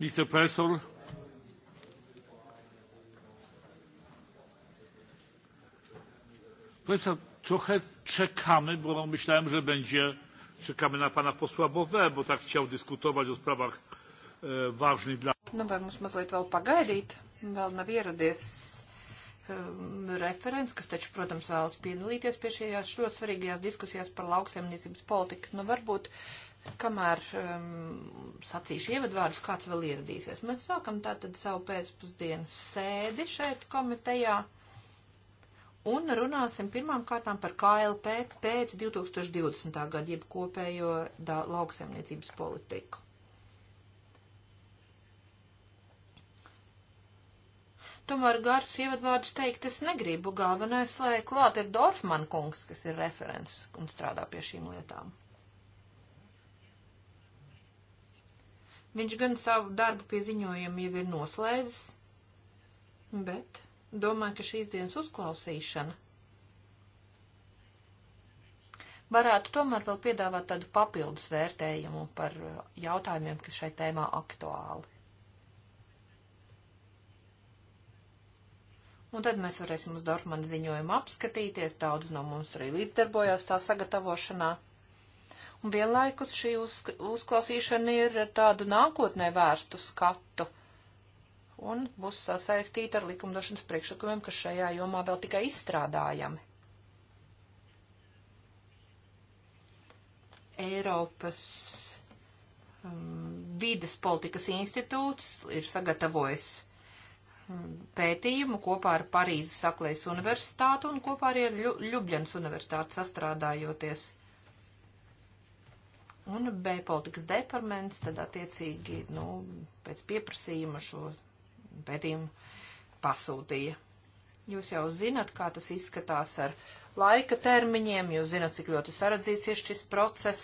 Mr. Professor, Państwa, trochę czekamy, bo myślałem, że będzie, czekamy na pana posła Bowe, bo tak chciał dyskutować o sprawach e, ważnych dla... Nu, vai mums mazliet vēl pagaidīt? Vēl nav ieradies um, referents, kas taču, protams, vēlas piedalīties pie šajās ļoti svarīgajās diskusijās par lauksaimniecības politiku. Nu, varbūt kamēr um, sacīšu ievadvārdus, kāds vēl ieradīsies. Mēs sākam tātad savu pēcpusdienas sēdi šeit komitejā un runāsim pirmām kārtām par KLP pēc 2020. gada jeb kopējo lauksaimniecības politiku. Tomēr garus ievadvārdus teikt es negribu. Galvenais, lai klāt ir Dorfman kungs, kas ir referents un strādā pie šīm lietām. Viņš gan savu darbu pie ziņojuma jau ir noslēdzis, bet domāju, ka šīs dienas uzklausīšana varētu tomēr vēl piedāvāt tādu papildus vērtējumu par uh, jautājumiem, kas šai tēmā aktuāli. Un tad mēs varēsim uz Dorfmanu ziņojumu apskatīties, daudz no mums arī līdzdarbojās tā sagatavošanā un vienlaikus šī uz, uzklausīšana ir tādu nākotnē vērstu skatu un būs sasaistīta ar likumdošanas priekšlikumiem, kas šajā jomā vēl tikai izstrādājami. Eiropas um, vides politikas institūts ir sagatavojis um, pētījumu kopā ar Parīzes Aklais universitātu un kopā arī ar Ļu Ļubļans universitāti sastrādājoties. Un B politikas departaments tad attiecīgi, nu, pēc pieprasījuma šo pētījumu pasūtīja. Jūs jau zinat, kā tas izskatās ar laika termiņiem, jūs zinat, cik ļoti saredzīts ir šis process.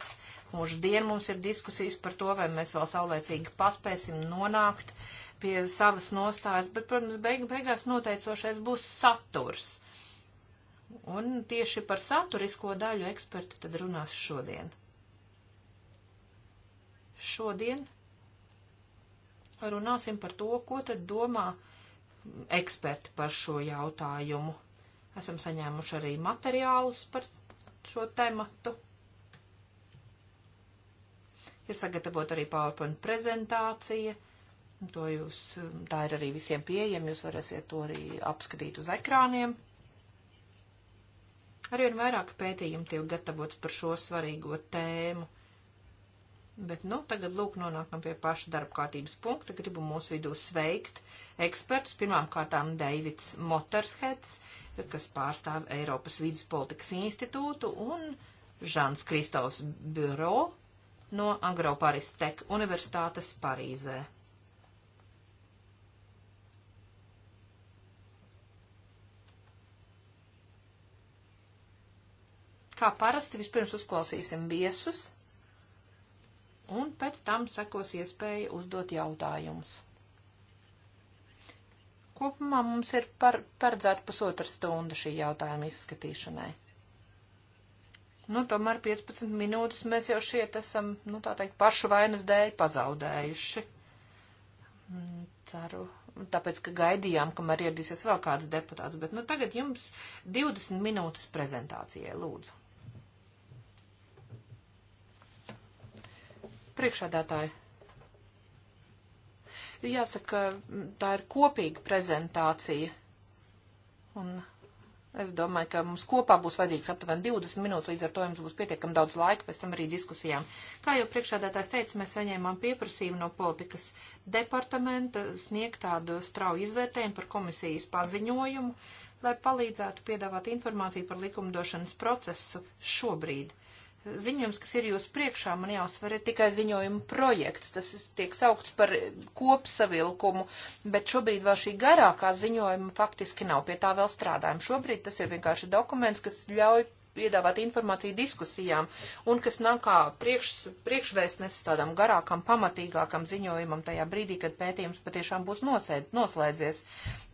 Mūždien mums ir diskusijas par to, vai mēs vēl saulēcīgi paspēsim nonākt pie savas nostājas, bet, protams, beig beigās noteicošais būs saturs. Un tieši par saturisko daļu eksperti tad runās šodien šodien runāsim par to, ko tad domā eksperti par šo jautājumu. Esam saņēmuši arī materiālus par šo tematu. Ir sagatavot arī PowerPoint prezentācija. To jūs, tā ir arī visiem pieejama, jūs varēsiet to arī apskatīt uz ekrāniem. Arvien vairāk pētījumu tiek gatavots par šo svarīgo tēmu Bet, nu, tagad lūk nonākam pie paša darba kārtības punkta. Gribu mūsu vidū sveikt ekspertus. Pirmām kārtām Deivids Motorsheds, kas pārstāv Eiropas vidus politikas institūtu, un Žans Kristaus Biro no Agroparis Tech Universitātes Parīzē. Kā parasti, vispirms uzklausīsim viesus un pēc tam sekos iespēja uzdot jautājumus. Kopumā mums ir par, paredzēta pusotra stunda šī jautājuma izskatīšanai. Nu, tomēr 15 minūtes mēs jau šiet esam, nu, tā teikt, pašu vainas dēļ pazaudējuši. Mm, ceru, tāpēc, ka gaidījām, kamēr ieradīsies vēl kāds deputāts, bet, nu, tagad jums 20 minūtes prezentācijai, lūdzu. priekšādātāji. Jāsaka, tā ir kopīga prezentācija. Un Es domāju, ka mums kopā būs vajadzīgs aptuveni 20 minūtes, līdz ar to jums būs pietiekami daudz laika pēc tam arī diskusijām. Kā jau priekšādātājs teica, mēs saņēmām pieprasījumu no politikas departamenta sniegt tādu strauju izvērtējumu par komisijas paziņojumu, lai palīdzētu piedāvāt informāciju par likumdošanas procesu šobrīd. Ziņojums, kas ir jūs priekšā, man jāuzsver, ir tikai ziņojuma projekts. Tas tiek saukts par kopsavilkumu, bet šobrīd vēl šī garākā ziņojuma faktiski nav. Pie tā vēl strādājam. Šobrīd tas ir vienkārši dokuments, kas ļauj piedāvāt informāciju diskusijām un kas nāk kā priekš, priekšvēstnes tādam garākam, pamatīgākam ziņojumam tajā brīdī, kad pētījums patiešām būs nosēd, noslēdzies.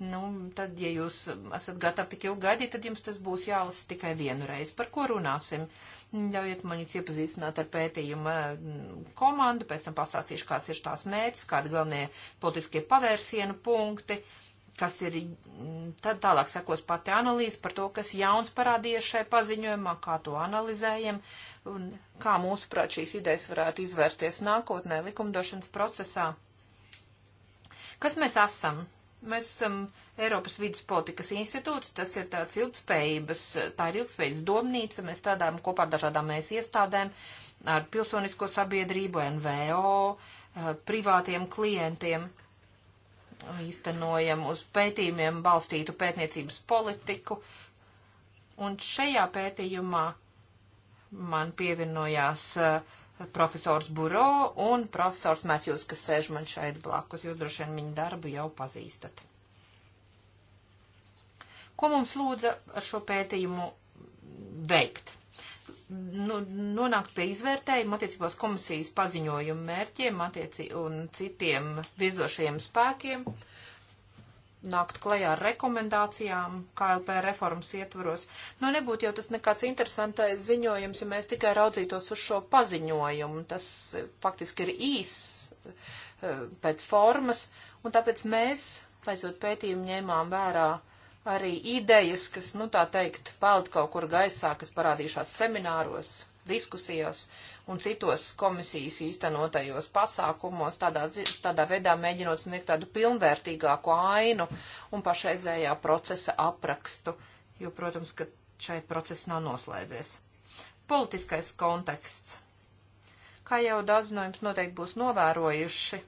Nu, tad, ja jūs esat gatavi tik ilgi gaidīt, tad jums tas būs jālasa tikai vienu reizi. Par ko runāsim? Ļaujiet man jūs iepazīstināt ar pētījuma mm, komandu, pēc tam pastāstīšu, kāds ir tās mērķis, kādi galvenie politiskie pavērsienu punkti kas ir, mm, tad tālāk sekos pati analīze par to, kas jauns parādījies šai paziņojumā, kā to analizējam un kā mūsuprāt šīs idejas varētu izvērsties nākotnē likumdošanas procesā. Kas mēs esam? Mēs esam Eiropas vidus politikas institūts, tas ir tāds ilgspējības, tā ir ilgspējas domnīca, mēs strādājam kopā ar dažādām mēs iestādēm, ar pilsonisko sabiedrību, NVO, eh, privātiem klientiem. Uh, īstenojam uz pētījumiem balstītu pētniecības politiku. Un šajā pētījumā man pievienojās uh, profesors Buro un profesors Matjūs, kas sēž man šeit blakus. Jūs droši vien viņu darbu jau pazīstat. Ko mums lūdza ar šo pētījumu veikt? nu, nonākt pie izvērtējuma attiecībā uz komisijas paziņojumu mērķiem attiecī, un citiem virzošajiem spēkiem nākt klajā ar rekomendācijām KLP reformas ietvaros. Nu, nebūtu jau tas nekāds interesantais ziņojums, ja mēs tikai raudzītos uz šo paziņojumu. Tas faktiski ir īs eh, pēc formas, un tāpēc mēs, lai zot pētījumu, ņēmām vērā uh, arī idejas, kas, nu tā teikt, peld kaut kur gaisā, kas parādījušās semināros, diskusijās un citos komisijas īstenotajos pasākumos, tādā, tādā veidā mēģinot sniegt tādu pilnvērtīgāku ainu un pašreizējā procesa aprakstu, jo, protams, ka šeit process nav noslēdzies. Politiskais konteksts. Kā jau daudz no jums noteikti būs novērojuši,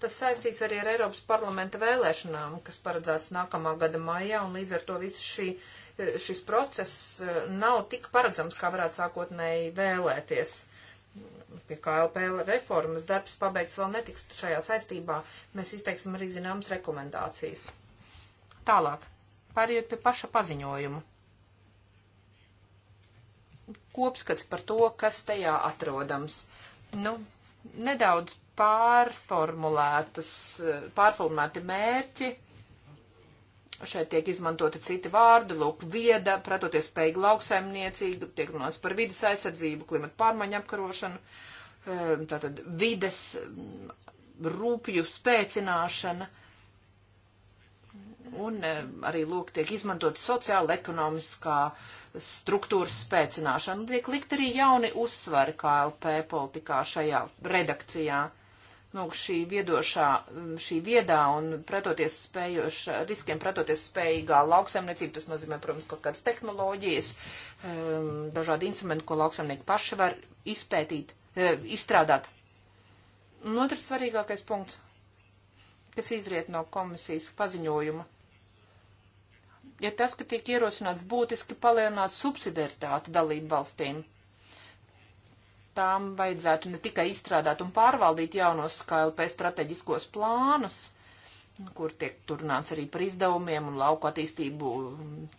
Tas saistīts arī ar Eiropas parlamenta vēlēšanām, kas paredzēts nākamā gada maijā, un līdz ar to viss šī, šis process eh, nav tik paredzams, kā varētu sākotnēji vēlēties. Pie KLP reformas darbs pabeigts vēl netiks šajā saistībā. Mēs izteiksim arī zināmas rekomendācijas. Tālāk, pārējot pie paša paziņojuma. Kopskats par to, kas tajā atrodams. Nu, nedaudz pārformulētas, pārformulēti mērķi. Šeit tiek izmantoti citi vārdi, lūk, vieda, pretoties spējīga lauksaimniecība, tiek runāts par vidas aizsardzību, klimata pārmaiņu apkarošanu, ehm, tātad vides mm, rūpju spēcināšana. Un ehm, arī, lūk, tiek izmantot sociāla, ekonomiskā struktūras spēcināšana. Tiek likt arī jauni uzsvari KLP politikā šajā redakcijā nu, šī viedošā, mm, šī viedā un pretoties spējoša, riskiem pretoties spējīgā lauksaimniecība, tas nozīmē, protams, kaut kādas tehnoloģijas, ehm, dažādi instrumenti, ko lauksaimnieki paši var izpētīt, e, izstrādāt. Un otrs svarīgākais punkts, kas izriet no komisijas paziņojuma, ir tas, ka tiek ierosināts būtiski palielināt subsidiaritāti dalību valstīm tām vajadzētu ne tikai izstrādāt un pārvaldīt jaunos KLP strateģiskos plānus, kur tiek turnāts arī par izdevumiem un lauku attīstību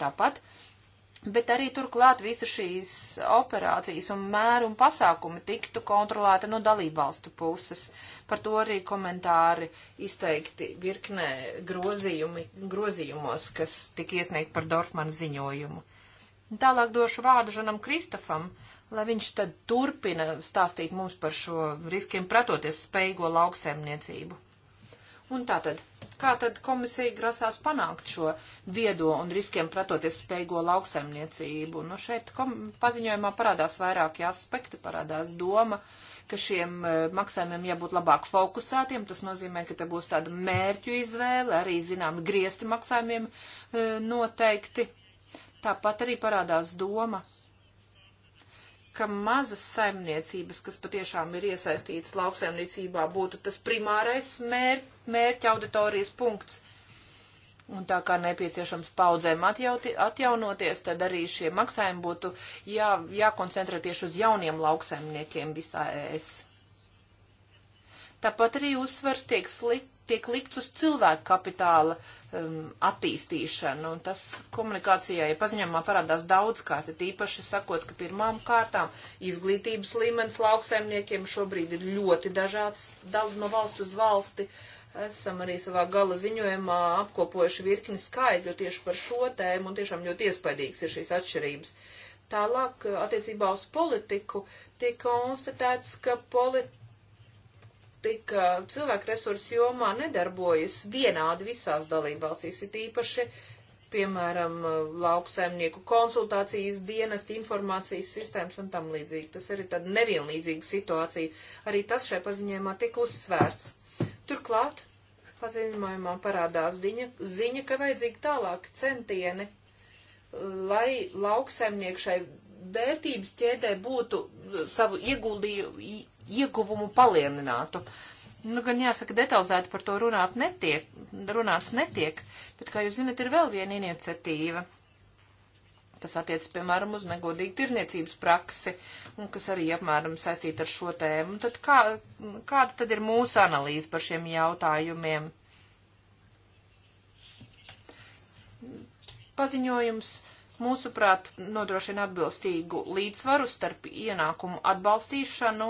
tāpat, Bet arī turklāt visas šīs operācijas un mēru un pasākumi tiktu kontrolēta no dalībvalstu puses. Par to arī komentāri izteikti virknē grozījumi, grozījumos, kas tika iesniegt par Dortmanu ziņojumu. Tālāk došu vārdu Žanam Kristofam, lai viņš tad turpina stāstīt mums par šo riskiem pretoties spējīgo lauksaimniecību. Un tātad, kā tad komisija grasās panākt šo viedo un riskiem pretoties spējīgo lauksaimniecību? Nu, šeit paziņojumā parādās vairāki aspekti, parādās doma, ka šiem eh, maksājumiem jābūt labāk fokusētiem. Tas nozīmē, ka te būs tāda mērķu izvēle, arī, zinām, griezti maksājumiem eh, noteikti. Tāpat arī parādās doma, ka mazas saimniecības, kas patiešām ir iesaistītas lauksaimniecībā, būtu tas primārais mēr, mērķa auditorijas punkts. Un tā kā nepieciešams paudzēm atjauti, atjaunoties, tad arī šie maksājumi būtu jā, jākoncentrē tieši uz jauniem lauksaimniekiem visā ES. Tāpat arī uzsvers tiek slikt tiek likts uz cilvēku kapitāla um, attīstīšanu. Un tas komunikācijai ja paziņojumā parādās daudz kārt, tīpaši sakot, ka pirmām kārtām izglītības līmenis lauksaimniekiem šobrīd ir ļoti dažāds, daudz no valsts uz valsti. Esam arī savā gala ziņojumā apkopojuši virkni skaidļu tieši par šo tēmu, un tiešām ļoti iespaidīgs ir šīs atšķirības. Tālāk, attiecībā uz politiku, tiek konstatēts, ka politi politika cilvēku resursu jomā nedarbojas vienādi visās dalībvalstīs, ir īpaši, piemēram, lauksaimnieku konsultācijas dienas, informācijas sistēmas un tam līdzīgi. Tas arī tad nevienlīdzīga situācija. Arī tas šai paziņojumā tika uzsvērts. Turklāt paziņojumā parādās diņa, ziņa, ka vajadzīgi tālāk centieni, lai lauksaimniekšai vērtības ķēdē būtu savu ieguldījumu, ieguvumu palielinātu. Nu, gan jāsaka, detalizēti par to runāt netiek, runāts netiek, bet, kā jūs zinat, ir vēl viena iniciatīva, kas attiec, piemēram, uz negodīgu tirniecības praksi, un kas arī, apmēram, saistīta ar šo tēmu. Un tad kā, kāda tad ir mūsu analīze par šiem jautājumiem? Paziņojums mūsuprāt, nodrošina atbilstīgu līdzsvaru starp ienākumu atbalstīšanu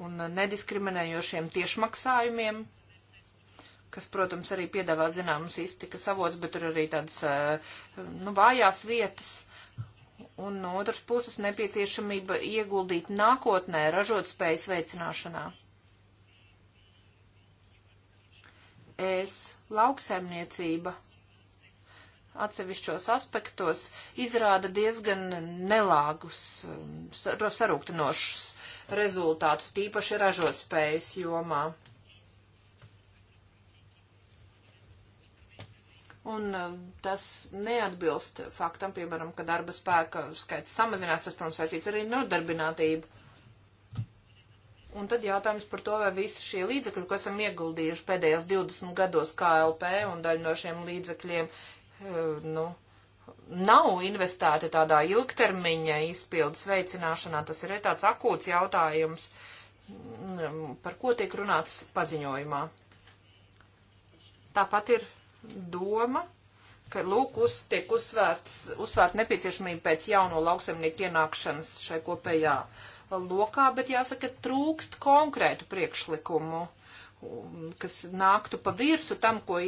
un nediskriminējošiem tiešmaksājumiem, kas, protams, arī piedāvā zināmas iztikas avots, bet tur arī tādas, eh, nu, vājās vietas. Un no otras puses nepieciešamība ieguldīt nākotnē ražotspējas veicināšanā. Es lauksaimniecība atsevišķos aspektos izrāda diezgan nelāgus, eh, sarūktinošus rezultātus, tīpaši ražotspējas jomā. Un uh, tas neatbilst faktam, piemēram, ka darba spēka skaits samazinās, tas, protams, saistīts arī nodarbinātību. Un tad jautājums par to, vai visi šie līdzekļi, ko esam ieguldījuši pēdējos 20 gados KLP un daļa no šiem līdzekļiem, uh, nu, nav investēti tādā ilgtermiņa izpildes veicināšanā. Tas ir tāds akūts jautājums, mm, par ko tiek runāts paziņojumā. Tāpat ir doma, ka lūk uz, tiek uzsvērts, uzsvērt nepieciešamība pēc jauno lauksemnieku ienākšanas šai kopējā lokā, bet jāsaka, trūkst konkrētu priekšlikumu. Uh, kas nāktu pa virsu tam, ko,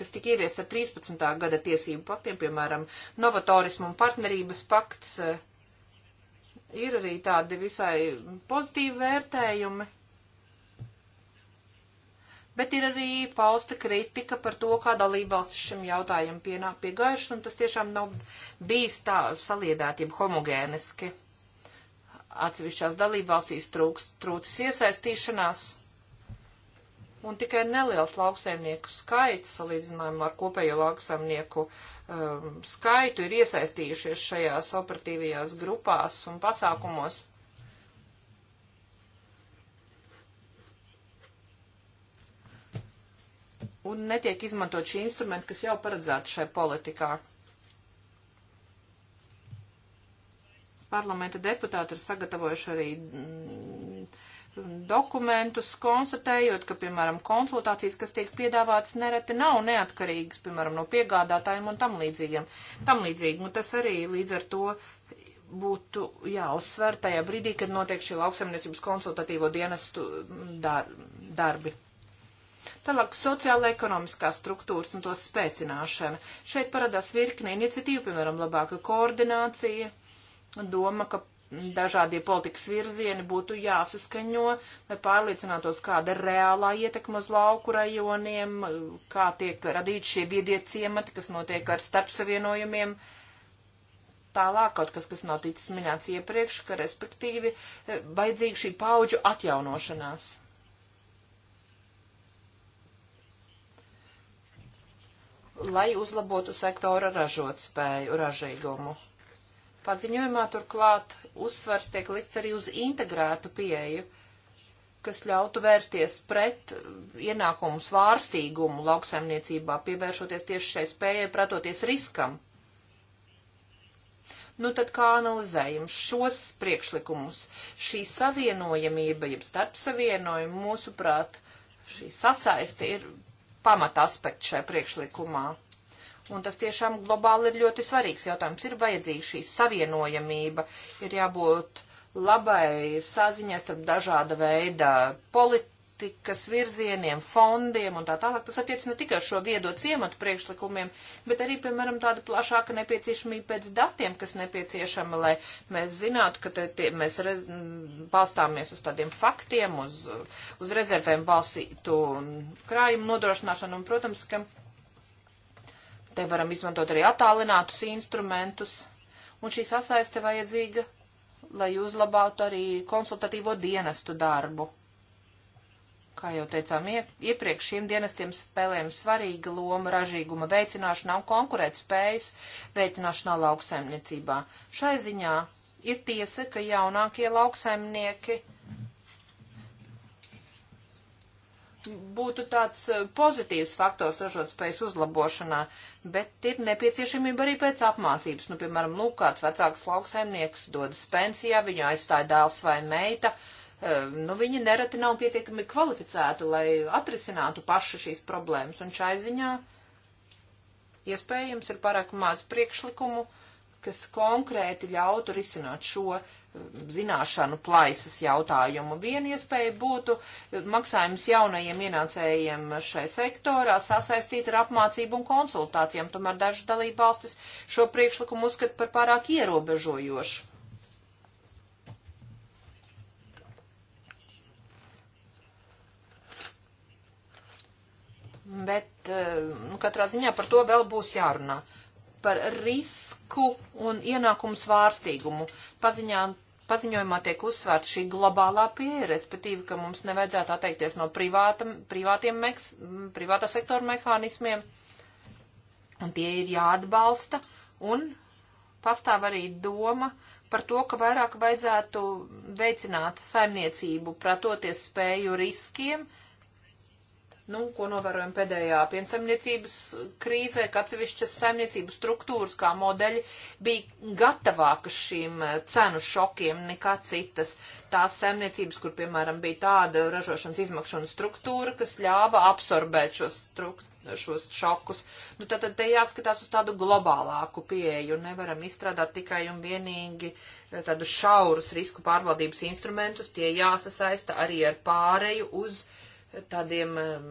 kas tika ieviests ar 13. gada tiesību paktiem, piemēram, novatorismu un partnerības pakts. Eh, ir arī tādi visai pozitīvi vērtējumi. Bet ir arī pausta kritika par to, kā dalībvalstis šim jautājumam pienāk pie gaišas, un tas tiešām nav bijis tā saliedētība homogēniski. Atsevišķās dalībvalstīs trūks, trūcis iesaistīšanās un tikai neliels lauksaimnieku skaits, salīdzinājumā ar kopējo lauksaimnieku um, skaitu, ir iesaistījušies šajās operatīvajās grupās un pasākumos. Un netiek izmantot šī instrumenta, kas jau paredzēta šai politikā. Parlamenta deputāti ir sagatavojuši arī mm, dokumentus, konstatējot, ka, piemēram, konsultācijas, kas tiek piedāvātas, nereti nav neatkarīgas, piemēram, no piegādātājiem un tam līdzīgiem. Tam līdzīgi, un tas arī līdz ar to būtu jāuzsver tajā brīdī, kad notiek šī lauksaimniecības konsultatīvo dienestu dar darbi. Tālāk sociāla-ekonomiskā struktūras un to spēcināšana. Šeit parādās virkne iniciatīva, piemēram, labāka koordinācija, doma, ka dažādie politikas virzieni būtu jāsaskaņo, lai pārliecinātos, kāda ir reālā ietekma uz lauku rajoniem, kā tiek radīti šie viedie ciemati, kas notiek ar starpsavienojumiem. Tālāk kaut kas, kas nav ticis minēts iepriekš, ka respektīvi eh, vajadzīga šī pauģu atjaunošanās. Lai uzlabotu sektora ražot spēju, ražīgumu. Paziņojumā turklāt uzsvars tiek likts arī uz integrētu pieeju, kas ļautu vērsties pret ienākumu svārstīgumu lauksaimniecībā, pievēršoties tieši šai spējai pretoties riskam. Nu tad kā analizējam šos priekšlikumus? Šī savienojamība, jeb starp savienojumu, mūsuprāt, šī sasaiste ir pamata aspekts šai priekšlikumā. Un tas tiešām globāli ir ļoti svarīgs jautājums. Ir vajadzīga šī savienojamība, ir jābūt labai saziņai starp dažāda veida politikas virzieniem, fondiem un tā tālāk. Tas attiec ne tikai šo viedo ciematu priekšlikumiem, bet arī, piemēram, tāda plašāka nepieciešamība pēc datiem, kas nepieciešama, lai mēs zinātu, ka te, tie, mēs rez, balstāmies uz tādiem faktiem, uz, uz rezervēm balstītu krājumu nodrošināšanu un, protams, ka Te varam izmantot arī attālinātus instrumentus. Un šī sasaiste vajadzīga, lai uzlabātu arī konsultatīvo dienestu darbu. Kā jau teicām iepriekš, šiem dienestiem spēlējam svarīga loma ražīguma veicināšanā un konkurētspējas veicināšanā lauksaimniecībā. Šai ziņā ir tiesa, ka jaunākie lauksaimnieki būtu tāds eh, pozitīvs faktors ražotspējas uzlabošanā, bet ir nepieciešamība arī pēc apmācības. Nu, piemēram, lūk, kāds vecāks lauksaimnieks dodas pensijā, viņu aizstāja dēls vai meita. Eh, nu, viņi nereti nav pietiekami kvalificēti, lai atrisinātu paši šīs problēmas, un šai ziņā iespējams ir pārāk maz priekšlikumu, uh, kas konkrēti ļautu risināt šo um, zināšanu plaisas jautājumu. Viena iespēja būtu uh, maksājums jaunajiem ienācējiem šai sektorā sasaistīt ar apmācību un konsultācijām, tomēr dažas dalībvalstis šo priekšlikumu uzskata par pārāk ierobežojošu. Bet uh, nu, katrā ziņā par to vēl būs jārunā. Uh, par risku un ienākumu svārstīgumu. Paziņā, paziņojumā tiek uzsvērta šī globālā pieeja, respektīvi, ka mums nevajadzētu atteikties no privāta, privātiem meks, privātā sektora mehānismiem, un tie ir jāatbalsta, un pastāv arī doma par to, ka vairāk vajadzētu veicināt saimniecību, pratoties spēju riskiem, uh, nu, ko novērojam pēdējā piensaimniecības krīzē, ka atsevišķas saimniecības struktūras kā modeļi bija gatavākas šīm eh, cenu šokiem nekā citas. Tās saimniecības, kur, piemēram, bija tāda ražošanas izmakšana struktūra, kas ļāva absorbēt šos, strukt, šos šokus. Nu, tad, tad te jāskatās uz tādu globālāku pieeju un nevaram izstrādāt tikai un vienīgi eh, tādus šaurus risku pārvaldības instrumentus. Tie jāsasaista arī ar pāreju uz uh, tādiem um,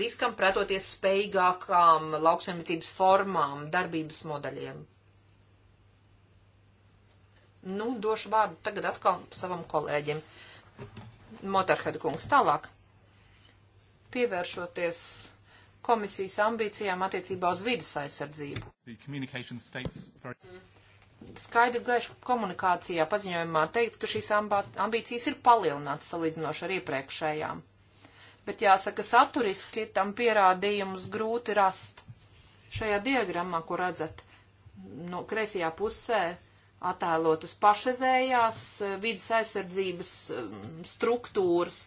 riskam pretoties spējīgākām lauksaimniecības formām, darbības modeļiem. Nu, došu vārdu tagad atkal savam kolēģim. Motorhead kungs tālāk. Pievēršoties komisijas ambīcijām attiecībā uz vidas aizsardzību. Very skaidri gaiši komunikācijā paziņojumā teikts, ka šīs ambīcijas ir palielināts salīdzinoši ar iepriekšējām. Bet jāsaka, saturiski tam pierādījumus grūti rast. Šajā diagrammā, ko redzat, no kreisajā pusē attēlotas pašreizējās eh, vidas aizsardzības mm, struktūras,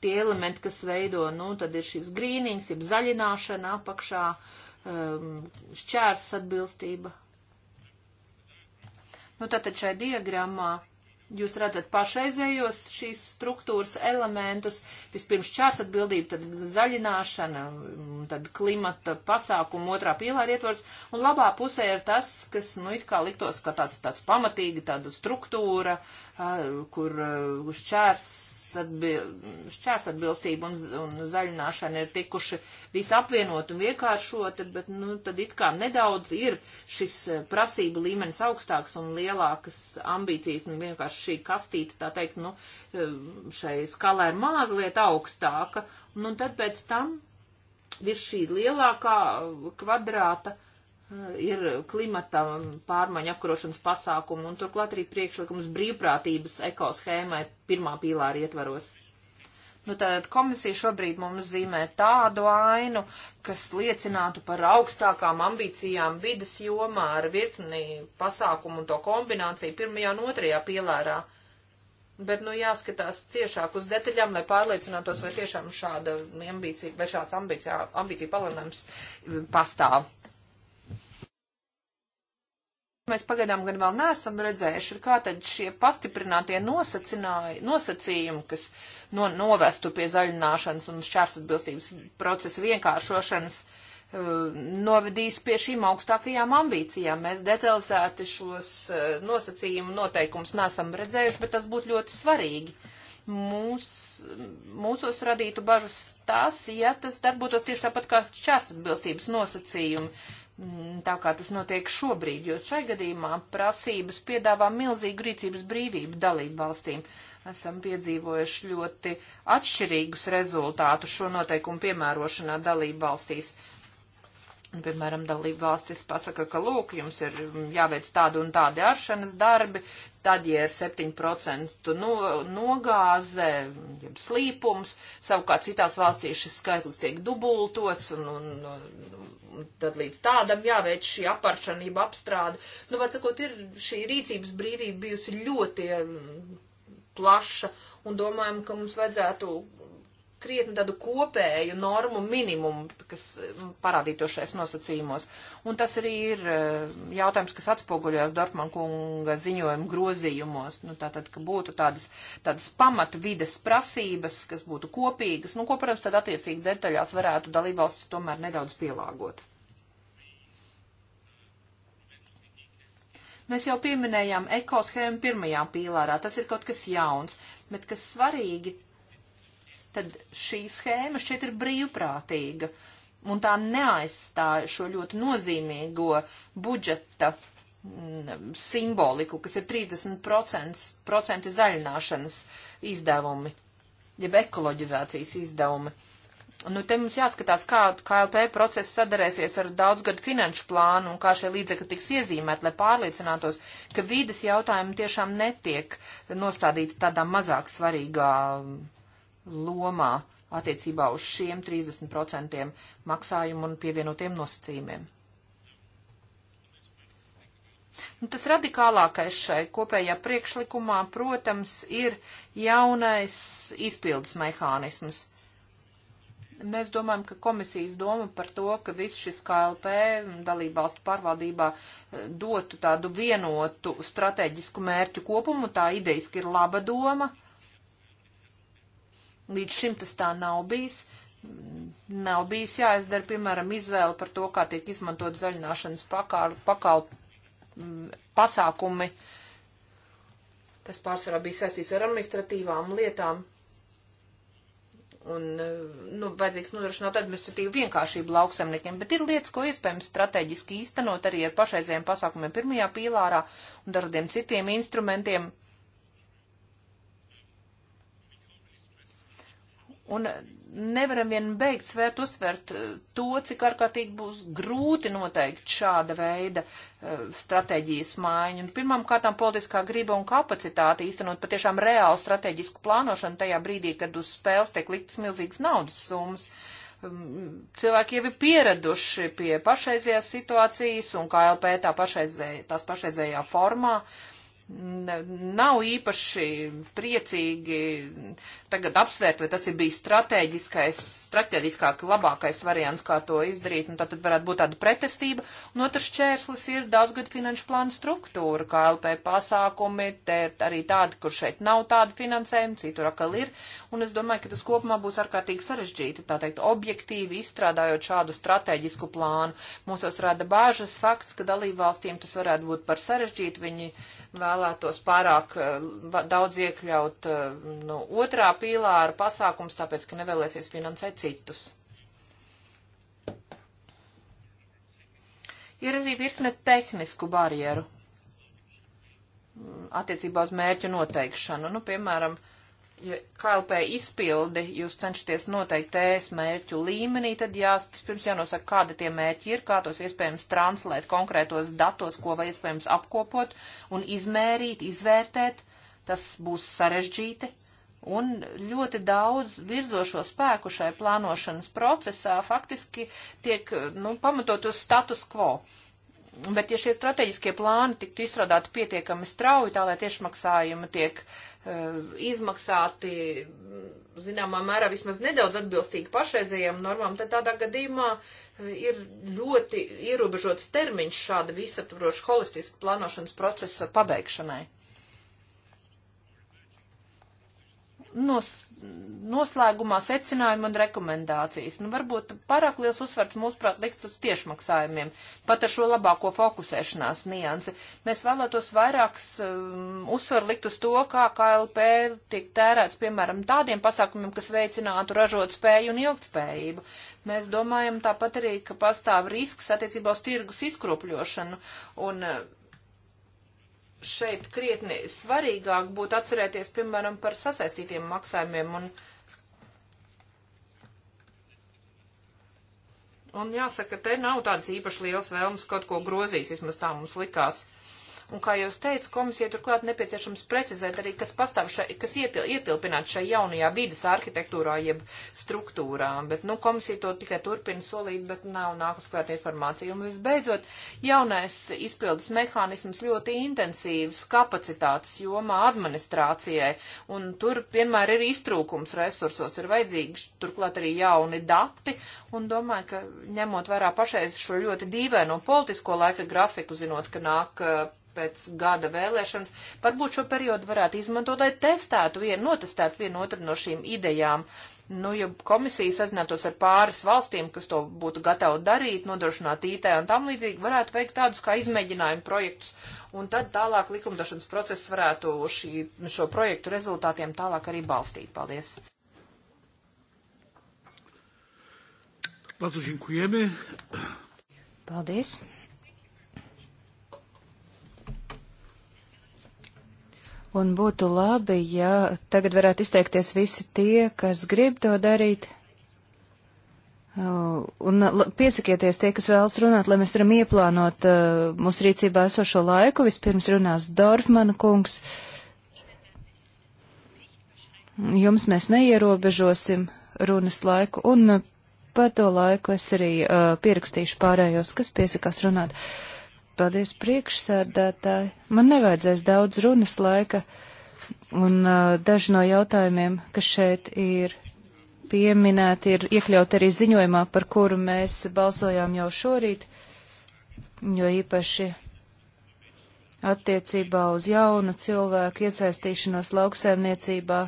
tie elementi, kas veido, nu, tad ir šis grīnings, jeb zaļināšana apakšā, ehm, šķērs atbilstība Nu, tātad šai diagrammā Jūs redzat pašreizējos šīs struktūras elementus, vispirms čās atbildība, tad zaļināšana, tad klimata pasākuma otrā pīlāra ietvars, un labā pusē ir tas, kas, nu, it kā liktos, ka tāds, tāds pamatīgi tāda struktūra, kur šķērs atbil, šķērs atbilstība un, un zaļināšana ir tikuši visi apvienot un vienkāršoti, bet, nu, tad it kā nedaudz ir šis eh, prasību līmenis augstāks un lielākas ambīcijas, nu, vienkārši šī kastīta, tā teikt, nu, eh, šai skalē ir mazliet augstāka, un, nu, un tad pēc tam virs šī lielākā eh, kvadrāta ir klimata pārmaiņa apkarošanas pasākumu un turklāt arī priekšlikums brīvprātības ekoshēmai pirmā pīlāra ietvaros. Nu, tātad komisija šobrīd mums zīmē tādu ainu, kas liecinātu par augstākām ambīcijām vidas jomā ar virkni pasākumu un to kombināciju pirmajā un otrajā pielērā. Bet, nu, jāskatās ciešāk uz detaļām, lai pārliecinātos, vai tiešām šāda ambīcija, vai šāds ambīcija, ambīcija palielinājums pastāv. Mēs pagaidām gan vēl neesam redzējuši, kā tad šie pastiprinātie nosacījumi, kas no, novestu pie zaļināšanas un šķērs atbilstības procesa vienkāršošanas, uh, novedīs pie šīm augstākajām ambīcijām. Mēs detalizēti šos uh, nosacījumu noteikumus neesam redzējuši, bet tas būtu ļoti svarīgi. Mūs, mūsos radītu bažas tās, ja tas darbotos tieši tāpat kā šķērs atbilstības nosacījumi Mm, tā kā tas notiek šobrīd, jo šai gadījumā prasības piedāvā milzīgu rīcības brīvību dalību valstīm. Esam piedzīvojuši ļoti atšķirīgus rezultātus šo noteikumu piemērošanā dalību valstīs. Un, piemēram, dalība valstis pasaka, ka, lūk, jums ir mm, jāveic tādu un tādu aršanas darbi, tad, ja ir 7% no, nogāze, ja slīpums, savukārt citās valstīs šis skaitlis tiek dubultots un, un, un tad līdz tādam jāveic šī aparšanība, apstrāde. Nu, var sakot, ir šī rīcības brīvība bijusi ļoti mm, plaša un domājam, ka mums vajadzētu krietni tādu kopēju normu minimumu, kas parādītošais nosacījumos. Un tas arī ir e, jautājums, kas atspoguļojas Dorfman kunga ziņojuma grozījumos. Nu, tātad, ka būtu tādas, tādas pamata vides prasības, kas būtu kopīgas, nu, ko, protams, tad attiecīgi detaļās varētu dalībvalstis tomēr nedaudz pielāgot. Mēs jau pieminējām ekoshēmu pirmajā pīlārā, tas ir kaut kas jauns, bet kas svarīgi tad šī schēma šķiet ir brīvprātīga. Un tā neaizstāja šo ļoti nozīmīgo budžeta m, mm, simboliku, kas ir 30% zaļināšanas izdevumi, jeb ekoloģizācijas izdevumi. Nu, te mums jāskatās, kā KLP process sadarēsies ar daudzgadu finanšu plānu un kā šie līdzekļi tiks iezīmēti, lai pārliecinātos, ka vīdes jautājumi tiešām netiek nostādīti tādā mazāk svarīgā lomā attiecībā uz šiem 30% maksājumu un pievienotiem nosacījumiem. Nu, tas radikālākais šai kopējā priekšlikumā, protams, ir jaunais izpildes mehānisms. Mēs domājam, ka komisijas doma par to, ka viss šis KLP dalībvalstu pārvaldībā eh, dotu tādu vienotu strateģisku mērķu kopumu, tā idejiski ir laba doma. Uh, Līdz šim tas tā nav bijis. Nav bijis jāizdara, piemēram, izvēle par to, kā tiek izmantot zaļināšanas pakāl, pakāl mm, pasākumi. Tas pārsvarā bija saistīts ar administratīvām lietām. Un, nu, vajadzīgs nodrošināt administratīvu vienkāršību lauksemniekiem, bet ir lietas, ko iespējams strateģiski īstenot arī ar pašreizējiem pasākumiem pirmajā pīlārā un dažādiem citiem instrumentiem Un nevaram vien beigt svērt, uzsvērt eh, to, cik ārkārtīgi būs grūti noteikt šāda veida eh, stratēģijas maiņu. Un pirmām kārtām politiskā griba un kapacitāte īstenot patiešām reālu stratēģisku plānošanu tajā brīdī, kad uz spēles tiek liktas milzīgas naudas summas. Um, cilvēki jau ir pieraduši pie pašreizējās situācijas un KLP tā pašreizē, tās pašreizējā formā. Uh, nav īpaši priecīgi tagad apsvērt, vai tas ir bijis strateģiskais, strateģiskāk labākais variants, kā to izdarīt, un tad varētu būt tāda pretestība. Un otrs čērslis ir daudzgad finanšu plānu struktūra, kā LP pasākumi, te ir arī tādi, kur šeit nav tāda finansējuma, citur akal ir, un es domāju, ka tas kopumā būs ārkārtīgi sarežģīti, tā teikt, objektīvi izstrādājot šādu strateģisku plānu. Mūsos rada bāžas fakts, ka dalībvalstīm tas varētu būt par sarežģīti, viņi vēlētos pārāk eh, daudz iekļaut eh, no nu, otrā pīlāra pasākums, tāpēc, ka nevēlēsies finansēt citus. Ir arī virkne tehnisku barjeru mm, attiecībā uz mērķu noteikšanu. Nu, piemēram, uh, ja KLP izpildi jūs cenšaties noteikt ES mērķu līmenī, tad jāspirms jānosaka, kāda tie mērķi ir, kā tos iespējams translēt konkrētos datos, ko vai iespējams apkopot un izmērīt, izvērtēt. Tas būs sarežģīti. Un ļoti daudz virzošo spēku šai plānošanas procesā faktiski tiek nu, pamatot uz status quo. Uh, Bet, ja šie strateģiskie plāni tiktu izstrādāti pietiekami strauji, tā lai tiešmaksājumi tiek uh, izmaksāti, zināmā mērā, vismaz nedaudz atbilstīgi pašreizējām normām, tad tādā gadījumā e, ir ļoti ierobežots termiņš šāda visaptvaroša holistiska plānošanas procesa pabeigšanai. nos, noslēgumā secinājumi un rekomendācijas. Nu, varbūt pārāk liels uzsvars mūsuprāt likts uz tiešmaksājumiem, pat ar šo labāko fokusēšanās niansi. Mēs vēlētos vairāks um, uzsvaru likt uz to, kā KLP tiek tērēts, piemēram, tādiem pasākumiem, kas veicinātu ražot spēju un ilgtspējību. Mēs domājam tāpat arī, ka pastāv risks attiecībā uz tirgus izkropļošanu un uh, šeit krietni svarīgāk būtu atcerēties, piemēram, par sasaistītiem maksājumiem un Un jāsaka, te nav tādas īpaši liels vēlmes kaut ko grozīt, vismaz tā mums likās. Uh, Un, kā jūs teicu, komisija turklāt nepieciešams precizēt arī, kas pastāv šai, kas ietil, ietilpināt šai jaunajā vidas arhitektūrā jeb struktūrā. Bet, nu, komisija to tikai turpina solīt, bet nav nākus klāt informācija. Un, visbeidzot, jaunais izpildes mehānisms ļoti intensīvs kapacitātes jomā administrācijai. Un tur vienmēr ir iztrūkums resursos, ir vajadzīgi turklāt arī jauni dati. Un domāju, ka ņemot vērā pašreiz šo ļoti dīvaino politisko laika grafiku, zinot, ka nāk pēc gada vēlēšanas, varbūt šo periodu varētu izmantot, lai testētu vienu, notestētu vienu otru no šīm idejām. Nu, ja komisija sazinātos ar pāris valstīm, kas to būtu gatavi darīt, nodrošināt IT un tam līdzīgi, varētu veikt tādus kā izmēģinājumu projektus, un tad tālāk likumdošanas process varētu šī, šo projektu rezultātiem tālāk arī balstīt. Paldies! Bardzo dziękujemy. Paldies! Un būtu labi, ja tagad varētu izteikties visi tie, kas grib to darīt. Un piesakieties tie, kas vēlas runāt, lai mēs varam ieplānot uh, mūsu rīcībā esošo laiku. Vispirms runās Dorfmana kungs. Jums mēs neierobežosim runas laiku, un par to laiku es arī uh, pierakstīšu pārējos, kas piesakās runāt. Uh, Paldies priekšsēdētāji. Man nevajadzēs daudz runas laika, un uh, daži no jautājumiem, kas šeit ir pieminēti, ir iekļauti arī ziņojumā, par kuru mēs balsojām jau šorīt, jo īpaši attiecībā uz jaunu cilvēku iesaistīšanos lauksaimniecībā.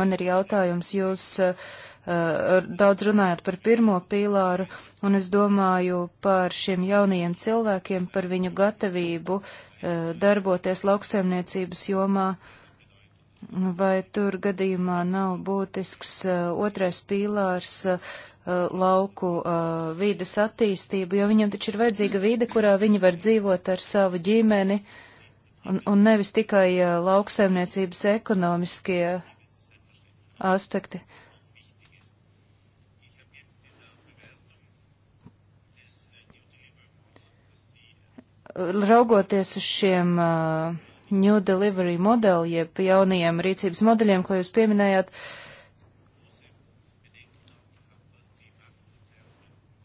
Man ir jautājums, jūs uh, Eh, daudz runājāt par pirmo pīlāru, un es domāju par šiem jaunajiem cilvēkiem, par viņu gatavību eh, darboties lauksaimniecības jomā. Vai tur gadījumā nav būtisks eh, otrais pīlārs lauku vīdes attīstību, jo viņam taču ir vajadzīga vīde, kurā viņi var dzīvot ar savu ģimeni, un, un nevis tikai lauksaimniecības ekonomiskie aspekti. Uh, raugoties uz šiem uh, New Delivery modeli, jeb jaunajiem rīcības modeļiem, ko jūs pieminējāt,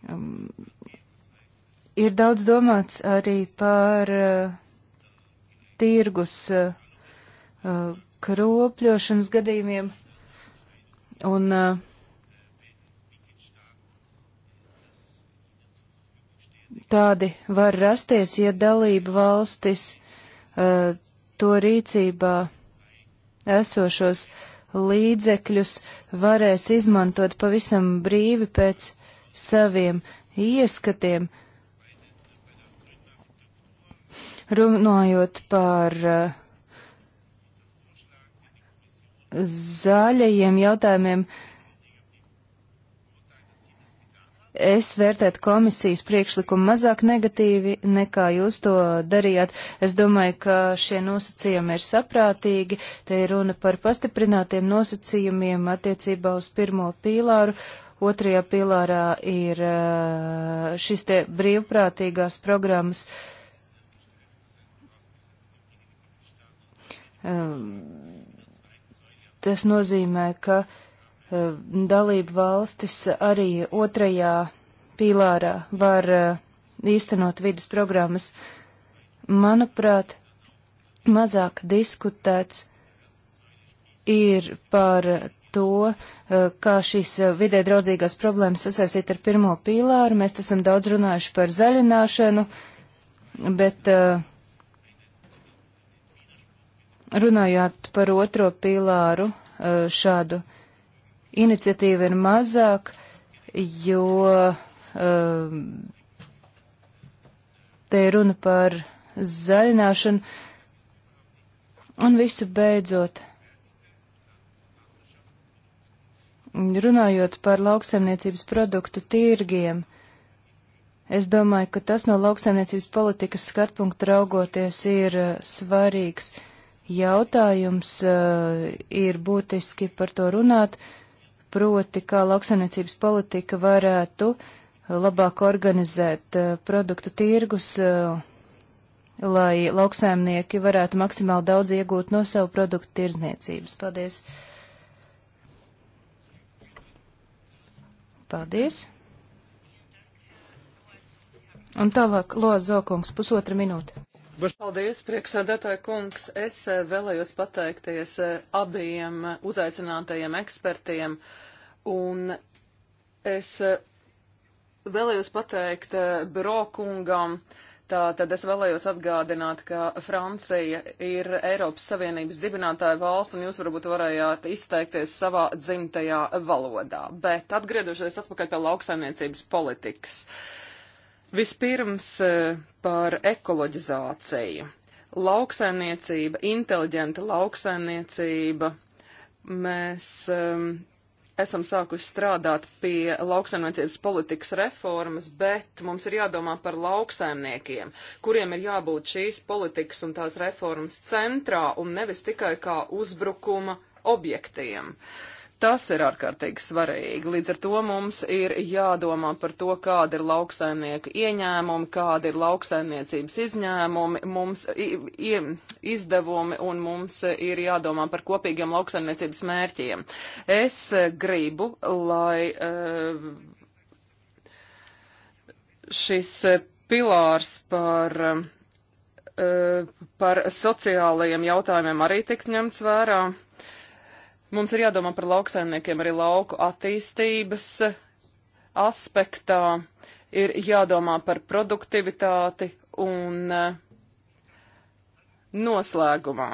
um, ir daudz domāts arī par uh, tirgus uh, uh kropļošanas gadījumiem. Un uh, tādi var rasties, ja dalība valstis uh, to rīcībā esošos līdzekļus varēs izmantot pavisam brīvi pēc saviem ieskatiem. Runājot par uh, zaļajiem jautājumiem, uh, Es vērtētu komisijas priekšlikumu mazāk negatīvi, nekā jūs to darījāt. Es domāju, ka šie nosacījumi ir saprātīgi. Te ir runa par pastiprinātiem nosacījumiem attiecībā uz pirmo pīlāru. Otrajā pīlārā ir eh, šis te brīvprātīgās programmas. Ehm, tas nozīmē, ka. Uh, Eh, dalību valstis arī otrajā pīlārā var eh, īstenot vidas programmas. Manuprāt, mazāk diskutēts ir par to, eh, kā šīs vidē draudzīgās problēmas sasaistīt ar pirmo pīlāru. Mēs esam daudz runājuši par zaļināšanu, bet runājot par otro pīlāru šādu iniciatīva ir mazāk, jo uh, te ir runa par zaļināšanu un visu beidzot. Runājot par lauksaimniecības produktu tirgiem, es domāju, ka tas no lauksaimniecības politikas skatpunkta raugoties ir uh, svarīgs jautājums, uh, ir būtiski par to runāt. Uh, proti, kā lauksaimniecības politika varētu labāk organizēt eh, produktu tirgus, eh, lai lauksaimnieki varētu maksimāli daudz iegūt no savu produktu tirzniecības. Paldies! Paldies! Un tālāk, Loa Zokungs, pusotra minūte. Paldies, priekšsēdētāja kungs. Es eh, vēlējos pateikties eh, abiem eh, uzaicinātajiem ekspertiem, un es vēlējos pateikt Brokungam, Tātad es vēlējos atgādināt, ka Francija ir Eiropas Savienības dibinātāja valsts, un jūs varbūt varējāt izteikties savā dzimtajā valodā. Bet atgriežoties atpakaļ pie lauksaimniecības politikas. Uh, Vispirms eh, par ekoloģizāciju. Lauksaimniecība, inteliģenta lauksaimniecība. Mēs um, esam sākuši strādāt pie lauksaimniecības politikas reformas, bet mums ir jādomā par lauksaimniekiem, kuriem ir jābūt šīs politikas un tās reformas centrā un nevis tikai kā uzbrukuma objektiem. Uh, Tas ir ārkārtīgi svarīgi. Līdz ar to mums ir jādomā par to, kāda ir lauksaimnieku ieņēmumi, kāda ir lauksaimniecības izņēmumi, mums ie, izdevumi un mums ir jādomā par kopīgiem lauksaimniecības mērķiem. Es gribu, lai eh, šis pilārs par eh, par sociālajiem jautājumiem arī tik ņemts vērā. Mums ir jādomā par lauksaimniekiem arī lauku attīstības aspektā, ir jādomā par produktivitāti un eh, noslēgumā.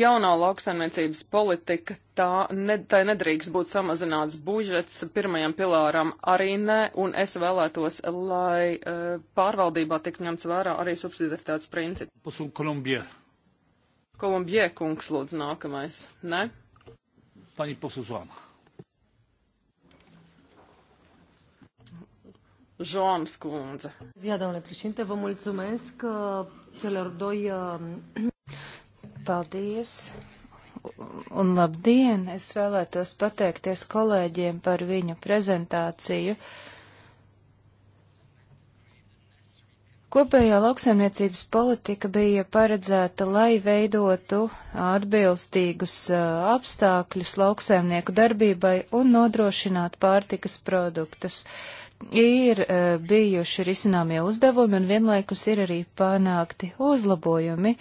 Jaunā lauksaimniecības politika, tā, ne, tā nedrīkst būt samazināts budžets, pirmajam pilāram arī nē, un es vēlētos, lai uh, pārvaldībā tik ņemts vērā arī subsidiaritātes principi. Kolumbijē kungs lūdzu nākamais, ne? Pani posūzvana. Joams kundze. Jā, domnule președinte, vă mulțumesc uh, celor doi. Uh, Paldies un labdien! Es vēlētos pateikties kolēģiem par viņu prezentāciju. Uh, Kopējā lauksaimniecības politika bija paredzēta, lai veidotu atbilstīgus apstākļus lauksaimnieku darbībai un nodrošinātu pārtikas produktus. Ir bijuši risināmie uzdevumi un vienlaikus ir arī panākti uzlabojumi.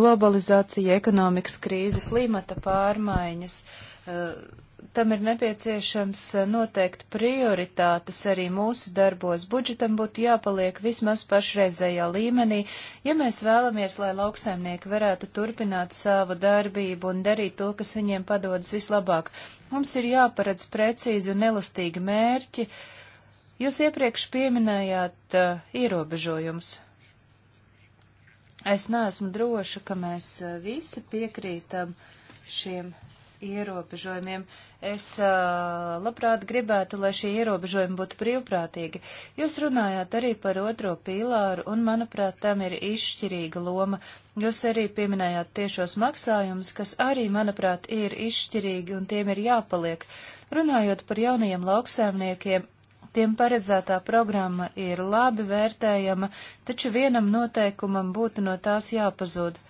Globalizācija, ekonomikas krīze, klimata pārmaiņas. Uh, tam ir nepieciešams eh, noteikti prioritātes arī mūsu darbos. Budžetam būtu jāpaliek vismaz pašreizējā līmenī, ja mēs vēlamies, lai lauksaimnieki varētu turpināt savu darbību un darīt to, kas viņiem padodas vislabāk. Mums ir jāparedz precīzi un elastīgi mērķi. Jūs iepriekš pieminējāt uh, ierobežojumus. Es neesmu droša, ka mēs eh, visi piekrītam šiem ierobežojumiem. Es uh, labprāt gribētu, lai šie ierobežojumi būtu brīvprātīgi. Jūs runājāt arī par otro pīlāru, un, manuprāt, tam ir izšķirīga loma. Jūs arī pieminējāt tiešos maksājumus, kas arī, manuprāt, ir izšķirīgi, un tiem ir jāpaliek. Runājot par jaunajiem lauksēmniekiem, tiem paredzētā programma ir labi vērtējama, taču vienam noteikumam būtu no tās jāpazūd.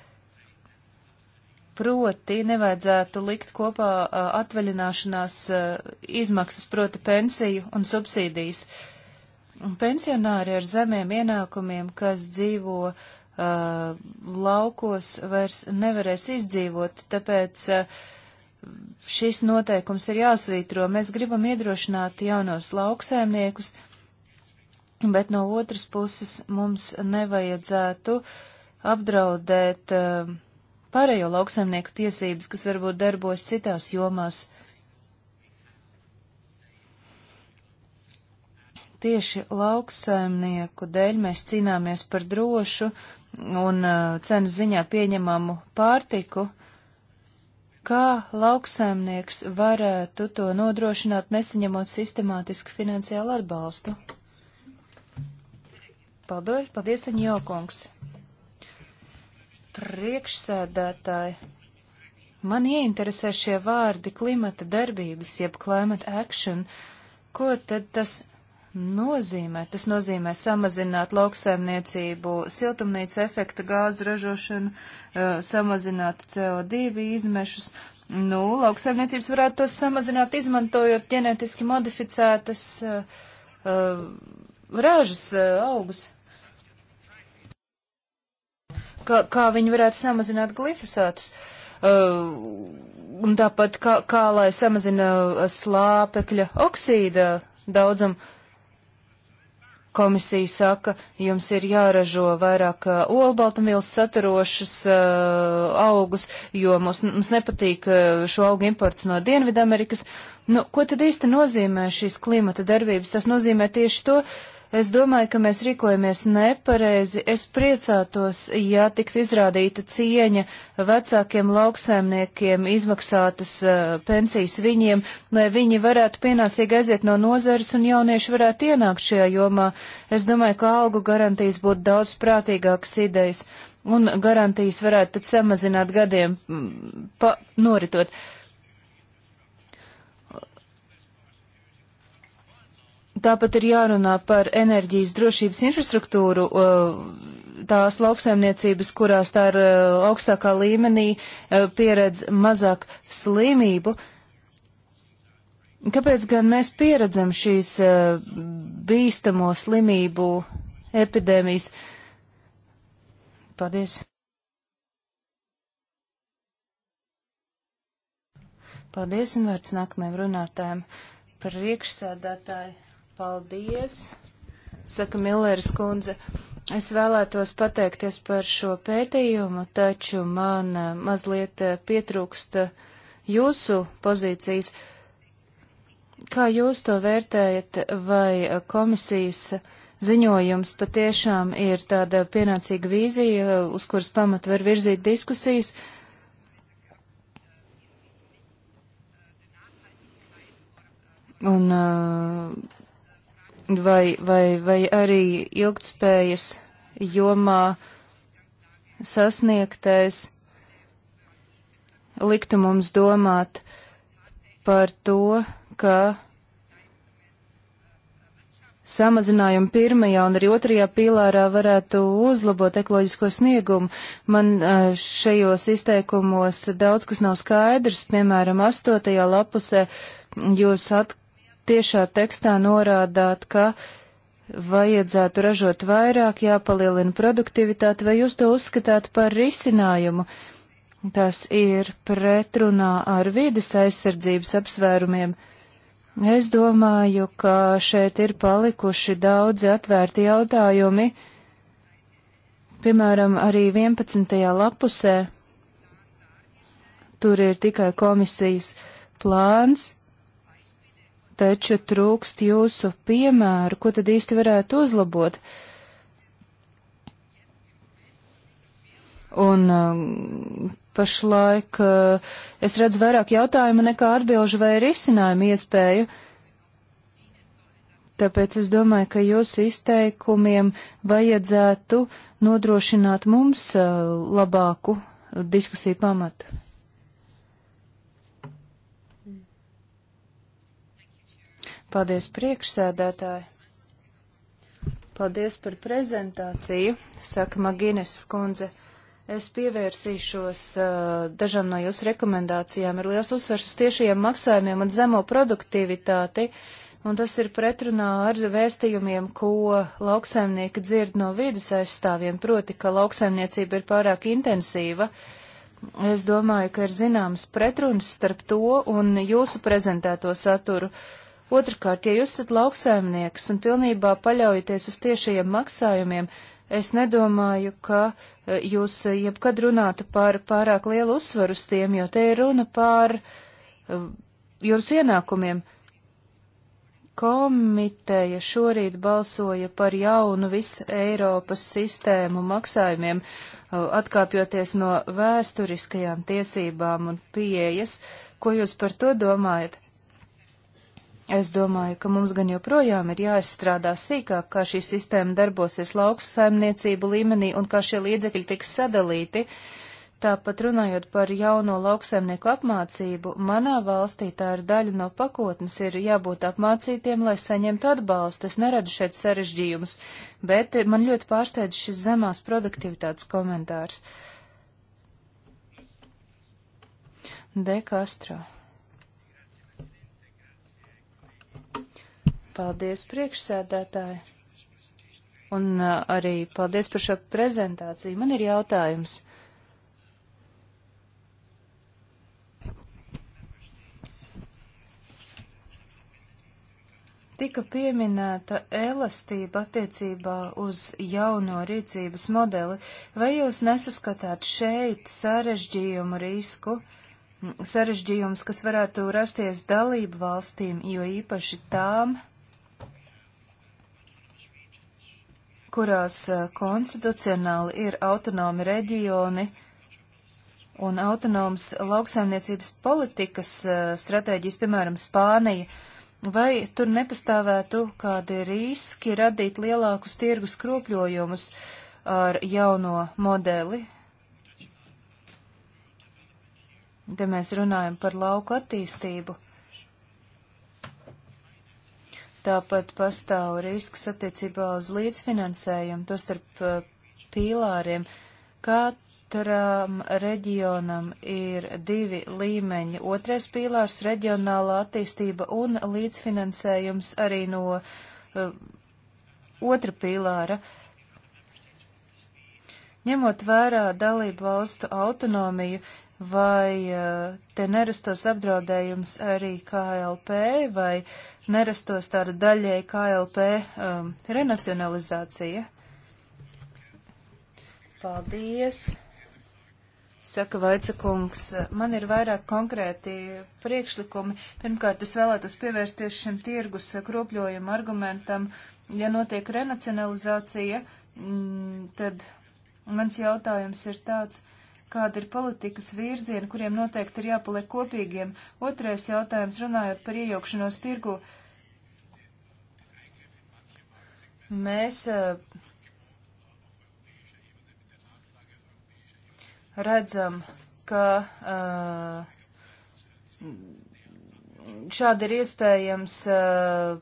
Proti nevajadzētu likt kopā atvaļināšanās izmaksas, proti pensiju un subsīdijas. Pensionāri ar zemiem ienākumiem, kas dzīvo uh, laukos, vairs nevarēs izdzīvot, tāpēc uh, šis noteikums ir jāsvītro. Mēs gribam iedrošināt jaunos lauksēmniekus, bet no otras puses mums nevajadzētu apdraudēt uh, pārējo lauksaimnieku tiesības, kas varbūt darbojas citās jomās. Tieši lauksaimnieku dēļ mēs cīnāmies par drošu un uh, cenas ziņā pieņemamu pārtiku. Kā lauksaimnieks varētu to nodrošināt, nesaņemot sistemātisku finansiālu atbalstu? Paldies, paldies, un jokungs! priekšsēdētāji. Man ieinteresē šie vārdi klimata darbības, jeb climate action. Ko tad tas nozīmē? Tas nozīmē samazināt lauksaimniecību, siltumnīca efekta gāzu ražošanu, samazināt CO2 izmešus. Nu, lauksaimniecības varētu tos samazināt, izmantojot ģenētiski modificētas uh, ražas, uh, augus kā, kā viņi varētu samazināt glifosātus. Uh, un tāpat kā, kā lai samazina slāpekļa oksīda daudzam. Komisija saka, jums ir jāražo vairāk uh, olbaltumvielas saturošas uh, augus, jo mums, mums nepatīk uh, šo augu imports no Dienvidamerikas. Nu, ko tad īsti nozīmē šīs klimata darbības? Tas nozīmē tieši to, uh, Es domāju, ka mēs rīkojamies nepareizi. Es priecātos, ja tiktu izrādīta cieņa vecākiem lauksēmniekiem, izmaksātas uh, pensijas viņiem, lai viņi varētu pienācīgi aiziet no nozares un jaunieši varētu ienākt šajā jomā. Es domāju, ka algu garantijas būtu daudz prātīgākas idejas, un garantijas varētu tad samazināt gadiem mm, pa, noritot. Uh, Tāpat ir jārunā par enerģijas drošības infrastruktūru, uh, tās lauksaimniecības, kurās tā ir uh, augstākā līmenī, uh, pieredz mazāk slimību. Kāpēc gan mēs pieredzam šīs bīstamo slimību epidēmijas? Paldies! Paldies un vārds nākamajam runātājam par priekšsādātāju. Paldies, saka Milleris kundze. Es vēlētos pateikties par šo pētījumu, taču man eh, mazliet eh, pietrūkst eh, jūsu pozīcijas. Kā jūs to vērtējat, vai komisijas ziņojums patiešām ir tāda pienācīga vīzija, uz kuras pamat var virzīt diskusijas? Un uh, vai, vai, vai arī ilgtspējas jomā sasniegtais liktu mums domāt par to, ka samazinājumu pirmajā un arī otrajā pīlārā varētu uzlabot ekoloģisko sniegumu. Man šajos izteikumos daudz kas nav skaidrs, piemēram, astotajā lapusē jūs atkal tiešā tekstā norādāt, ka vajadzētu ražot vairāk, jāpalielina produktivitāte, vai jūs to uzskatāt par risinājumu? Tas ir pretrunā ar vides aizsardzības apsvērumiem. Es domāju, ka šeit ir palikuši daudzi atvērti jautājumi, piemēram, arī 11. lapusē. Tur ir tikai komisijas plāns, taču trūkst jūsu piemēru, ko tad īsti varētu uzlabot. Un um, pašlaik uh, es redzu vairāk jautājumu nekā atbilžu vai risinājumu iespēju. Tāpēc es domāju, ka jūsu izteikumiem vajadzētu nodrošināt mums uh, labāku diskusiju pamatu. Paldies priekšsēdētāji! Paldies par prezentāciju, saka Magīnes skundze. Es pievērsīšos uh, dažām no jūsu rekomendācijām. Ir liels uzsvers uz tiešajiem maksājumiem un zemo produktivitāti, un tas ir pretrunā ar vēstījumiem, ko lauksaimnieki dzird no vides aizstāvjiem, proti, ka lauksaimniecība ir pārāk intensīva. Es domāju, ka ir zināms pretruns starp to un jūsu prezentēto saturu. Uh, Otrkārt, ja jūs esat lauksaimnieks un pilnībā paļaujaties uz tiešajiem maksājumiem, es nedomāju, ka eh, jūs eh, jebkad runātu par pārāk lielu uzsvaru uz tiem, jo te ir runa par eh, jūsu ienākumiem. Komiteja šorīt balsoja par jaunu visu Eiropas sistēmu maksājumiem, atkāpjoties no vēsturiskajām tiesībām un pieejas. Ko jūs par to domājat? Es domāju, ka mums gan joprojām ir jāizstrādā sīkāk, kā šī sistēma darbosies lauks saimniecību līmenī un kā šie līdzekļi tiks sadalīti. Tāpat runājot par jauno lauksaimnieku apmācību, manā valstī tā ir daļa no pakotnes, ir jābūt apmācītiem, lai saņemtu atbalstu. Es neredzu šeit sarežģījumus, bet man ļoti pārsteidz šis zemās produktivitātes komentārs. De Castro. Paldies priekšsēdētāji. Un uh, arī paldies par šo prezentāciju. Man ir jautājums. Tika pieminēta elastība attiecībā uz jauno rīcības modeli. Vai jūs nesaskatāt šeit sarežģījumu risku, sarežģījums, kas varētu rasties dalību valstīm, jo īpaši tām, kurās eh, konstitucionāli ir autonomi reģioni un autonomas lauksaimniecības politikas eh, stratēģijas, piemēram, Spānija, vai tur nepastāvētu kādi riski radīt lielākus tirgus kropļojumus ar jauno modeli? Te mēs runājam par lauku attīstību. Tāpat pastāv risks attiecībā uz līdzfinansējumu, to starp uh, pīlāriem. Katram reģionam ir divi līmeņi. Otrais pīlārs - reģionālā attīstība un līdzfinansējums arī no uh, otra pīlāra. Ņemot vērā dalību valstu autonomiju, vai uh, te nerastos apdraudējums arī KLP vai uh, nerastos tāda daļai KLP um, renacionalizācija. Paldies! Saka Vaicakungs, man ir vairāk konkrēti priekšlikumi. Pirmkārt, es vēlētos pievērsties šim tirgus kropļojuma argumentam. Ja notiek renacionalizācija, mm, tad mans jautājums ir tāds, uh, kāda ir politikas virziena, kuriem noteikti ir jāpaliek kopīgiem. Otrais jautājums, runājot par iejaukšanos tirgu. Mēs eh, redzam, ka eh, šādi ir iespējams eh,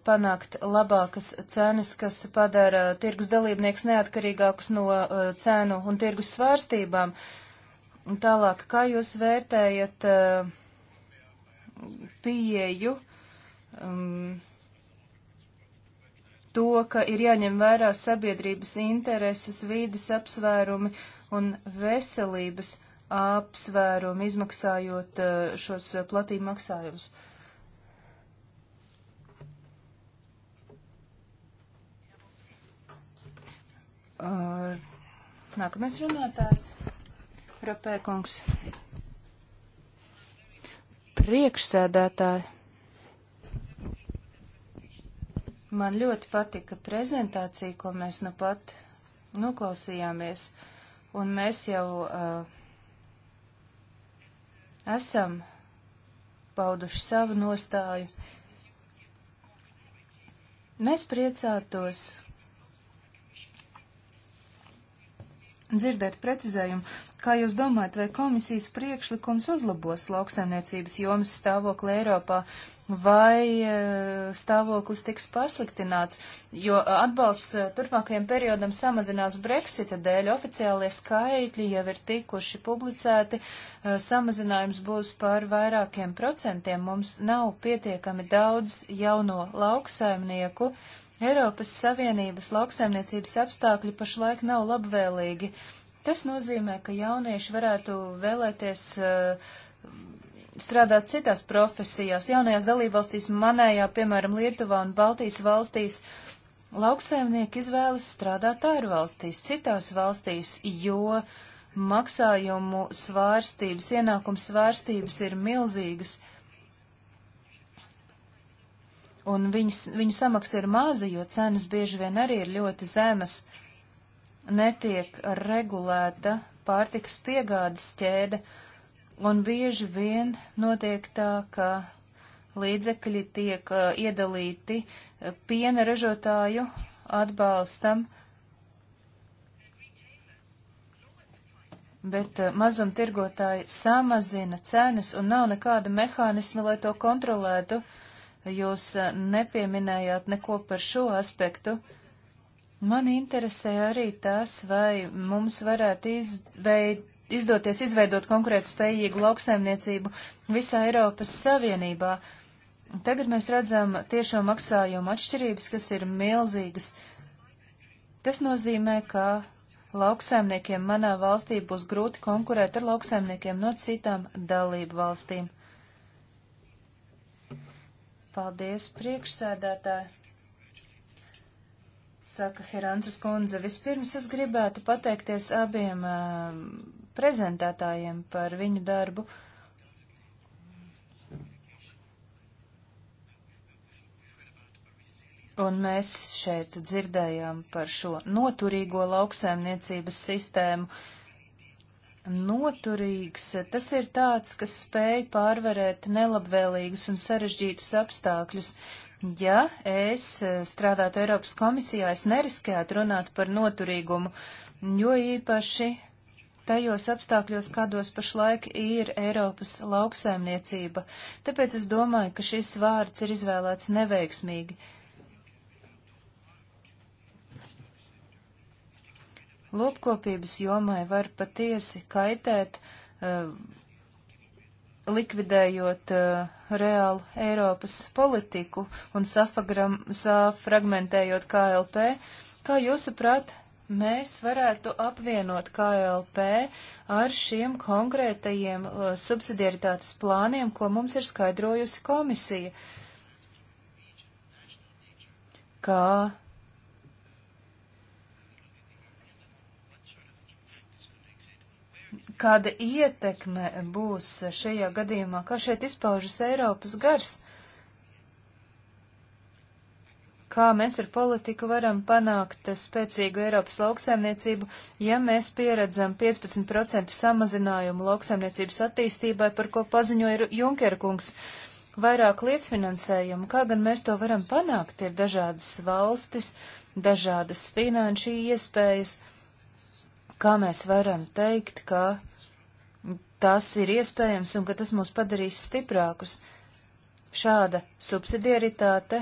panākt labākas cenas, kas padara tirgus dalībnieks neatkarīgākus no cenu un tirgus svārstībām. Uh, Tālāk, kā jūs vērtējat uh, pieeju? Um, to, ka ir jāņem vērā sabiedrības intereses, vīdes apsvērumi un veselības apsvērumi, izmaksājot uh, šos uh, platību maksājumus. Nākamais runātājs. Rapēkungs. Priekšsēdētāji. Man ļoti patika prezentācija, ko mēs nu pat noklausījāmies, un mēs jau uh, esam pauduši savu nostāju. Mēs priecātos dzirdēt precizējumu, Kā jūs domājat, vai komisijas priekšlikums uzlabos lauksaimniecības jomas stāvokli Eiropā, vai e, stāvoklis tiks pasliktināts, jo atbalsts e, turpmākajam periodam samazinās Brexita dēļ, oficiālie skaitļi jau ir tikuši publicēti, e, samazinājums būs par vairākiem procentiem, mums nav pietiekami daudz jauno lauksaimnieku. Eiropas Savienības lauksaimniecības apstākļi pašlaik nav labvēlīgi. Tas nozīmē, ka jaunieši varētu vēlēties eh, strādāt citās profesijās. Jaunajās dalībvalstīs manējā, piemēram, Lietuvā un Baltijas valstīs, lauksaimnieki izvēlas strādāt ārvalstīs, citās valstīs, jo maksājumu svārstības, ienākumu svārstības ir milzīgas, un viņas, viņu samaksa ir maza, jo cenas bieži vien arī ir ļoti zemas netiek regulēta pārtikas piegādes ķēde, un bieži vien notiek tā, ka līdzekļi tiek uh, iedalīti uh, piena ražotāju atbalstam, bet uh, mazumtirgotāji samazina cenas un nav nekāda mehānisma, lai to kontrolētu. Jūs uh, nepieminējāt neko par šo aspektu. Uh, Man interesē arī tas, vai mums varētu izveid, izdoties izveidot konkurēt spējīgu lauksaimniecību visā Eiropas Savienībā. Tagad mēs redzam tiešo maksājumu atšķirības, kas ir milzīgas. Tas nozīmē, ka lauksaimniekiem manā valstī būs grūti konkurēt ar lauksaimniekiem no citām dalību valstīm. Paldies, priekšsēdētāji! Saka Hirances kundze, vispirms es gribētu pateikties abiem uh, prezentētājiem par viņu darbu. Un mēs šeit dzirdējām par šo noturīgo lauksēmniecības sistēmu. Noturīgs tas ir tāds, kas spēj pārvarēt nelabvēlīgus un sarežģītus apstākļus. Ja es eh, strādātu Eiropas komisijā, es neriskētu runāt par noturīgumu, jo īpaši tajos apstākļos, kādos pašlaik ir Eiropas lauksaimniecība. Tāpēc es domāju, ka šis vārds ir izvēlēts neveiksmīgi. Lopkopības jomai var patiesi kaitēt uh, likvidējot uh, eh, reālu Eiropas politiku un safagram, safragmentējot KLP, kā jūsuprāt, mēs varētu apvienot KLP ar šiem konkrētajiem uh, subsidiaritātes plāniem, ko mums ir skaidrojusi komisija? Kā Kāda ietekme būs šajā gadījumā? Kā šeit izpaužas Eiropas gars? Kā mēs ar politiku varam panākt spēcīgu Eiropas lauksaimniecību, ja mēs pieredzam 15% samazinājumu lauksaimniecības attīstībai, par ko paziņoja Junkerkungs? vairāk līdzfinansējumu, kā gan mēs to varam panākt, ir dažādas valstis, dažādas finanšu iespējas, kā mēs varam teikt, ka tas ir iespējams un ka tas mūs padarīs stiprākus. Šāda subsidiaritāte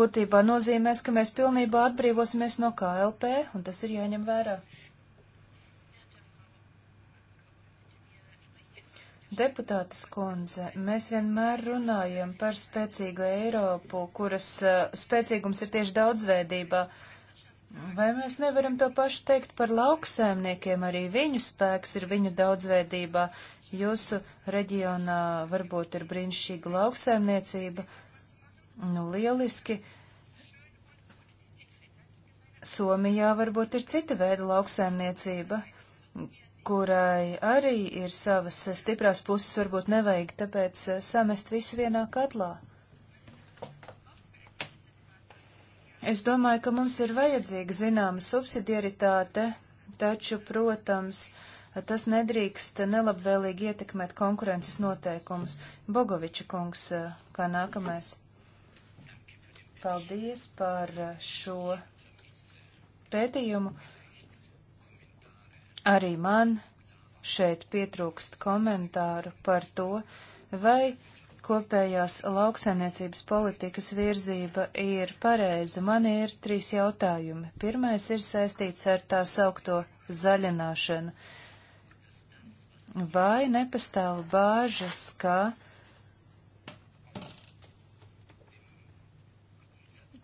būtībā nozīmēs, ka mēs pilnībā atbrīvosimies no KLP, un tas ir jāņem vērā. Deputātas kundze, mēs vienmēr runājam par spēcīgu Eiropu, kuras uh, spēcīgums ir tieši daudzveidībā. Uh, Vai mēs nevaram to pašu teikt par lauksēmniekiem? Arī viņu spēks ir viņu daudzveidībā. Jūsu reģionā varbūt ir brīnišķīga lauksēmniecība. Nu, lieliski. Somijā varbūt ir cita veida lauksēmniecība, kurai arī ir savas stiprās puses, varbūt nevajag tāpēc eh, samest visu vienā katlā. Es domāju, ka mums ir vajadzīga zināma subsidiaritāte, taču, protams, tas nedrīkst nelabvēlīgi ietekmēt konkurences noteikumus. Bogoviča kungs, kā nākamais. Paldies par šo pētījumu. Arī man šeit pietrūkst komentāru par to, vai kopējās lauksaimniecības politikas virzība ir pareiza. Man ir trīs jautājumi. Pirmais ir saistīts ar tā saukto zaļināšanu. Vai nepastāv bāžas, ka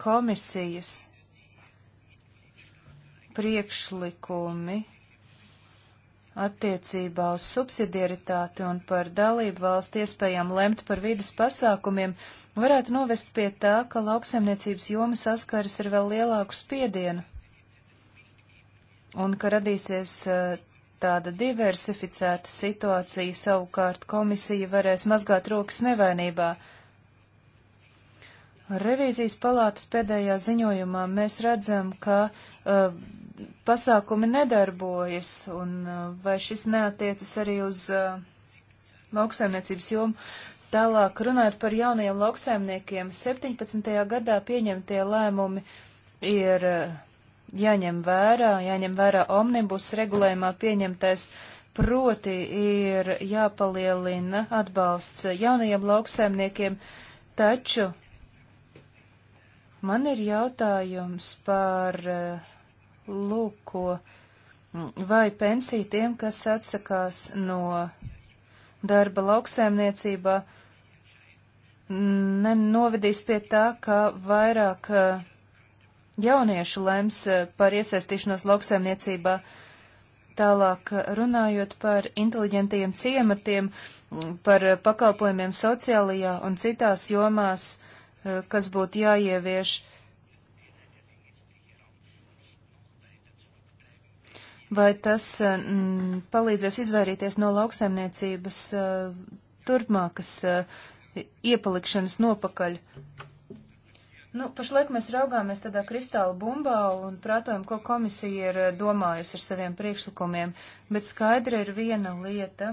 komisijas priekšlikumi attiecībā uz subsidiaritāti un par dalību valstu iespējām lemt par vidas pasākumiem varētu novest pie tā, ka lauksaimniecības joma saskaras ar vēl lielāku spiedienu un ka radīsies eh, tāda diversificēta situācija, savukārt komisija varēs mazgāt rokas nevainībā. Revīzijas palātas pēdējā ziņojumā mēs redzam, ka uh, pasākumi nedarbojas, un uh, vai šis neatiecas arī uz uh, lauksaimniecības jomu. Tālāk runājot par jaunajiem lauksaimniekiem, 17. gadā pieņemtie lēmumi ir uh, jāņem vērā, jāņem vērā omnibus regulējumā pieņemtais, proti ir jāpalielina atbalsts jaunajiem lauksaimniekiem, taču man ir jautājums par uh, lūko, mm, vai pensija tiem, kas atsakās no darba lauksēmniecībā, mm, nenovedīs pie tā, ka vairāk eh, jauniešu lems eh, par iesaistīšanos lauksēmniecībā. Tālāk eh, runājot par inteliģentiem ciematiem, mm, par pakalpojumiem sociālajā un citās jomās, kas būtu jāievieš. vai tas m, eh, palīdzēs izvairīties no lauksaimniecības eh, turpmākas eh, iepalikšanas nopakaļ. Nu, pašlaik mēs raugāmies tādā kristāla bumbā un prātojam, ko komisija ir domājusi ar saviem priekšlikumiem, bet skaidra ir viena lieta.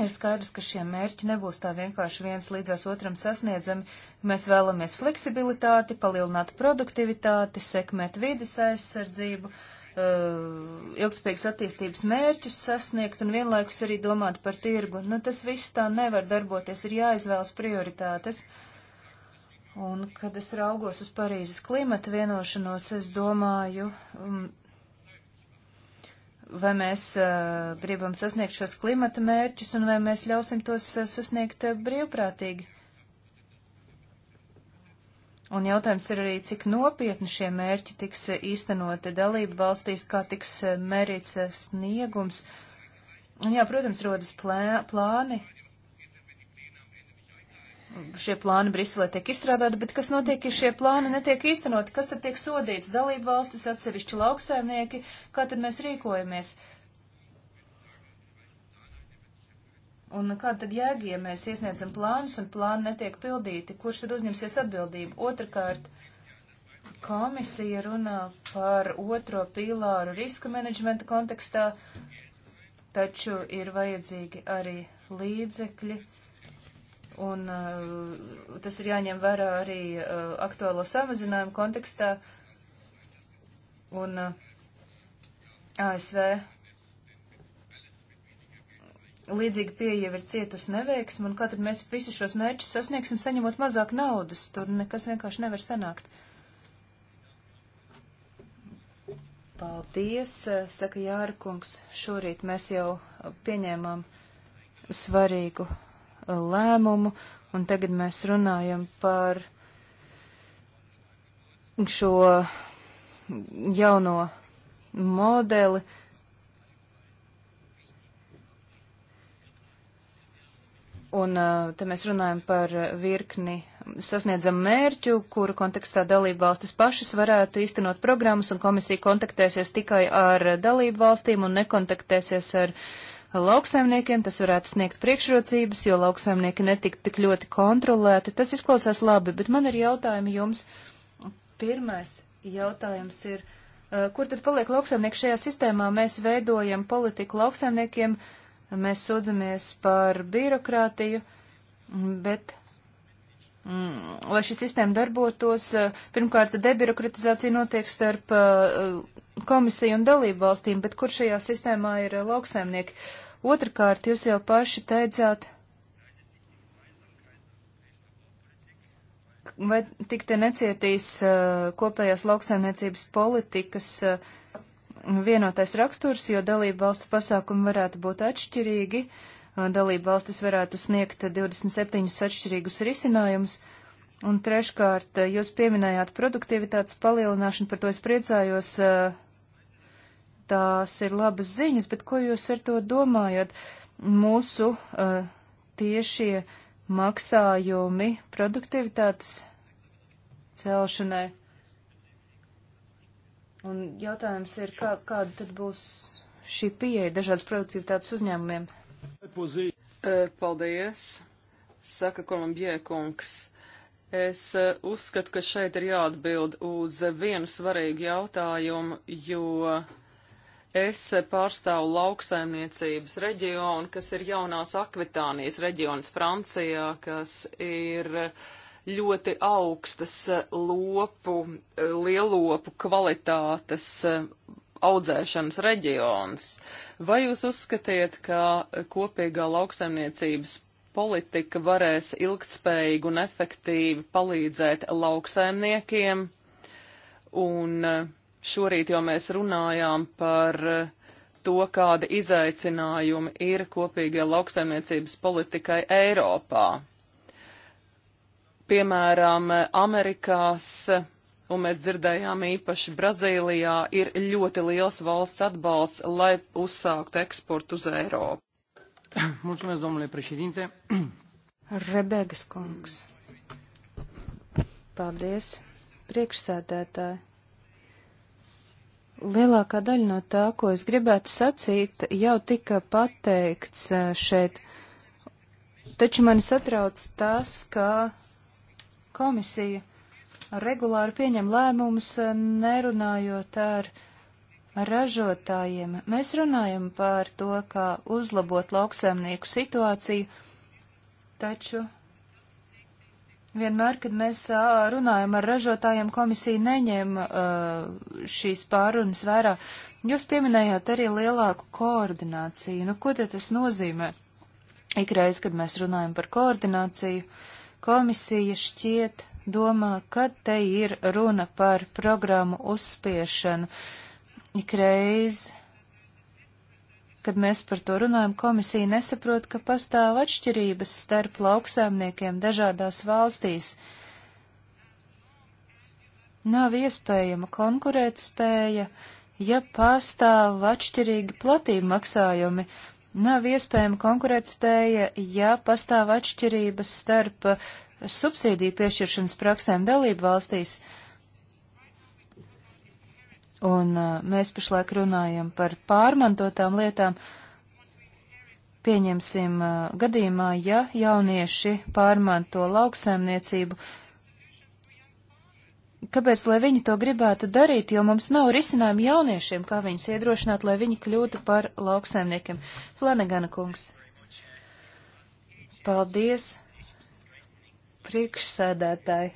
Ir skaidrs, ka šie mērķi nebūs tā vienkārši viens līdzās otram sasniedzami. Mēs vēlamies fleksibilitāti, palielināt produktivitāti, sekmēt vides aizsardzību. Uh, Uh, ilgspējīgas attīstības mērķus sasniegt un vienlaikus arī domāt par tirgu. Nu, tas viss tā nevar darboties, ir jāizvēlas prioritātes. Un, kad es raugos uz Parīzes klimata vienošanos, es domāju, um, vai mēs uh, gribam sasniegt šos klimata mērķus un vai mēs ļausim tos uh, sasniegt brīvprātīgi. Un jautājums ir arī, cik nopietni šie mērķi tiks eh, īstenoti dalību valstīs, kā tiks eh, mērīts eh, sniegums. Un jā, protams, rodas plē, plāni. Šie plāni Briselē tiek izstrādāti, bet kas notiek, ja šie plāni netiek īstenoti? Kas tad tiek sodīts? Dalību valstis, atsevišķi lauksaimnieki, kā tad mēs rīkojamies? Uh, Un kā tad jēga, ja mēs iesniedzam plānus un plāni netiek pildīti, kurš ir uzņemsies atbildību? Otrakārt, komisija runā par otro pīlāru riska menedžmenta kontekstā, taču ir vajadzīgi arī līdzekļi, un uh, tas ir jāņem vērā arī uh, aktuālo samazinājumu kontekstā, un uh, ASV Līdzīga pieeja ir cietusi neveiksmi, un kā tad mēs visus šos mērķus sasniegsim, saņemot mazāk naudas? Tur nekas vienkārši nevar sanākt. Paldies, eh, saka Jārkungs. Šorīt mēs jau pieņēmām svarīgu eh, lēmumu, un tagad mēs runājam par šo jauno modeli. Un te mēs runājam par virkni sasniedzam mērķu, kuru kontekstā dalība valstis pašas varētu īstenot programmas, un komisija kontaktēsies tikai ar dalību valstīm un nekontaktēsies ar lauksaimniekiem. Tas varētu sniegt priekšrocības, jo lauksaimnieki netika tik ļoti kontrolēti. Tas izklausās labi, bet man ir jautājumi jums. Pirmais jautājums ir, kur tad paliek lauksaimnieki šajā sistēmā? Mēs veidojam politiku lauksaimniekiem. Uh, Mēs sūdzamies par birokrātiju, bet, mm, lai šī sistēma darbotos, pirmkārt, debirokratizācija notiek starp eh, komisiju un dalību valstīm, bet kur šajā sistēmā ir lauksēmnieki? Otrakārt, jūs jau paši teicāt, vai tik te necietīs eh, kopējās lauksaimniecības politikas uh, vienotais raksturs, jo dalību valstu pasākumi varētu būt atšķirīgi, dalību valstis varētu sniegt 27 atšķirīgus risinājumus, un treškārt, jūs pieminējāt produktivitātes palielināšanu, par to es priecājos, tās ir labas ziņas, bet ko jūs ar to domājat? Mūsu tiešie maksājumi produktivitātes celšanai. Un jautājums ir, kā, kāda tad būs šī pieeja dažādas produktivitātes uzņēmumiem? E, paldies, saka Kolumbijē kungs. Es e, uzskatu, ka šeit ir jāatbild uz vienu svarīgu jautājumu, jo Es pārstāvu lauksaimniecības reģionu, kas ir jaunās Akvitānijas reģions Francijā, kas ir uh, ļoti augstas eh, lopu, eh, lielopu kvalitātes eh, audzēšanas reģions. Vai jūs uzskatiet, ka kopīgā lauksaimniecības politika varēs ilgtspējīgi un efektīvi palīdzēt lauksaimniekiem? Un šorīt jau mēs runājām par to, kāda izaicinājumi ir kopīgajai lauksaimniecības politikai Eiropā piemēram, Amerikās, un mēs dzirdējām īpaši Brazīlijā, ir ļoti liels valsts atbalsts, lai uzsākt eksportu uz Eiropu. Mulțumesc, domnule președinte. Rebegas kungs. Paldies, priekšsēdētāji. Lielākā daļa no tā, ko es gribētu sacīt, jau tika pateikts eh, šeit. Taču mani satrauc tas, ka komisija regulāri pieņem lēmumus, nerunājot ar ražotājiem. Mēs runājam par to, kā uzlabot lauksēmnieku situāciju, taču vienmēr, kad mēs runājam ar ražotājiem, komisija neņem šīs pārunas vērā. Jūs pieminējāt arī lielāku koordināciju. Nu, ko tad tas nozīmē? Ikreiz, kad mēs runājam par koordināciju, uh, Komisija šķiet domā, ka te ir runa par programmu uzspiešanu. Ikreiz, kad mēs par to runājam, komisija nesaprot, ka pastāv atšķirības starp lauksēmniekiem dažādās valstīs. Nav iespējama konkurētspēja, ja pastāv atšķirīgi platība maksājumi. Uh, Nav iespējama konkurētspēja, ja pastāv atšķirības starp uh, subsīdiju piešķiršanas praksēm dalību valstīs. Un uh, mēs pašlaik runājam par pārmantotām lietām. Pieņemsim uh, gadījumā, ja jaunieši pārmanto lauksaimniecību, kāpēc, lai viņi to gribētu darīt, jo mums nav risinājumu jauniešiem, kā viņus iedrošināt, lai viņi kļūtu par lauksaimniekiem. Flanagana kungs. Paldies, priekšsēdētāji.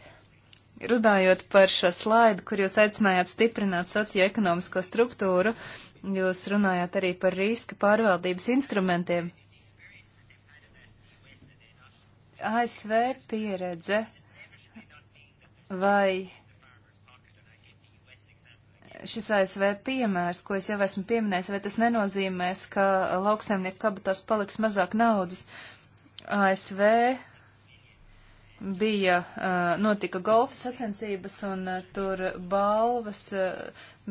Runājot par šo slaidu, kur jūs aicinājāt stiprināt socioekonomisko struktūru, jūs runājāt arī par riska pārvaldības instrumentiem. ASV pieredze vai šis ASV piemērs, ko es jau esmu pieminējis, vai tas nenozīmēs, ka lauksaimnieku kabatās paliks mazāk naudas? ASV bija, notika golfa sacensības un tur balvas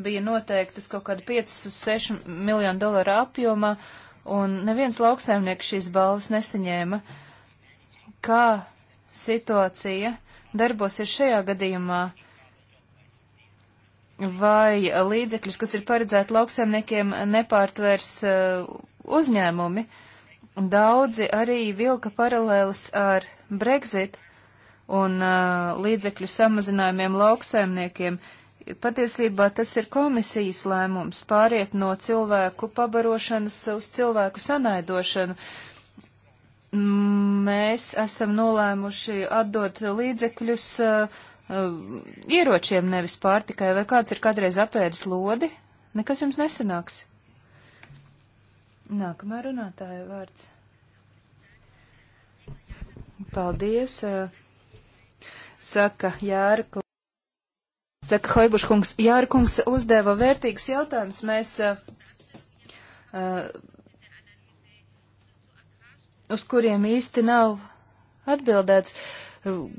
bija noteiktas kaut kādi 5 uz 6 miljonu dolāru apjomā, un neviens lauksaimnieks šīs balvas nesaņēma. Kā situācija darbosies šajā gadījumā? vai līdzekļus, kas ir paredzēti lauksaimniekiem, nepārtvers uh, uzņēmumi. Daudzi arī vilka paralēlis ar Brexit un uh, līdzekļu samazinājumiem lauksaimniekiem. Patiesībā tas ir komisijas lēmums pāriet no cilvēku pabarošanas uz cilvēku sanaidošanu. Mēs esam nolēmuši atdot līdzekļus uh, Uh, ieročiem, nevis pārtikai, vai kāds ir kādreiz apēdis lodi, nekas jums nesanāks. Nākamā runātāja vārds. Paldies, uh, saka Jārku. Saka Hoibuškungs, Jārkungs uzdeva vērtīgus jautājumus. Mēs, uh, uh uz kuriem īsti nav atbildēts. Uh,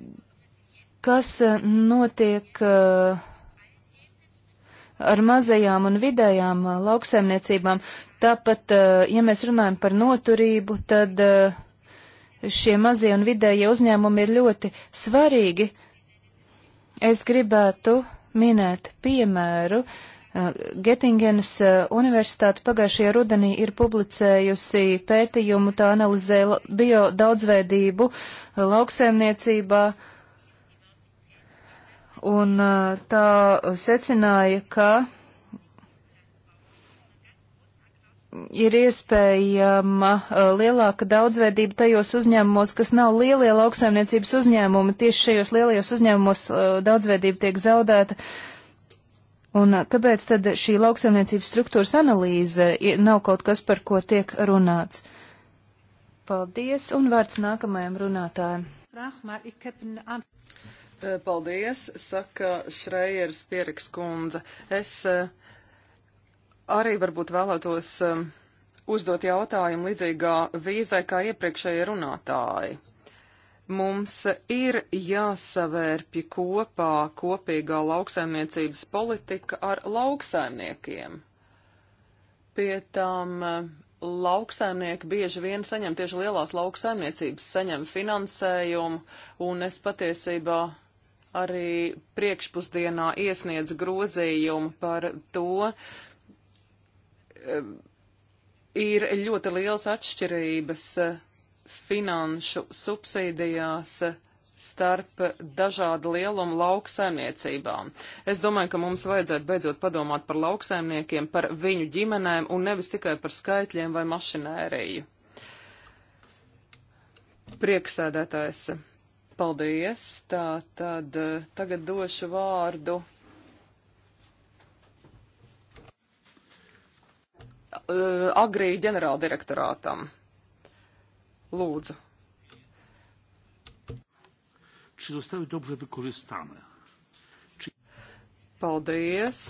kas eh, notiek eh, ar mazajām un vidējām eh, lauksaimniecībām. Tāpat, ja mēs runājam par noturību, tad šie mazie un vidējie uzņēmumi ir ļoti svarīgi. Es gribētu minēt piemēru. Getingenas universitāte pagājušajā rudenī ir publicējusi pētījumu, tā analizē bio daudzveidību lauksaimniecībā. Uh, un tā secināja, ka ir iespējama lielāka daudzveidība tajos uzņēmumos, kas nav lielie lauksaimniecības uzņēmumi. Tieši šajos lielajos uzņēmumos daudzveidība tiek zaudēta. Un kāpēc tad šī lauksaimniecības struktūras analīze nav kaut kas, par ko tiek runāts? Paldies, un vārds nākamajam runātājam. Eh, paldies, saka Šreieris Pieriks kundze. Es eh, arī varbūt vēlētos eh, uzdot jautājumu līdzīgā vīzai kā iepriekšējie runātāji. Mums ir jāsavērpja kopā kopīgā lauksaimniecības politika ar lauksaimniekiem. Pie tam lauksaimnieki bieži vien saņem tieši lielās lauksaimniecības, saņem finansējumu, un es patiesībā arī priekšpusdienā iesniedz grozījumu par to, um, ir ļoti liels atšķirības uh, finanšu subsīdijās uh, starp dažādu lielumu lauksaimniecībām. Es domāju, ka mums vajadzētu beidzot padomāt par lauksaimniekiem, par viņu ģimenēm un nevis tikai par skaitļiem vai mašinēriju. Prieksēdētājs. Paldies! Tā tad eh, tagad došu vārdu. Eh, Agrī ģenerāldirektorātam. Lūdzu. Czy zostały dobrze wykorzystane? Czy... Paldies!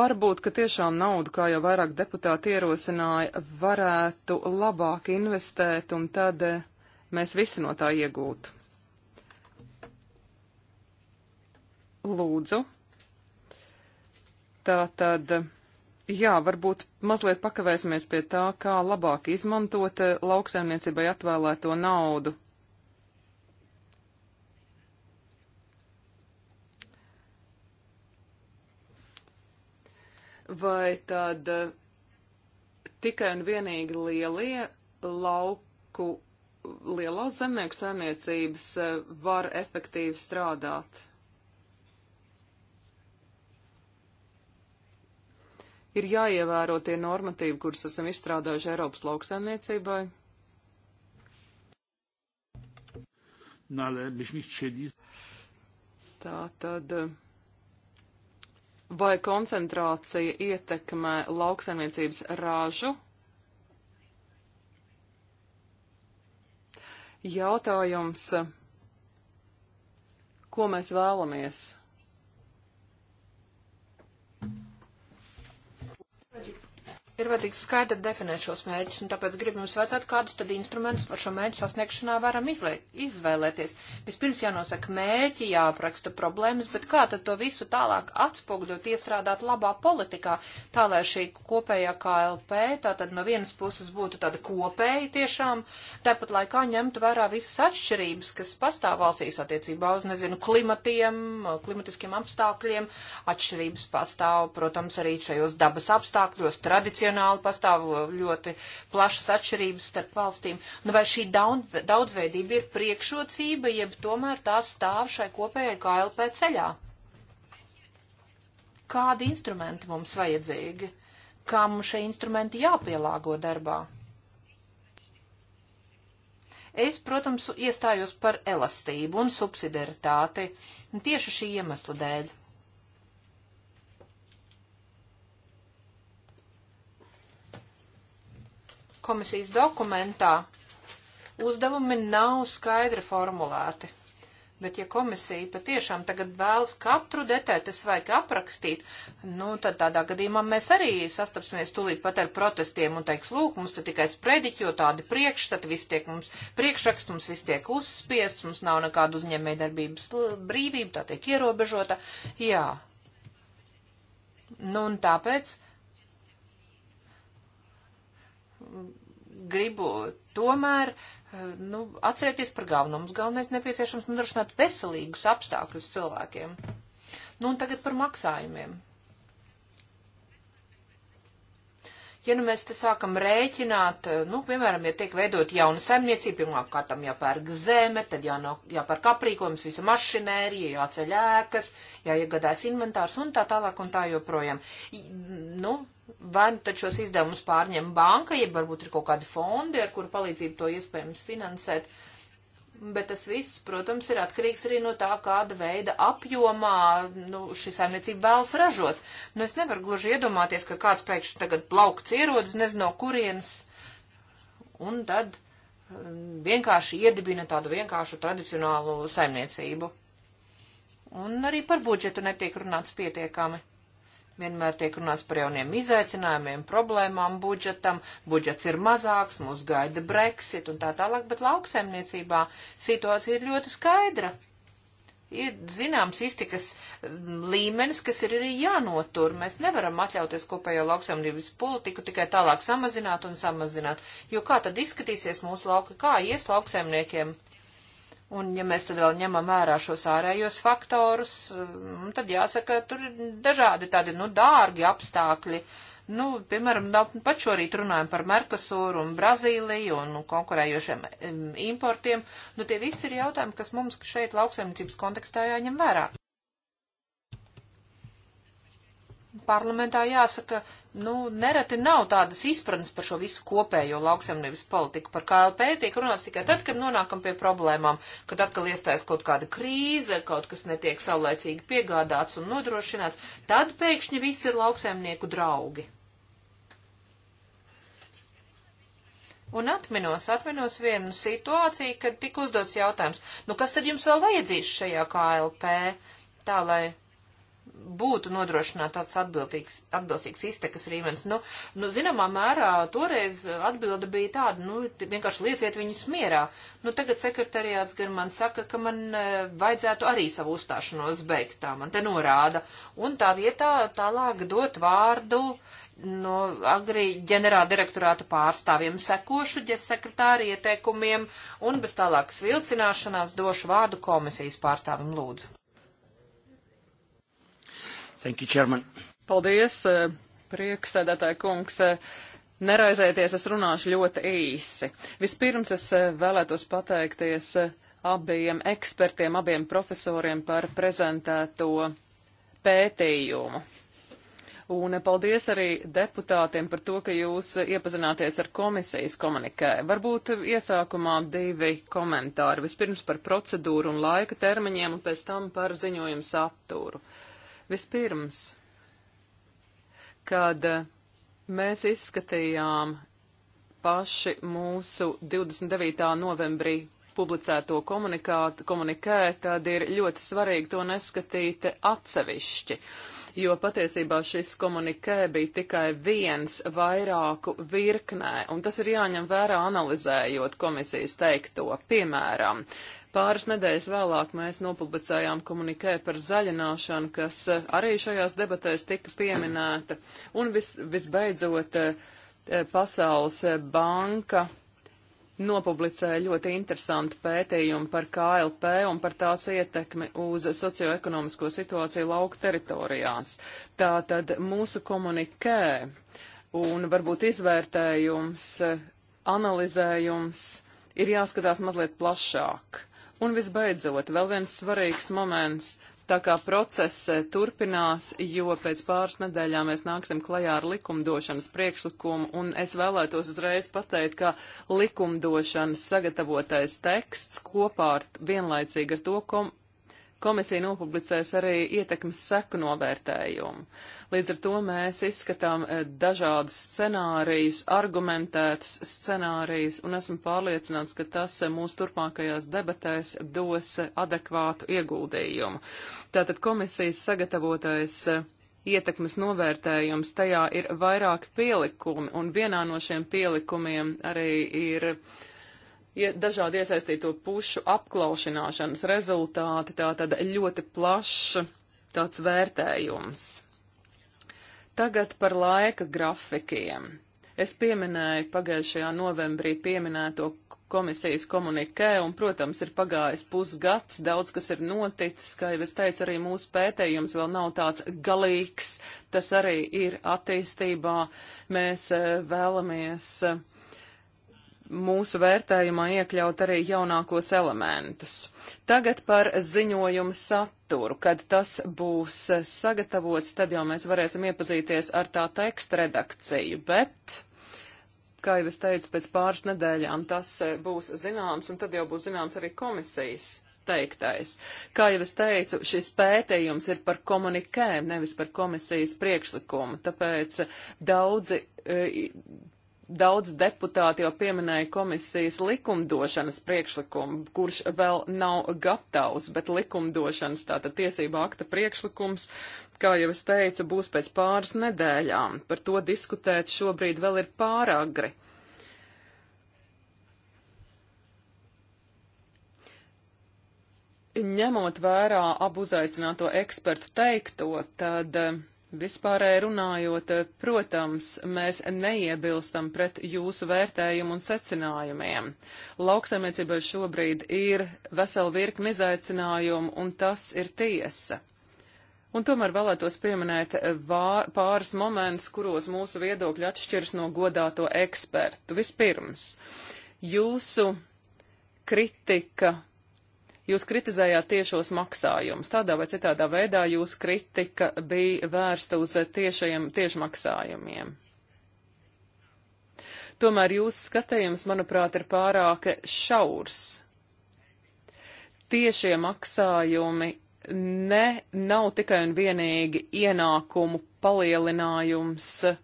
Varbūt, ka tiešām naudu, kā jau vairāk deputāti ierosināja, varētu labāk investēt un tad. Uh, mēs visi no tā iegūtu. Lūdzu. Tā tad, jā, varbūt mazliet pakavēsimies pie tā, kā labāk izmantot eh, lauksaimniecībai atvēlēto naudu. Vai tad eh, tikai un vienīgi lielie lauku lielās zemnieku saimniecības e, var efektīvi strādāt. Ir jāievēro tie normatīvi, kurus esam izstrādājuši Eiropas lauksaimniecībai. Tā tad e, vai koncentrācija ietekmē lauksaimniecības ražu jautājums, ko mēs vēlamies ir vajadzīgs skaidri definēt šos mērķus, un tāpēc gribu jums vajadzētu kādus tad instrumentus par šo mērķu sasniegšanā varam izlē, izvēlēties. Vispirms jānosaka mērķi, jāapraksta problēmas, bet kā tad to visu tālāk atspogļot, iestrādāt labā politikā, tā lai šī kopējā KLP, tā tad no vienas puses būtu tāda kopēja tiešām, tāpat laikā ņemtu vērā visas atšķirības, kas pastāv valstīs attiecībā uz, nezinu, klimatiem, klimatiskiem apstākļiem, atšķirības pastāv, protams, arī šajos dabas apstākļos, tradicionāli reģionāli pastāv ļoti plašas atšķirības starp valstīm. Nu, vai šī daudzveidība ir priekšrocība, jeb tomēr tā stāv šai kopējai KLP ceļā? Kādi instrumenti mums vajadzīgi? Kā mums šie instrumenti jāpielāgo darbā? Es, protams, iestājos par elastību un subsidiaritāti tieši šī iemesla dēļ. komisijas dokumentā uzdevumi nav skaidri formulēti. Bet, ja komisija patiešām tagad vēlas katru detaļu, tas vajag aprakstīt, nu, tad tādā gadījumā mēs arī sastapsimies tūlīt pat ar protestiem un teiks, lūk, mums te tikai sprediķi, jo tādi priekšstati, viss tiek mums, priekšraksts mums viss tiek uzspiests, mums nav nekāda uzņēmējdarbības brīvība, tā tiek ierobežota. Jā. Nu, un tāpēc gribu tomēr, eh, nu, atcerieties par galveno. Mums galvenais nepieciešams nodrošināt veselīgus apstākļus cilvēkiem. Nu, un tagad par maksājumiem. ja nu mēs te sākam rēķināt, eh, nu, piemēram, ja tiek veidot jauna saimniecība, pirmām kārtām jāpērk zeme, tad jāno, jāpērk aprīkojums, visa mašinērija, jāceļ ēkas, jāiegādājas inventārs un tā tālāk un tā joprojām. Nu, vai nu tad šos izdevumus pārņem banka, jeb varbūt ir kaut kādi fondi, ar kuru palīdzību to iespējams finansēt. Bet tas viss, protams, ir atkarīgs arī no tā, kāda veida apjomā nu, šī saimniecība vēlas ražot. Nu, es nevaru gluži iedomāties, ka kāds pēkšņi tagad plaukts ierodas, nezinu, no kurienes, un tad um, vienkārši iedibina tādu vienkāršu tradicionālu saimniecību. Un arī par budžetu netiek runāts pietiekami. Vienmēr tiek runāts par jauniem izaicinājumiem, problēmām budžetam, budžets ir mazāks, mūs gaida Brexit un tā tālāk, bet lauksaimniecībā situācija ir ļoti skaidra. Ir zināms iztikas mm, līmenis, kas ir arī jānotur. Mēs nevaram atļauties kopējo lauksaimniecības politiku tikai tālāk samazināt un samazināt, jo kā tad izskatīsies mūsu lauka, kā ies lauksaimniekiem? Un ja mēs tad vēl ņemam vērā šos ārējos faktorus, mm, tad jāsaka, tur ir dažādi tādi, nu, dārgi apstākļi. Nu, piemēram, pat šorīt runājam par Merkosūru un Brazīliju un nu, konkurējošiem mm, importiem. Nu, tie visi ir jautājumi, kas mums šeit lauksaimniecības kontekstā jāņem vērā. parlamentā jāsaka, nu, nereti nav tādas izpratnes par šo visu kopējo lauksemnības politiku. Par KLP tiek runāts tikai tad, kad nonākam pie problēmām, kad atkal iestājas kaut kāda krīze, kaut kas netiek saulēcīgi piegādāts un nodrošināts, tad pēkšņi visi ir lauksemnieku draugi. Un atminos, atminos vienu situāciju, kad tika uzdots jautājums, nu kas tad jums vēl vajadzīs šajā KLP, tā lai būtu nodrošināt tāds atbildīgs, atbilstīgs iztekas rīmenis. Nu, nu, zināmā mērā toreiz atbilde bija tāda, nu, vienkārši lieciet viņus mierā. Nu, tagad sekretariāts gan man saka, ka man e, vajadzētu arī savu uzstāšanos beigt, tā man te norāda. Un tā vietā tālāk dot vārdu no nu, agrī ģenerāla direktorāta pārstāvjiem sekošu, ja sekretāri ieteikumiem un bez tālākas vilcināšanās došu vārdu komisijas pārstāvim lūdzu. Thank you, Chairman. Paldies, eh, prieksēdētāji kungs. Eh, neraizēties, es runāšu ļoti īsi. Vispirms es eh, vēlētos pateikties abiem ekspertiem, abiem profesoriem par prezentēto pētījumu. Un paldies arī deputātiem par to, ka jūs iepazināties ar komisijas komunikē. Varbūt iesākumā divi komentāri. Vispirms par procedūru un laika termiņiem, un pēc tam par ziņojumu saturu. Uh, Vispirms, kad eh, mēs izskatījām paši mūsu 29. novembrī publicēto komunikē, tad ir ļoti svarīgi to neskatīt atsevišķi, jo patiesībā šis komunikē bija tikai viens vairāku virknē, un tas ir jāņem vērā analizējot komisijas teikto. Piemēram, Pāris nedēļas vēlāk mēs nopublicējām komunikē par zaļināšanu, kas eh, arī šajās debatēs tika pieminēta. Un vis, visbeidzot, eh, eh, Pasaules banka nopublicēja ļoti interesantu pētījumu par KLP un par tās ietekmi uz socioekonomisko situāciju lauku teritorijās. Tātad mūsu komunikē un varbūt izvērtējums, analizējums ir jāskatās mazliet plašāk. Un visbeidzot, vēl viens svarīgs moments. Tā kā process eh, turpinās, jo pēc pāris nedēļām mēs nāksim klajā ar likumdošanas priekšlikumu, un es vēlētos uzreiz pateikt, ka likumdošanas sagatavotais teksts kopā ar vienlaicīgi ar to kom Komisija nopublicēs arī ietekmes seku novērtējumu. Līdz ar to mēs izskatām eh, dažādas scenārijas, argumentētas scenārijas, un esam pārliecināts, ka tas eh, mūsu turpmākajās debatēs dos eh, adekvātu ieguldījumu. Tātad komisijas sagatavotais ietekmes novērtējums, tajā ir vairāki pielikumi, un vienā no šiem pielikumiem arī ir dažādi iesaistīto pušu apklaušanāšanas rezultāti, tātad ļoti plašs tāds vērtējums. Tagad par laika grafikiem. Es pieminēju pagājušajā novembrī pieminēto komisijas komunikē, un, protams, ir pagājis pusgads, daudz kas ir noticis, kā jau es teicu, arī mūsu pētējums vēl nav tāds galīgs, tas arī ir attīstībā. Mēs eh, vēlamies uh, mūsu vērtējumā iekļaut arī jaunākos elementus. Tagad par ziņojumu saturu. Kad tas būs sagatavots, tad jau mēs varēsim iepazīties ar tā teksta redakciju, bet, kā jau es teicu, pēc pāris nedēļām tas eh, būs zināms, un tad jau būs zināms arī komisijas teiktais. Kā jau es teicu, šis pētījums ir par komunikēm, nevis par komisijas priekšlikumu, tāpēc daudzi eh, daudz deputāti jau pieminēja komisijas likumdošanas priekšlikumu, kurš vēl nav gatavs, bet likumdošanas tātad tiesība akta priekšlikums, kā jau es teicu, būs pēc pāris nedēļām. Par to diskutēt šobrīd vēl ir pāragri. Ņemot vērā abu uzaicināto ekspertu teikto, tad uh, Vispārēji runājot, protams, mēs neiebilstam pret jūsu vērtējumu un secinājumiem. Lauksaimniecībai šobrīd ir vesela virkni izaicinājumu, un tas ir tiesa. Un tomēr vēlētos pieminēt pāris momentus, kuros mūsu viedokļi atšķiras no godāto ekspertu. Vispirms, jūsu kritika Jūs kritizējāt tiešos maksājumus. Tādā vai citādā veidā jūsu kritika bija vērsta uz tiešajiem tiešmaksājumiem. Tomēr jūsu skatījums, manuprāt, ir pārāk šaurs. Tiešie maksājumi ne, nav tikai un vienīgi ienākumu palielinājums uh,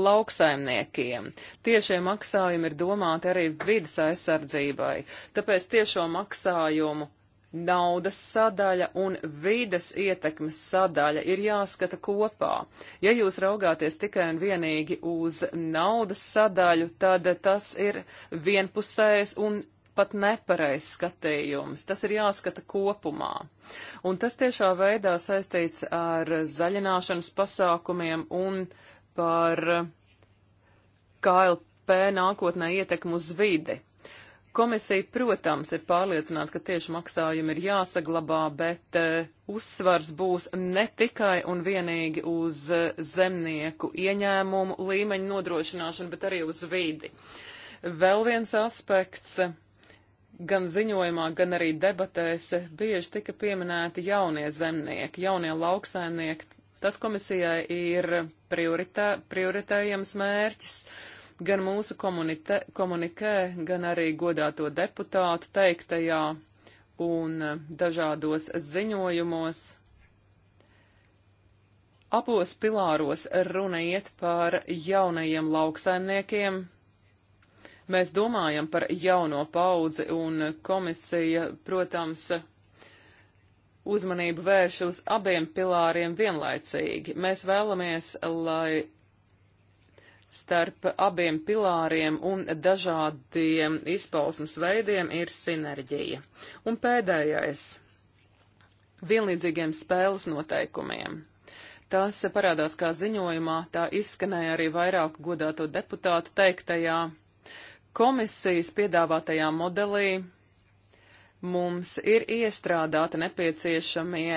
lauksaimniekiem. Tiešie maksājumi ir domāti arī vidas aizsardzībai, tāpēc tiešo maksājumu naudas sadaļa un vides ietekmes sadaļa ir jāskata kopā. Ja jūs raugāties tikai un vienīgi uz naudas sadaļu, tad tas ir vienpusējs un pat nepareizs skatījums. Tas ir jāskata kopumā. Un tas tiešā veidā saistīts ar zaļināšanas pasākumiem un uh, par KLP nākotnē ietekmu uz vidi. Komisija, protams, ir pārliecināta, ka tieši maksājumi ir jāsaglabā, bet uh, uzsvars būs ne tikai un vienīgi uz eh, zemnieku ieņēmumu līmeņu nodrošināšanu, bet arī uz vidi. Vēl viens aspekts gan ziņojumā, gan arī debatēs bieži tika pieminēti jaunie zemnieki, jaunie lauksaimnieki. Tas komisijai ir prioritā, prioritējams mērķis. Gan mūsu komunite, komunikē, gan arī godāto deputātu teiktajā un eh, dažādos ziņojumos. Abos pilāros runa iet par jaunajiem lauksaimniekiem. Mēs domājam par jauno paudzi un komisija, protams, uzmanību vērš uz abiem pilāriem vienlaicīgi. Mēs vēlamies, lai starp abiem pilāriem un dažādiem izpausmas veidiem ir sinerģija. Un pēdējais - vienlīdzīgiem spēles noteikumiem. Tas parādās kā ziņojumā, tā izskanēja arī vairāku godāto deputātu teiktajā. Komisijas piedāvātajā modelī Mums ir iestrādāti nepieciešamie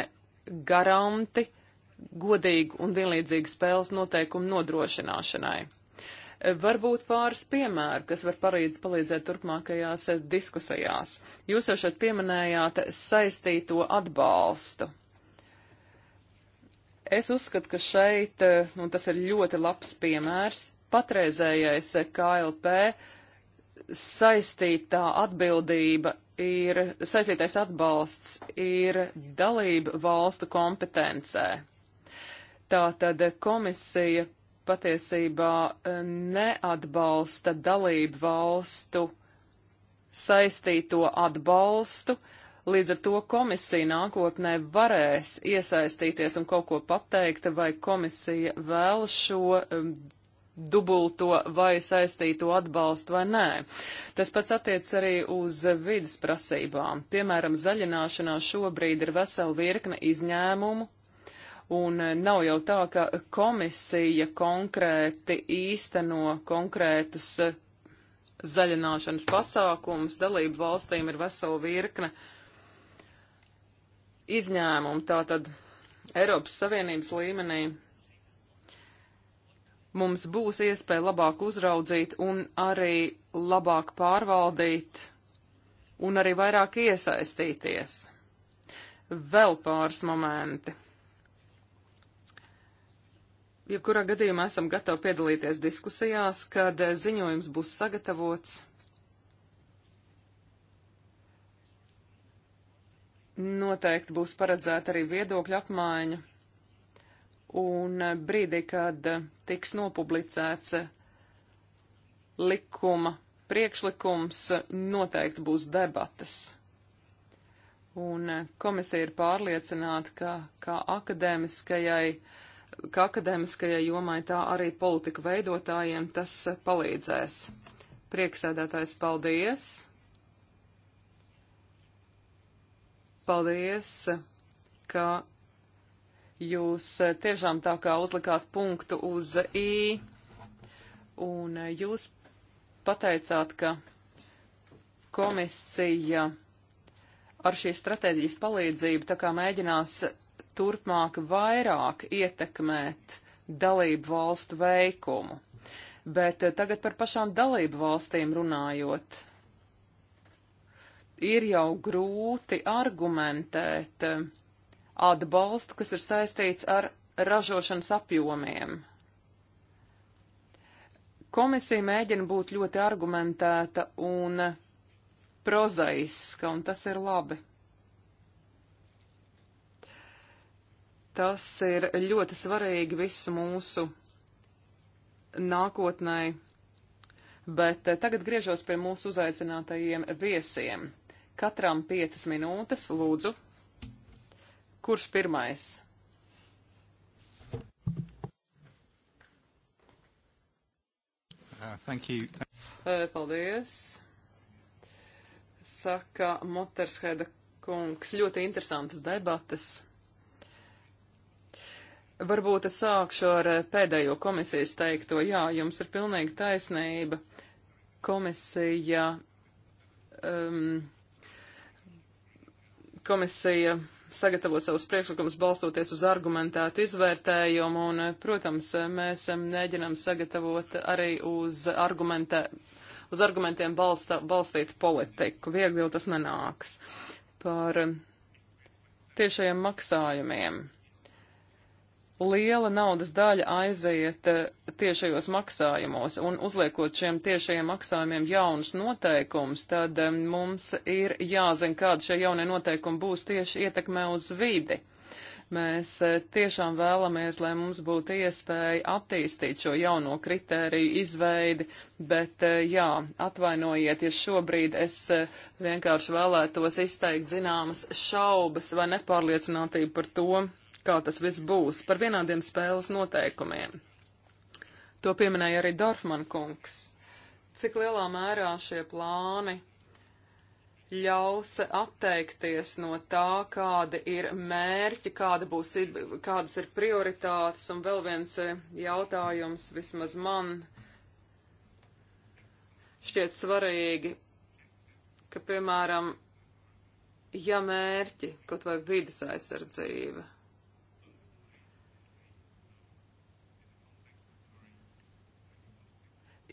garanti godīgu un vienlīdzīgu spēles noteikumu nodrošināšanai. Varbūt pāris piemēru, kas var palīdz, palīdzēt turpmākajās diskusijās. Jūs jau šeit pieminējāt saistīto atbalstu. Es uzskatu, ka šeit, un nu, tas ir ļoti labs piemērs, patreizējais KLP saistītā atbildība ir saistītais atbalsts ir dalība valstu kompetencē. Tātad komisija patiesībā e, neatbalsta dalību valstu saistīto atbalstu, līdz ar to komisija nākotnē varēs iesaistīties un kaut ko pateikt, vai komisija vēl šo e, dubulto vai saistīto atbalstu vai nē. Tas pats attiec arī uz vidas prasībām. Piemēram, zaļināšanā šobrīd ir vesela virkne izņēmumu, un nav jau tā, ka komisija konkrēti īsteno konkrētus zaļināšanas pasākumus, dalību valstīm ir vesela virkne izņēmumu. Tātad Eiropas Savienības līmenī mums būs iespēja labāk uzraudzīt un arī labāk pārvaldīt un arī vairāk iesaistīties. Vēl pāris momenti. Jebkurā gadījumā esam gatavi piedalīties diskusijās, kad ziņojums būs sagatavots. Noteikti būs paredzēta arī viedokļa apmaiņa un eh, brīdī, kad eh, tiks nopublicēts eh, likuma priekšlikums, noteikti būs debatas. Un komisija ir pārliecināta, ka kā akadēmiskajai, kā akadēmiskajai jomai, tā arī politika veidotājiem tas palīdzēs. Prieksēdētājs, paldies! Paldies, ka Jūs eh, tiešām tā kā uzlikāt punktu uz I, un eh, jūs pateicāt, ka komisija ar šīs stratēģijas palīdzību tā kā mēģinās turpmāk vairāk ietekmēt dalību valstu veikumu. Bet eh, tagad par pašām dalību valstīm runājot. Ir jau grūti argumentēt, atbalstu, kas ir saistīts ar ražošanas apjomiem. Komisija mēģina būt ļoti argumentēta un prozaiska, un tas ir labi. Tas ir ļoti svarīgi visu mūsu nākotnē, bet tagad griežos pie mūsu uzaicinātajiem viesiem. Katram piecas minūtes, lūdzu, Kurš pirmais? Uh, thank you. Thank Paldies. Saka Motersheida kungs, ļoti interesantas debatas. Varbūt es sākšu ar pēdējo komisijas teikto. Jā, jums ir pilnīgi taisnība. Komisija, um, komisija sagatavo savus priekšlikumus balstoties uz argumentētu izvērtējumu, un, eh, protams, eh, mēs eh, mēģinām sagatavot arī uz, argumentē, uz argumentiem balsta, balstītu politiku. Viegli jau tas nenāks. Par tiešajiem maksājumiem liela naudas daļa aiziet eh, tiešajos maksājumos, un uzliekot šiem tiešajiem maksājumiem jaunus noteikumus, tad eh, mums ir jāzina, kāda šie jaunie noteikumi būs tieši ietekmē uz vidi. Mēs eh, tiešām vēlamies, lai mums būtu iespēja attīstīt šo jauno kritēriju izveidi, bet jā, atvainojiet, ja šobrīd es vienkārši vēlētos izteikt zināmas šaubas vai nepārliecinātību par to, kā tas viss būs, par vienādiem spēles noteikumiem. To pieminēja arī Dorfman kungs. Cik lielā mērā šie plāni ļaus atteikties no tā, kādi ir mērķi, kāda būs, kādas ir prioritātes, un vēl viens e, jautājums vismaz man šķiet svarīgi, ka, piemēram, ja mērķi, kaut vai vidas aizsardzība,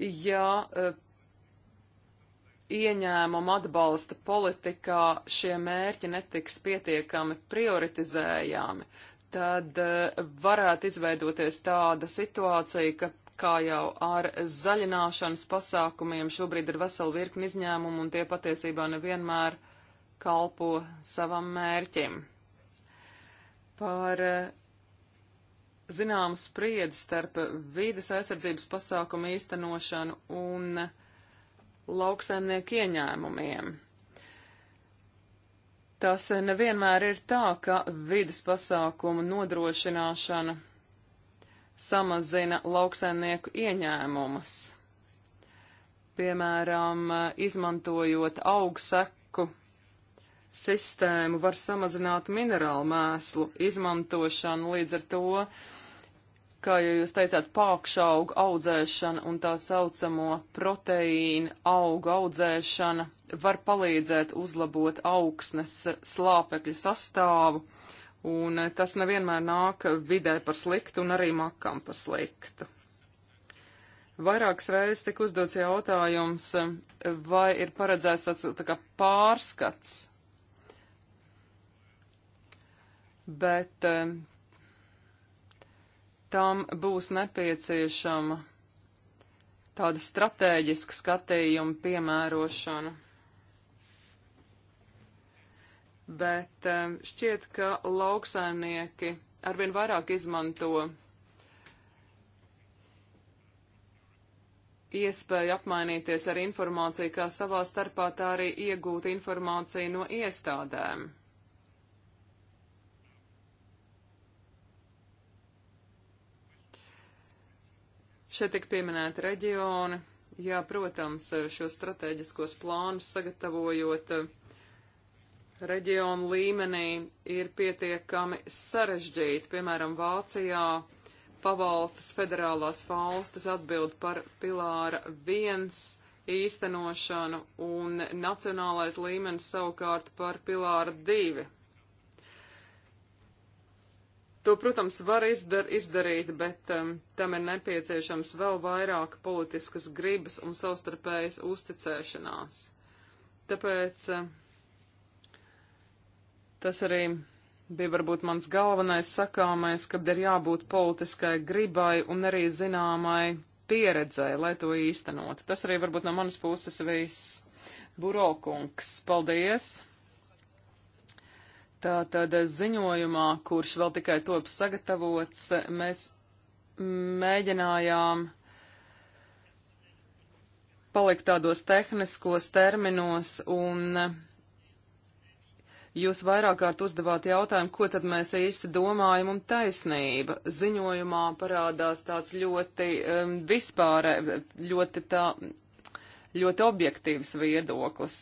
ja e, ieņēmuma atbalsta politikā šie mērķi netiks pietiekami prioritizējami, tad e, varētu izveidoties tāda situācija, ka kā jau ar zaļināšanas pasākumiem šobrīd ir vesela virkni izņēmumu un tie patiesībā nevienmēr kalpo savam mērķim. Par e, zināmu spriedzi starp vīdes aizsardzības pasākumu īstenošanu un lauksaimnieku ieņēmumiem. Tas nevienmēr ir tā, ka vidas pasākumu nodrošināšana samazina lauksaimnieku ieņēmumus. Piemēram, izmantojot augseku sistēmu var samazināt minerālu mēslu izmantošanu, līdz ar to kā jau jūs teicāt, pākšaugu audzēšana un tā saucamo proteīnu augu audzēšana var palīdzēt uzlabot augsnes slāpekļa sastāvu, un tas nevienmēr nāk vidē par sliktu un arī makam par sliktu. Vairākas reizes tika uzdots jautājums, vai ir paredzēts tāds tā kā pārskats, bet tam būs nepieciešama tāda stratēģiska skatījuma piemērošana. Bet eh, šķiet, ka lauksaimnieki arvien vairāk izmanto iespēju apmainīties ar informāciju, kā savā starpā tā arī iegūt informāciju no iestādēm. Šeit tik pieminēti reģioni. Jā, protams, šo strateģiskos plānus sagatavojot reģionu līmenī ir pietiekami sarežģīti. Piemēram, Vācijā pavalstis federālās valstis atbild par pilāra viens īstenošanu un nacionālais līmenis savukārt par pilāra divi To, protams, var izdar, izdarīt, bet um, tam ir nepieciešams vēl vairāk politiskas gribas un savstarpējas uzticēšanās. Tāpēc um, tas arī bija varbūt mans galvenais sakāmais, kad ir jābūt politiskai gribai un arī zināmai pieredzē, lai to īstenot. Tas arī varbūt no manas puses viss. Burokungs, paldies! Tātad ziņojumā, kurš vēl tikai top sagatavots, mēs mēģinājām palikt tādos tehniskos terminos un jūs vairāk kārt uzdevāt jautājumu, ko tad mēs īsti domājam un taisnība. Ziņojumā parādās tāds ļoti um, vispār, ļoti tā, ļoti objektīvs viedoklis.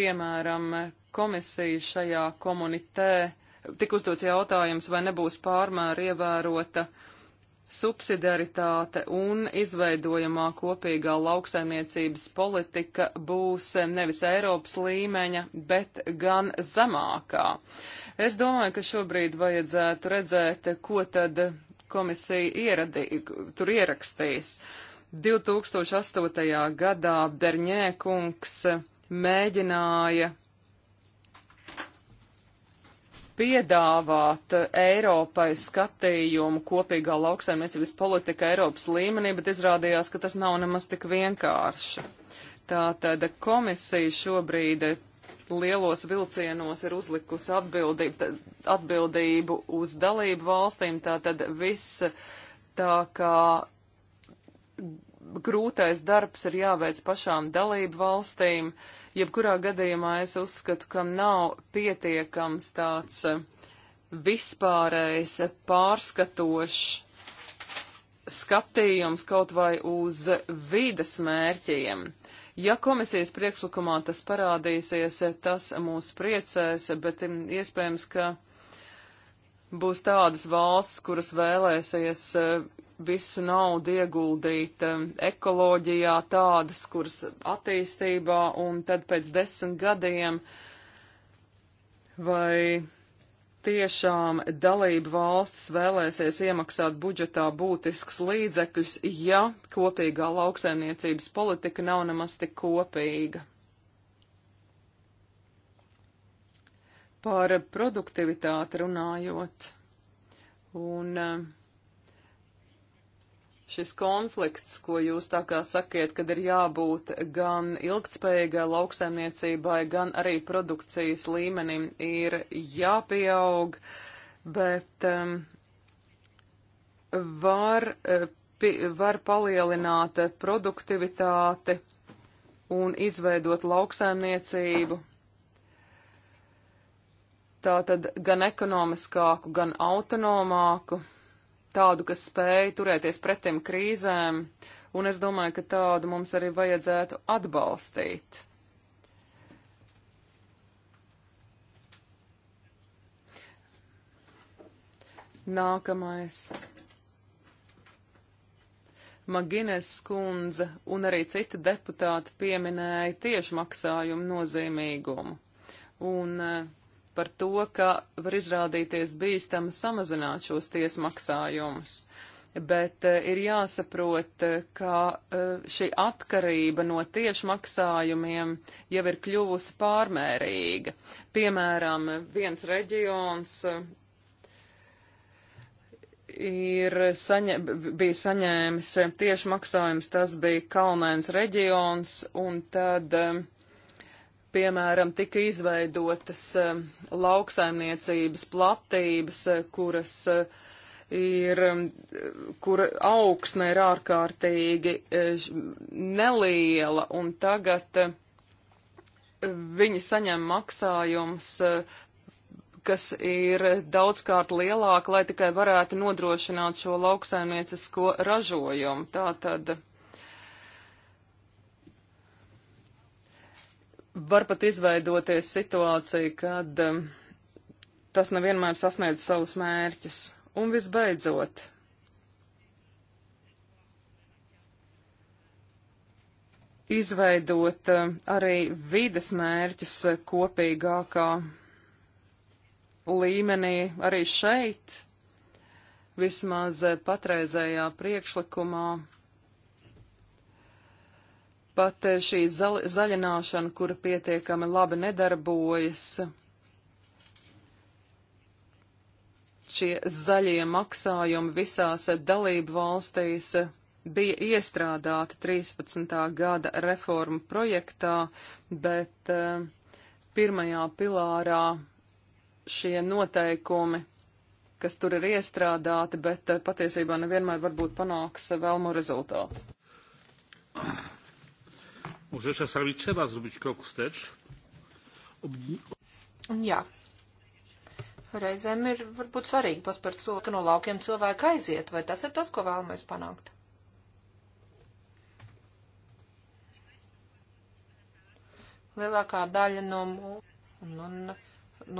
Piemēram, komisiju šajā komunitē, tik uzdots jautājums, vai nebūs pārmēr ievērota subsidiaritāte un izveidojamā kopīgā lauksaimniecības politika būs nevis Eiropas līmeņa, bet gan zemākā. Es domāju, ka šobrīd vajadzētu redzēt, ko tad komisija ieradī, tur ierakstīs. 2008. gadā Berņē kungs mēģināja piedāvāt Eiropai skatījumu kopīgā lauksaimniecības politika Eiropas līmenī, bet izrādījās, ka tas nav nemaz tik vienkārši. Tātad komisija šobrīd lielos vilcienos ir uzlikusi atbildību, atbildību uz dalību valstīm, tātad viss tā kā grūtais darbs ir jāveic pašām dalību valstīm. Uh, Jebkurā gadījumā es uzskatu, ka nav pietiekams tāds eh, vispārējs eh, pārskatošs skatījums kaut vai uz vides mērķiem. Ja komisijas priekšlikumā tas parādīsies, eh, tas mūs priecēs, bet mm, iespējams, ka būs tādas valsts, kuras vēlēsies visu naudu ieguldīt um, ekoloģijā, tādas, kuras attīstībā, un tad pēc desmit gadiem vai tiešām dalību valstis vēlēsies iemaksāt budžetā būtiskus līdzekļus, ja kopīgā lauksaimniecības politika nav nemaz tik kopīga. Par produktivitāti runājot. Un uh, šis konflikts, ko jūs tā kā sakiet, kad ir jābūt gan ilgtspējīgai lauksaimniecībai, gan arī produkcijas līmenim ir jāpieaug, bet um, var, eh, pi, var palielināt produktivitāti un izveidot lauksaimniecību. Tātad gan ekonomiskāku, gan autonomāku tādu, kas spēj turēties pretim krīzēm, un es domāju, ka tādu mums arī vajadzētu atbalstīt. Nākamais. Magines skundze un arī citi deputāti pieminēja tieši maksājumu nozīmīgumu. Un uh, par to, ka var izrādīties bīstami samazināt šos tiesmaksājumus. Bet eh, ir jāsaprot, eh, ka eh, šī atkarība no tiešmaksājumiem jau ir kļuvusi pārmērīga. Piemēram, viens reģions ir saņē, bija saņēmis tieši maksājums, tas bija Kalnēns reģions, un tad um, piemēram, tika izveidotas um, lauksaimniecības platības, uh, kuras uh, ir, um, kur augsne ir ārkārtīgi uh, neliela, un tagad viņi saņem maksājums, kas ir daudzkārt lielāka, lai tikai varētu nodrošināt šo lauksaimniecisko ražojumu. Tātad var pat izveidoties situācija, kad um, tas nevienmēr sasniedz savus mērķus. Un visbeidzot, izveidot um, arī vides mērķus kopīgākā līmenī arī šeit, vismaz uh, patreizējā priekšlikumā Pat eh, šī zaļināšana, kura pietiekami labi nedarbojas, šie zaļie maksājumi visās dalību valstīs eh, bija iestrādāti 13. gada reformu projektā, bet uh, pirmajā pilārā šie noteikumi, kas tur ir iestrādāti, bet uh, patiesībā nevienmēr varbūt panāks vēlmo rezultātu. Może czasami trzeba zrobić krok wstecz. Ob... Jā. Reizēm ir varbūt svarīgi paspērt soli, ka no laukiem cilvēki aiziet, vai tas ir tas, ko vēlamies panākt? Lielākā daļa no, no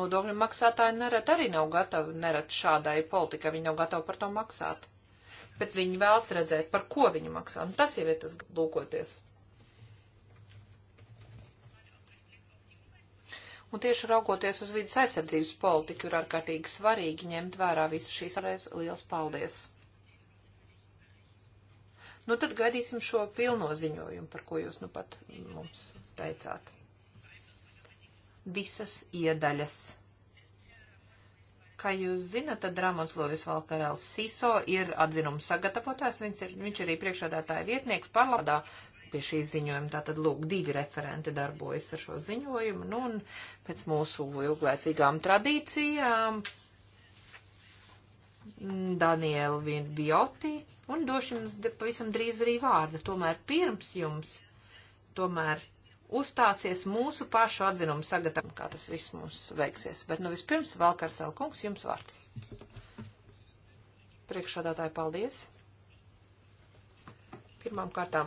nodokļu maksātāji nerad arī nav gatavi, nerad šādai politikai, viņi nav gatavi par to maksāt. Bet viņi vēlas redzēt, par ko viņi maksā. Un tas jau ir tas lūkoties. Un tieši raugoties uz vidas aizsardzības politiku, ir ārkārtīgi svarīgi ņemt vērā visu šīs arēs. Liels paldies! Nu tad gaidīsim šo pilno ziņojumu, par ko jūs nu pat mums teicāt. Visas iedaļas. Kā jūs zinat, tad Ramons Lovis Valkarēls Siso ir atzinums sagatavotājs, viņš ir, viņš ir arī priekšādātāja vietnieks parlamentā, pie šī ziņojuma. Tātad, lūk, divi referenti darbojas ar šo ziņojumu, nu, un pēc mūsu ilglēcīgām tradīcijām mm, Daniela Vienbioti, un došu jums pavisam drīz arī vārdu. Tomēr pirms jums, tomēr uzstāsies mūsu pašu atzinumu sagatavot, kā tas viss mums veiksies. Bet, nu, vispirms, Valkarsel kungs, jums vārds. Priekšādātāji, paldies! Pirmām kārtām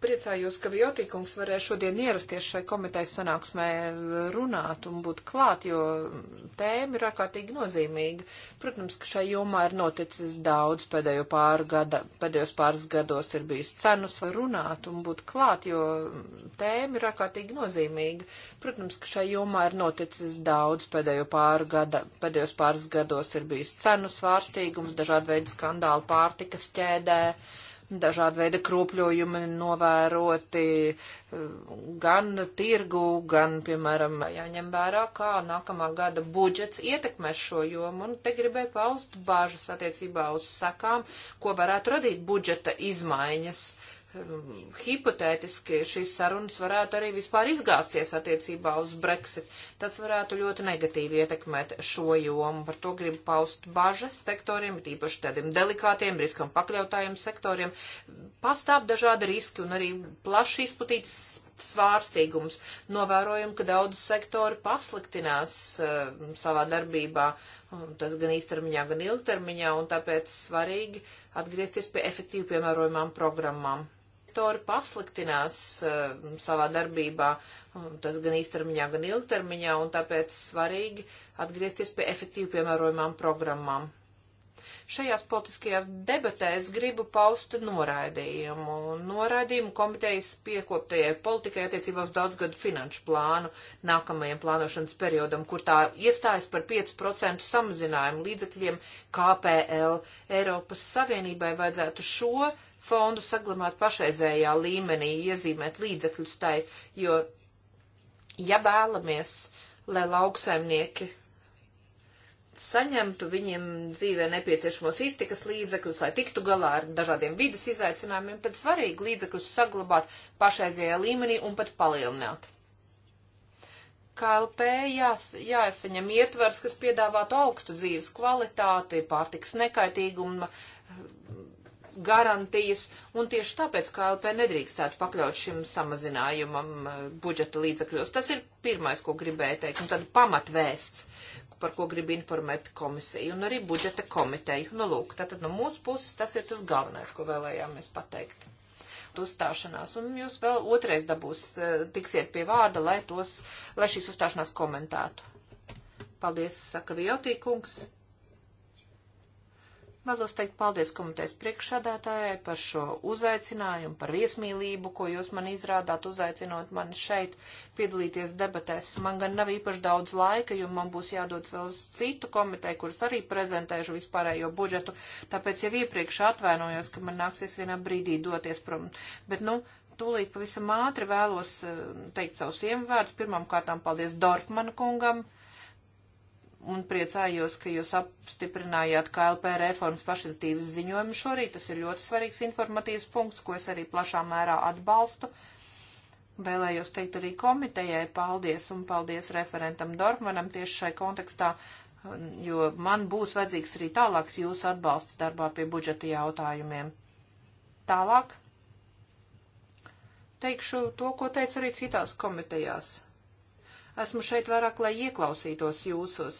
Priecājos, ka Viotīkungs varēja šodien ierasties šai komitejas sanāksmē runāt un būt klāt, jo tēma ir ārkārtīgi nozīmīga. Protams, ka šai jomā ir noticis daudz pēdējo pāru gada, pēdējos pāris gados ir bijis cenus runāt un būt klāt, jo tēma ir ārkārtīgi nozīmīga. Protams, ka šai jomā ir noticis daudz pēdējo pāru gada, pēdējos pāris gados ir bijis cenus svārstīgums, dažādi veidi skandāli pārtikas ķēdē. Uh, Dažāda veida kropļojumi novēroti eh, gan tirgu, gan, piemēram, jāņem vērā, kā nākamā gada budžets ietekmēs šo jomu. Un te gribēju paust bāžas attiecībā uz sakām, ko varētu radīt budžeta izmaiņas. Uh, hipotētiski šīs sarunas varētu arī vispār izgāzties attiecībā uz Brexit. Tas varētu ļoti negatīvi ietekmēt šo jomu. Par to gribu paust bažas sektoriem, tīpaši tādiem delikātiem, riskam pakļautājiem sektoriem. Pastāv dažādi riski un arī plaši izplatīts svārstīgums. Novērojam, ka daudz sektori pasliktinās uh, savā darbībā, tas gan īstermiņā, gan ilgtermiņā, un tāpēc svarīgi atgriezties pie efektīvi piemērojumām programmām sektori pasliktinās uh, savā darbībā, tas gan īstermiņā, gan ilgtermiņā, un tāpēc svarīgi atgriezties pie efektīvi piemērojumām programmām. Šajās politiskajās debatēs gribu paust noraidījumu. Noraidījumu komitejas piekoptajai politikai attiecībā uz daudzgadu finanšu plānu nākamajam plānošanas periodam, kur tā iestājas par 5% samazinājumu līdzekļiem KPL. Eiropas Savienībai vajadzētu šo fondu saglabāt pašreizējā līmenī, iezīmēt līdzekļus tai, jo, ja vēlamies, lai lauksaimnieki saņemtu viņiem dzīvē nepieciešamos iztikas līdzekļus, lai tiktu galā ar dažādiem vidas izaicinājumiem, tad svarīgi līdzekļus saglabāt pašreizējā līmenī un pat palielināt. KLP jās, jāsaņem ietvers, kas piedāvātu augstu dzīves kvalitāti, pārtiks nekaitīgumu, garantijas, un tieši tāpēc KLP nedrīkstētu pakļaut šim samazinājumam eh, budžeta līdzakļos. Tas ir pirmais, ko gribēju teikt, un tad pamatvēsts, par ko gribu informēt komisiju un arī budžeta komiteju. Nu, lūk, tātad no mūsu puses tas ir tas galvenais, ko vēlējāmies pateikt uzstāšanās, un jūs vēl otrais dabūs, eh, tiksiet pie vārda, lai, tos, lai šīs uzstāšanās komentētu. Paldies, saka Vijotī kungs. Vēlos teikt paldies komitejas priekšsādātājai par šo uzaicinājumu, par viesmīlību, ko jūs man izrādāt, uzaicinot mani šeit piedalīties debatēs. Man gan nav īpaši daudz laika, jo man būs jādodas vēl uz citu komiteju, kuras arī prezentēšu vispārējo budžetu, tāpēc jau iepriekš atvainojos, ka man nāksies vienā brīdī doties prom. Bet, nu, tūlīt pavisam ātri vēlos eh, teikt savus iemvērts. Pirmām kārtām paldies Dorfmanu kungam. Uh, un priecājos, ka jūs apstiprinājāt KLP reformas pašinitības ziņojumu šorīt. Tas ir ļoti svarīgs informatīvs punkts, ko es arī plašā mērā atbalstu. Vēlējos teikt arī komitejai paldies un paldies referentam Dorfmanam tieši šai kontekstā, jo man būs vajadzīgs arī tālāks jūsu atbalsts darbā pie budžeta jautājumiem. Tālāk teikšu to, ko teicu arī citās komitejās Esmu šeit vairāk, lai ieklausītos jūsos.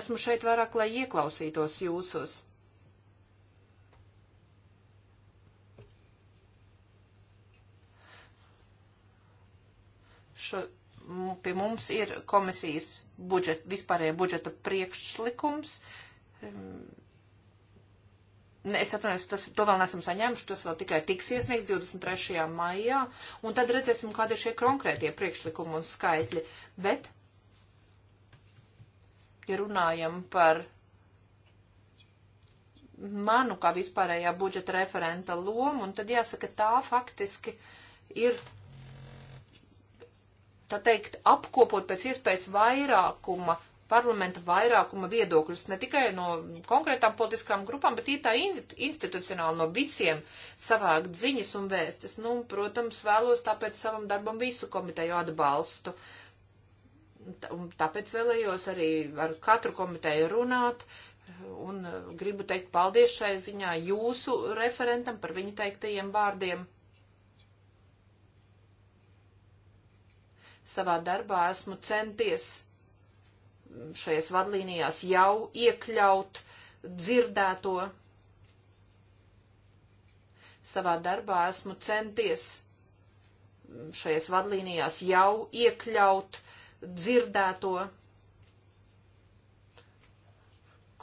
Esmu šeit vairāk, lai ieklausītos jūsos. Šo, pie mums ir komisijas budžet, vispārējā budžeta priekšlikums. Um, Es atvainojos, tas to vēl nesam saņēmuši, tas vēl tikai tiks iesniegts 23. maijā, un tad redzēsim, kādi ir šie konkrētie priekšlikumi un skaitļi. Bet, ja runājam par manu kā vispārējā budžeta referenta lomu, un tad jāsaka, tā faktiski ir, tā teikt, apkopot pēc iespējas vairākuma parlamenta vairākuma viedokļus, ne tikai no konkrētām politiskām grupām, bet ir tā institucionāli no visiem savākt ziņas un vēstis. Nu, protams, vēlos tāpēc savam darbam visu komiteju atbalstu. Tāpēc vēlējos arī ar katru komiteju runāt, un e, gribu teikt paldies šai ziņā jūsu referentam par viņa teiktajiem vārdiem. Savā darbā esmu centies šajās vadlīnijās jau iekļaut dzirdēto. Savā darbā esmu centies šajās vadlīnijās jau iekļaut dzirdēto,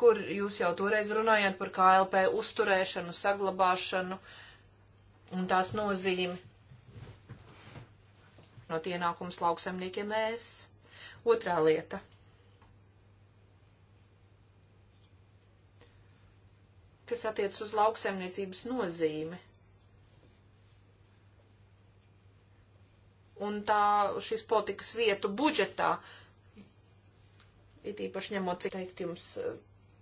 kur jūs jau toreiz runājāt par KLP uzturēšanu, saglabāšanu un tās nozīmi. No tienākums lauksemniekiem mēs. Otrā lieta kas attiec uz lauksaimniecības nozīmi. Un tā šīs politikas vietu budžetā, it īpaši ņemot, cik teikt jums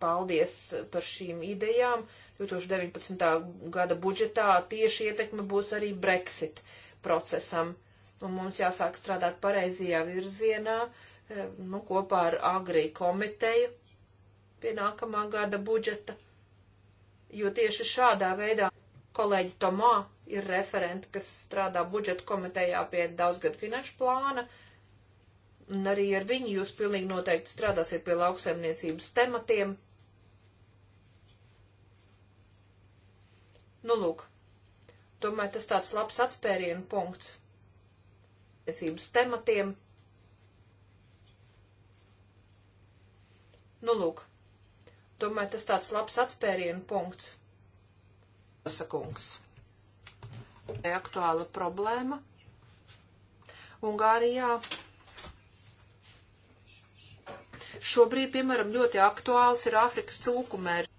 paldies par šīm idejām, 2019. gada budžetā tieši ietekme būs arī Brexit procesam. Un mums jāsāk strādāt pareizajā virzienā, eh, nu, kopā ar Agri komiteju pie nākamā gada budžeta jo tieši šādā veidā kolēģi Tomā ir referenti, kas strādā budžeta komitejā pie daudzgad finanšu plāna, un arī ar viņu jūs pilnīgi noteikti strādāsiet pie lauksaimniecības tematiem. Nu, lūk, domāju, tas tāds labs atspērienu punkts. Tiecības tematiem. Nu, lūk. Domāju, tas tāds labs atspērienu punkts. Sakungs. Aktuāla problēma. Ungārijā šobrīd, piemēram, ļoti aktuāls ir Āfrikas cūkumērs.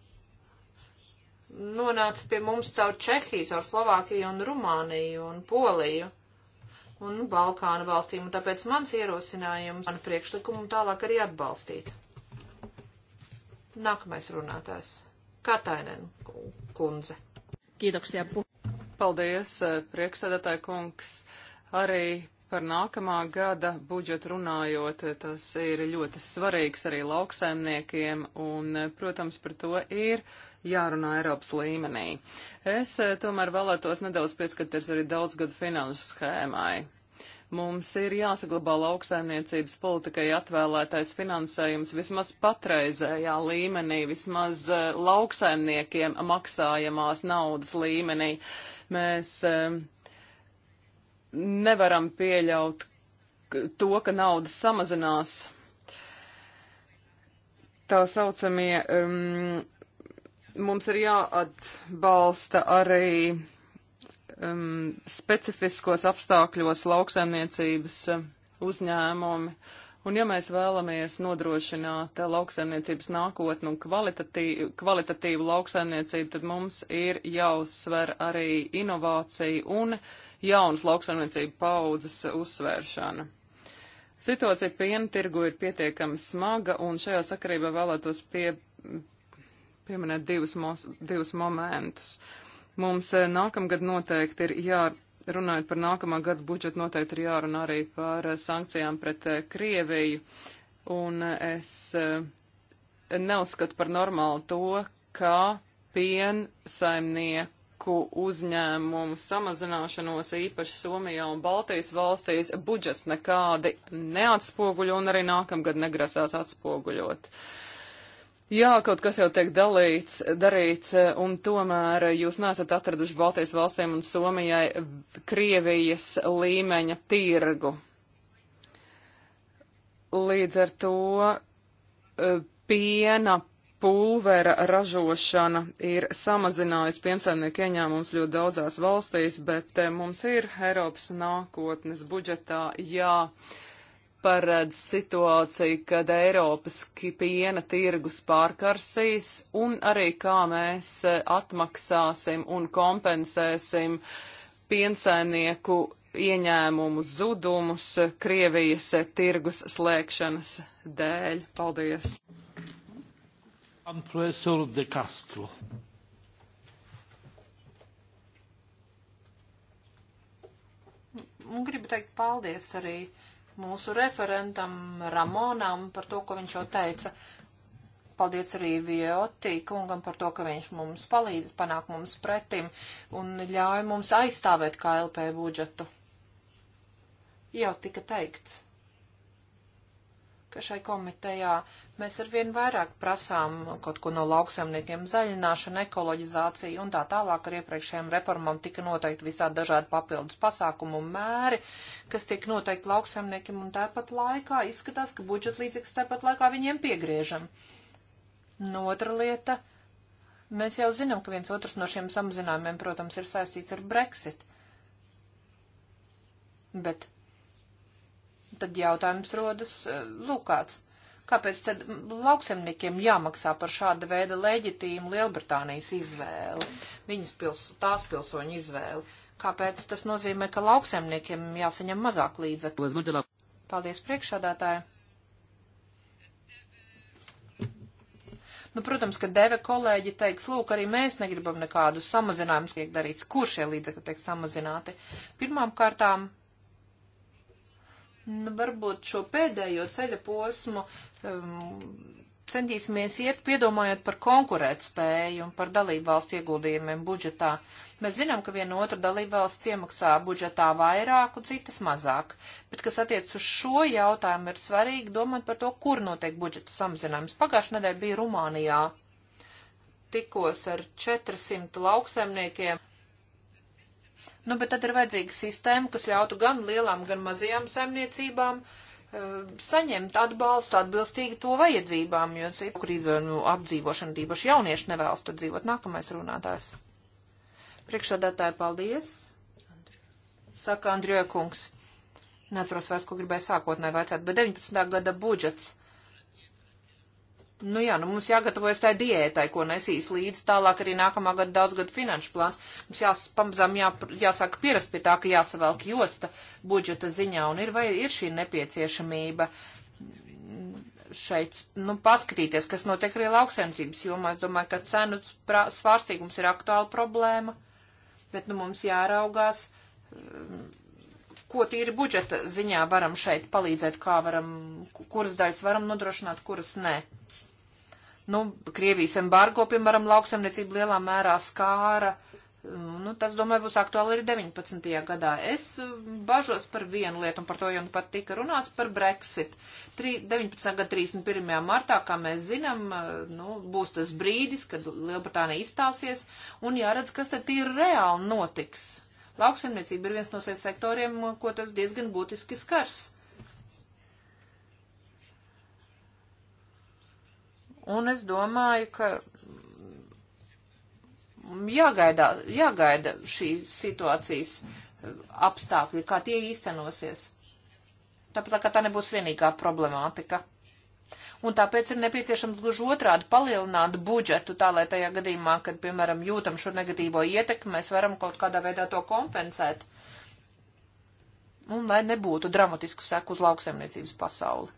Nonāca pie mums caur Čehiju, caur Slovākiju un Rumāniju un Poliju un Balkānu valstīm, un tāpēc mans ierosinājums, man priekšlikumu tālāk arī atbalstīt. Nākamais runātājs - Katainen kundze. Kiitoksia. Paldies, eh, priekšsēdētāji kungs. Arī par nākamā gada budžetu runājot, eh, tas ir ļoti svarīgs arī lauksaimniekiem, un, eh, protams, par to ir jārunā Eiropas līmenī. Es tomēr vēlētos nedaudz pieskarties arī daudzgadu finanšu schēmai. Mums ir jāsaglabā lauksaimniecības politikai atvēlētais finansējums vismaz patreizējā līmenī, vismaz e, lauksaimniekiem maksājamās naudas līmenī. Mēs e, nevaram pieļaut to, ka nauda samazinās tā saucamie, um, mums ir jāatbalsta arī um, specifiskos apstākļos lauksaimniecības um, uzņēmumi. Un ja mēs vēlamies nodrošināt uh, lauksaimniecības nākotnu un kvalitatīvu, kvalitatīvu lauksaimniecību, tad mums ir jāuzsver arī inovācija un jaunas lauksaimniecību paudzes uzsvēršana. Situācija piena tirgu ir pietiekami smaga, un šajā sakarībā vēlētos pie, pieminēt divus, mos, divus momentus. Uh, Mums eh, nākamgad noteikti ir jā, runājot par nākamā gada budžetu, noteikti ir jārunā arī par eh, sankcijām pret eh, Krieviju. Un es neuzskatu par normālu to, ka piensaimnieku uzņēmumu samazināšanos īpaši Somijā un Baltijas valstīs budžets nekādi neatspoguļo un arī nākamgad negrasās atspoguļot. Uh, Jā, kaut kas jau tiek dalīts, darīts, un tomēr jūs nesat atraduši Baltijas valstīm un Somijai Krievijas līmeņa tirgu. Līdz ar to e, piena pulvera ražošana ir samazinājusi piensaimnieku ieņēmums ļoti daudzās valstīs, bet e, mums ir Eiropas nākotnes budžetā jā. Ja neparedz situāciju, kad Eiropas piena tirgus pārkarsīs un arī kā mēs e, atmaksāsim un kompensēsim piensaimnieku ieņēmumu zudumus Krievijas e, tirgus slēgšanas dēļ. Paldies! Profesoru De Castro. un gribu teikt paldies arī mūsu referentam Ramonam par to, ko viņš jau teica. Paldies arī Vioti kungam par to, ka viņš mums palīdz, panāk mums pretim un ļauj mums aizstāvēt KLP budžetu. Jau tika teikts, ka šai komitejā Mēs arvien vairāk prasām kaut ko no lauksaimniekiem - zaļināšana, ekoloģizācija un tā tālāk ar iepriekšējām reformām tika noteikti visādi dažādi papildus pasākumu un mēri, kas tiek noteikti lauksaimniekiem un tāpat laikā izskatās, ka budžeta līdzekļus tāpat laikā viņiem piegriežam. No nu, otra lieta - mēs jau zinām, ka viens otrs no šiem samazinājumiem, protams, ir saistīts ar Brexit. Bet tad jautājums rodas eh, lūkāts Kāpēc tad lauksemniekiem jāmaksā par šāda veida leģitīmu Lielbritānijas izvēli, viņas pils, tās pilsoņu izvēli? Kāpēc tas nozīmē, ka lauksemniekiem jāsaņem mazāk līdzekļu? Paldies priekšādātāji! Nu, protams, ka deve kolēģi teiks, lūk, arī mēs negribam nekādu samazinājumu, tiek darīts, kur šie līdzekļi tiek samazināti. Pirmām kārtām, nu, varbūt šo pēdējo ceļa posmu um, centīsimies iet, piedomājot par konkurētspēju un par dalībvalstu ieguldījumiem budžetā. Mēs zinām, ka viena otra dalībvalsts iemaksā budžetā vairāk un citas mazāk, bet kas attiec uz šo jautājumu, ir svarīgi domāt par to, kur notiek budžeta samazinājums. Pagājušajā nedēļā bija Rumānijā, tikos ar 400 lauksaimniekiem. Nu, bet tad ir vajadzīga sistēma, kas ļautu gan lielām, gan mazajām saimniecībām uh, Uh, saņemt atbalstu atbilstīgi to vajadzībām, jo citu krīzu nu, apdzīvošana tīpaši jaunieši nevēlas tur dzīvot. Nākamais runātājs. Priekšsādātāji, paldies. Saka Andrija Kungs. Nezvaros vairs, ko gribēju sākotnēji vajadzētu, bet 19. gada budžets Nu jā, nu mums jāgatavojas tai diētai, ko nesīs līdz tālāk arī nākamā gada daudzgada finanšu plāns. Mums jās, pamazām jā, jāsāk pierast pie tā, ka jāsavelk josta budžeta ziņā un ir, vai ir šī nepieciešamība šeit, nu, paskatīties, kas notiek arī lauksaimniecības jomā. Es domāju, ka cenu svārstīgums ir aktuāla problēma, bet, nu, mums jāraugās. Um, ko tīri budžeta ziņā varam šeit palīdzēt, kā varam, kuras daļas varam nodrošināt, kuras nē. Nu, Krievijas embargo, piemēram, lauksaimniecība lielā mērā skāra. Nu, tas, domāju, būs aktuāli arī 19. gadā. Es uh, bažos par vienu lietu, un par to jau nu pat tika runāts, par Brexit. 19. gada 31. martā, kā mēs zinām, uh, nu, būs tas brīdis, kad Lielbritānija izstāsies, un jāredz, kas tad ir reāli notiks Lauksaimniecība ir viens no šiem sektoriem, ko tas diezgan būtiski skars. Un es domāju, ka jāgaidā, jāgaida šīs situācijas apstākļi, kā tie īstenosies. Tāpat tā kā tā nebūs vienīgā problemātika. Un tāpēc ir nepieciešams gluži otrādi palielināt budžetu, tā lai tajā gadījumā, kad, piemēram, jūtam šo negatīvo ietekmi, mēs varam kaut kādā veidā to kompensēt. Un lai nebūtu dramatisku seku uz lauksaimniecības pasauli.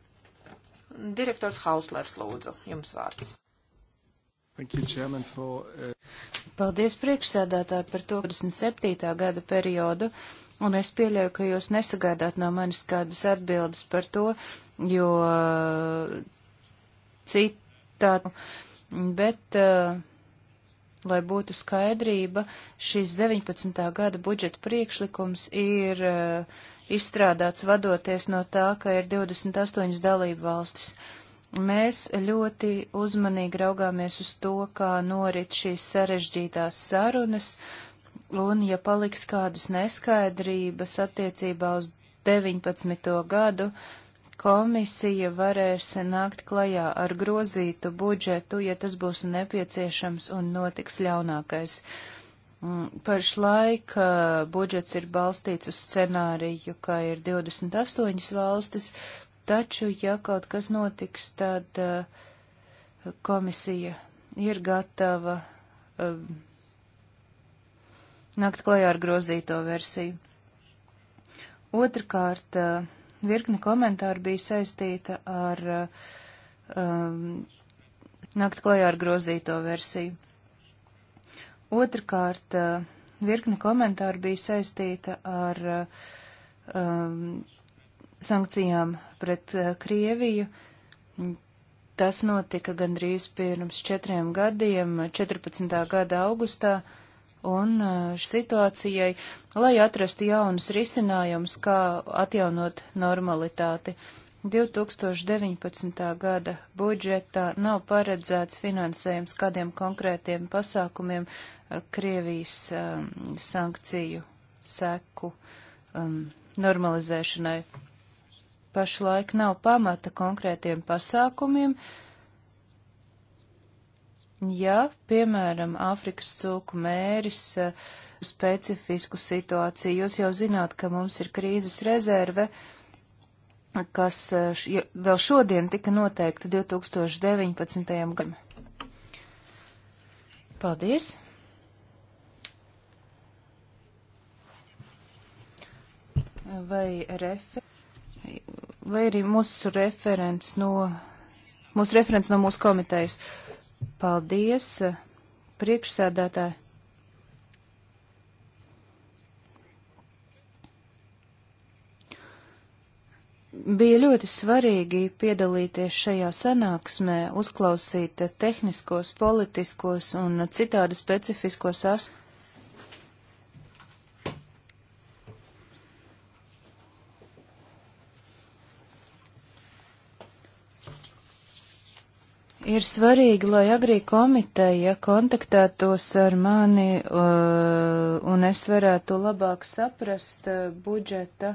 Direktors Hauslers lūdzu, jums vārds. Uh, Paldies priekšsēdētāji par to 27. gada periodu, un es pieļauju, ka jūs nesagaidāt no manis kādas atbildes par to, jo citā, bet, lai būtu skaidrība, šis 19. gada budžeta priekšlikums ir izstrādāts vadoties no tā, ka ir 28 dalību valstis. Mēs ļoti uzmanīgi raugāmies uz to, kā norit šīs sarežģītās sarunas, un ja paliks kādas neskaidrības attiecībā uz 19. gadu, uh, komisija varēs nākt klajā ar grozītu budžetu, ja tas būs nepieciešams un notiks ļaunākais. Mm, pašlaik uh, budžets ir balstīts uz scenāriju, ka ir 28 valstis, taču, ja kaut kas notiks, tad uh, komisija ir gatava uh, nākt klajā ar grozīto versiju. Otrakārt, uh, virkne komentāru bija saistīta ar um, nakt klajā ar grozīto versiju. Otrakārt, uh, virkne komentāru bija saistīta ar um, sankcijām pret uh, Krieviju. Tas notika gandrīz pirms četriem gadiem, 14. gada augustā. Uh, un situācijai, lai atrastu jaunus risinājumus, kā atjaunot normalitāti. 2019. gada budžetā nav paredzēts finansējums kādiem konkrētiem pasākumiem Krievijas um, sankciju seku um, normalizēšanai. Pašlaik nav pamata konkrētiem pasākumiem, uh, Ja, piemēram, Āfrikas cūku mēris eh, specifisku situāciju, jūs jau zināt, ka mums ir krīzes rezerve, kas eh, š, vēl šodien tika noteikta 2019. gadam. Paldies! Vai, refer... vai arī mūsu referents no, mūsu referents no mūsu komitejas. Uh, Paldies, priekšsēdētāji. Bija ļoti svarīgi piedalīties šajā sanāksmē, uzklausīt tehniskos, politiskos un citādi specifiskos aspektus. Ir svarīgi, lai agrī komiteja kontaktētos ar mani uh, un es varētu labāk saprast uh, budžeta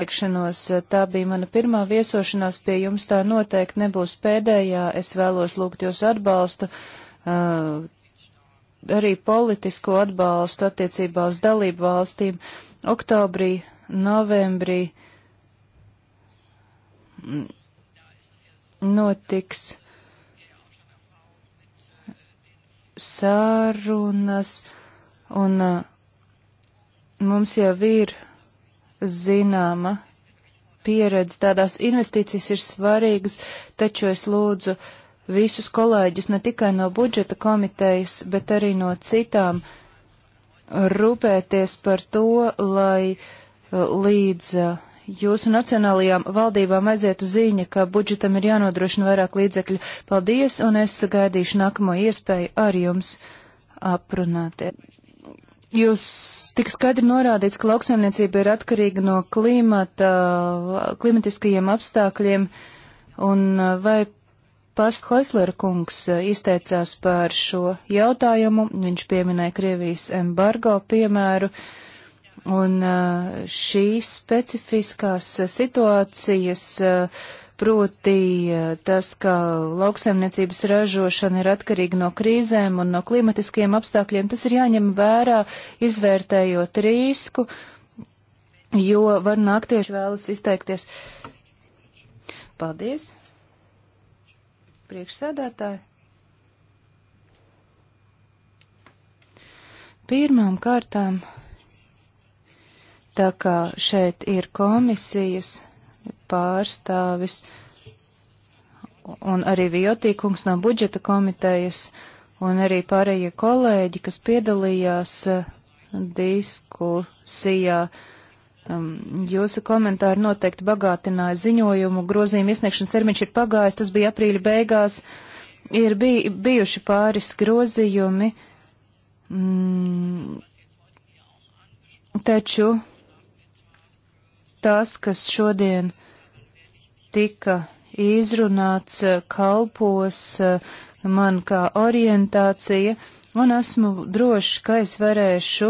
likšanos. Tā bija mana pirmā viesošanās pie jums, tā noteikti nebūs pēdējā. Es vēlos lūgt jūs atbalstu, uh, arī politisko atbalstu attiecībā uz dalību valstīm. Oktobrī, novembrī mm, notiks sarunas, un uh, mums jau ir zināma pieredze, tādās investīcijas ir svarīgas, taču es lūdzu visus kolēģus ne tikai no budžeta komitejas, bet arī no citām rūpēties par to, lai uh, līdz uh, jūsu nacionālajām valdībām aizietu ziņa, ka budžetam ir jānodrošina vairāk līdzekļu. Paldies, un es sagaidīšu nākamo iespēju ar jums aprunāties. Jūs tik skaidri norādīts, ka lauksaimniecība ir atkarīga no klimata, klimatiskajiem apstākļiem, un vai Past Hoislera kungs izteicās par šo jautājumu, viņš pieminēja Krievijas embargo piemēru. Uh, Un uh, šīs specifiskās uh, situācijas, uh, proti tas, ka lauksaimniecības ražošana ir atkarīga no krīzēm un no klimatiskiem apstākļiem, tas ir jāņem vērā, izvērtējot risku, jo var nākt tieši vēlas izteikties. Paldies! Priekšsēdētāji! Pirmām kārtām Tā kā šeit ir komisijas pārstāvis un arī Viotīkungs no budžeta komitejas un arī pārējie kolēģi, kas piedalījās eh, diskusijā. Um, jūsu komentāri noteikti bagātināja ziņojumu. Grozījuma iesniegšanas termiņš ir pagājis, tas bija aprīļa beigās. Ir bij, bijuši pāris grozījumi, mm, taču Tas, kas šodien tika izrunāts, eh, kalpos eh, man kā orientācija, un esmu drošs, ka es varēšu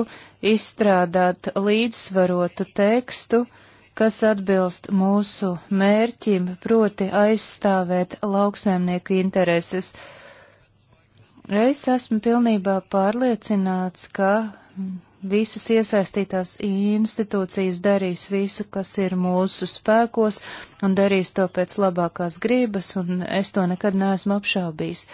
izstrādāt līdzsvarotu tekstu, kas atbilst mūsu mērķim, proti aizstāvēt lauksēmnieku intereses. Es esmu pilnībā pārliecināts, ka visas iesaistītās institūcijas darīs visu, kas ir mūsu spēkos, un darīs to pēc labākās gribas, un es to nekad neesmu apšaubījis.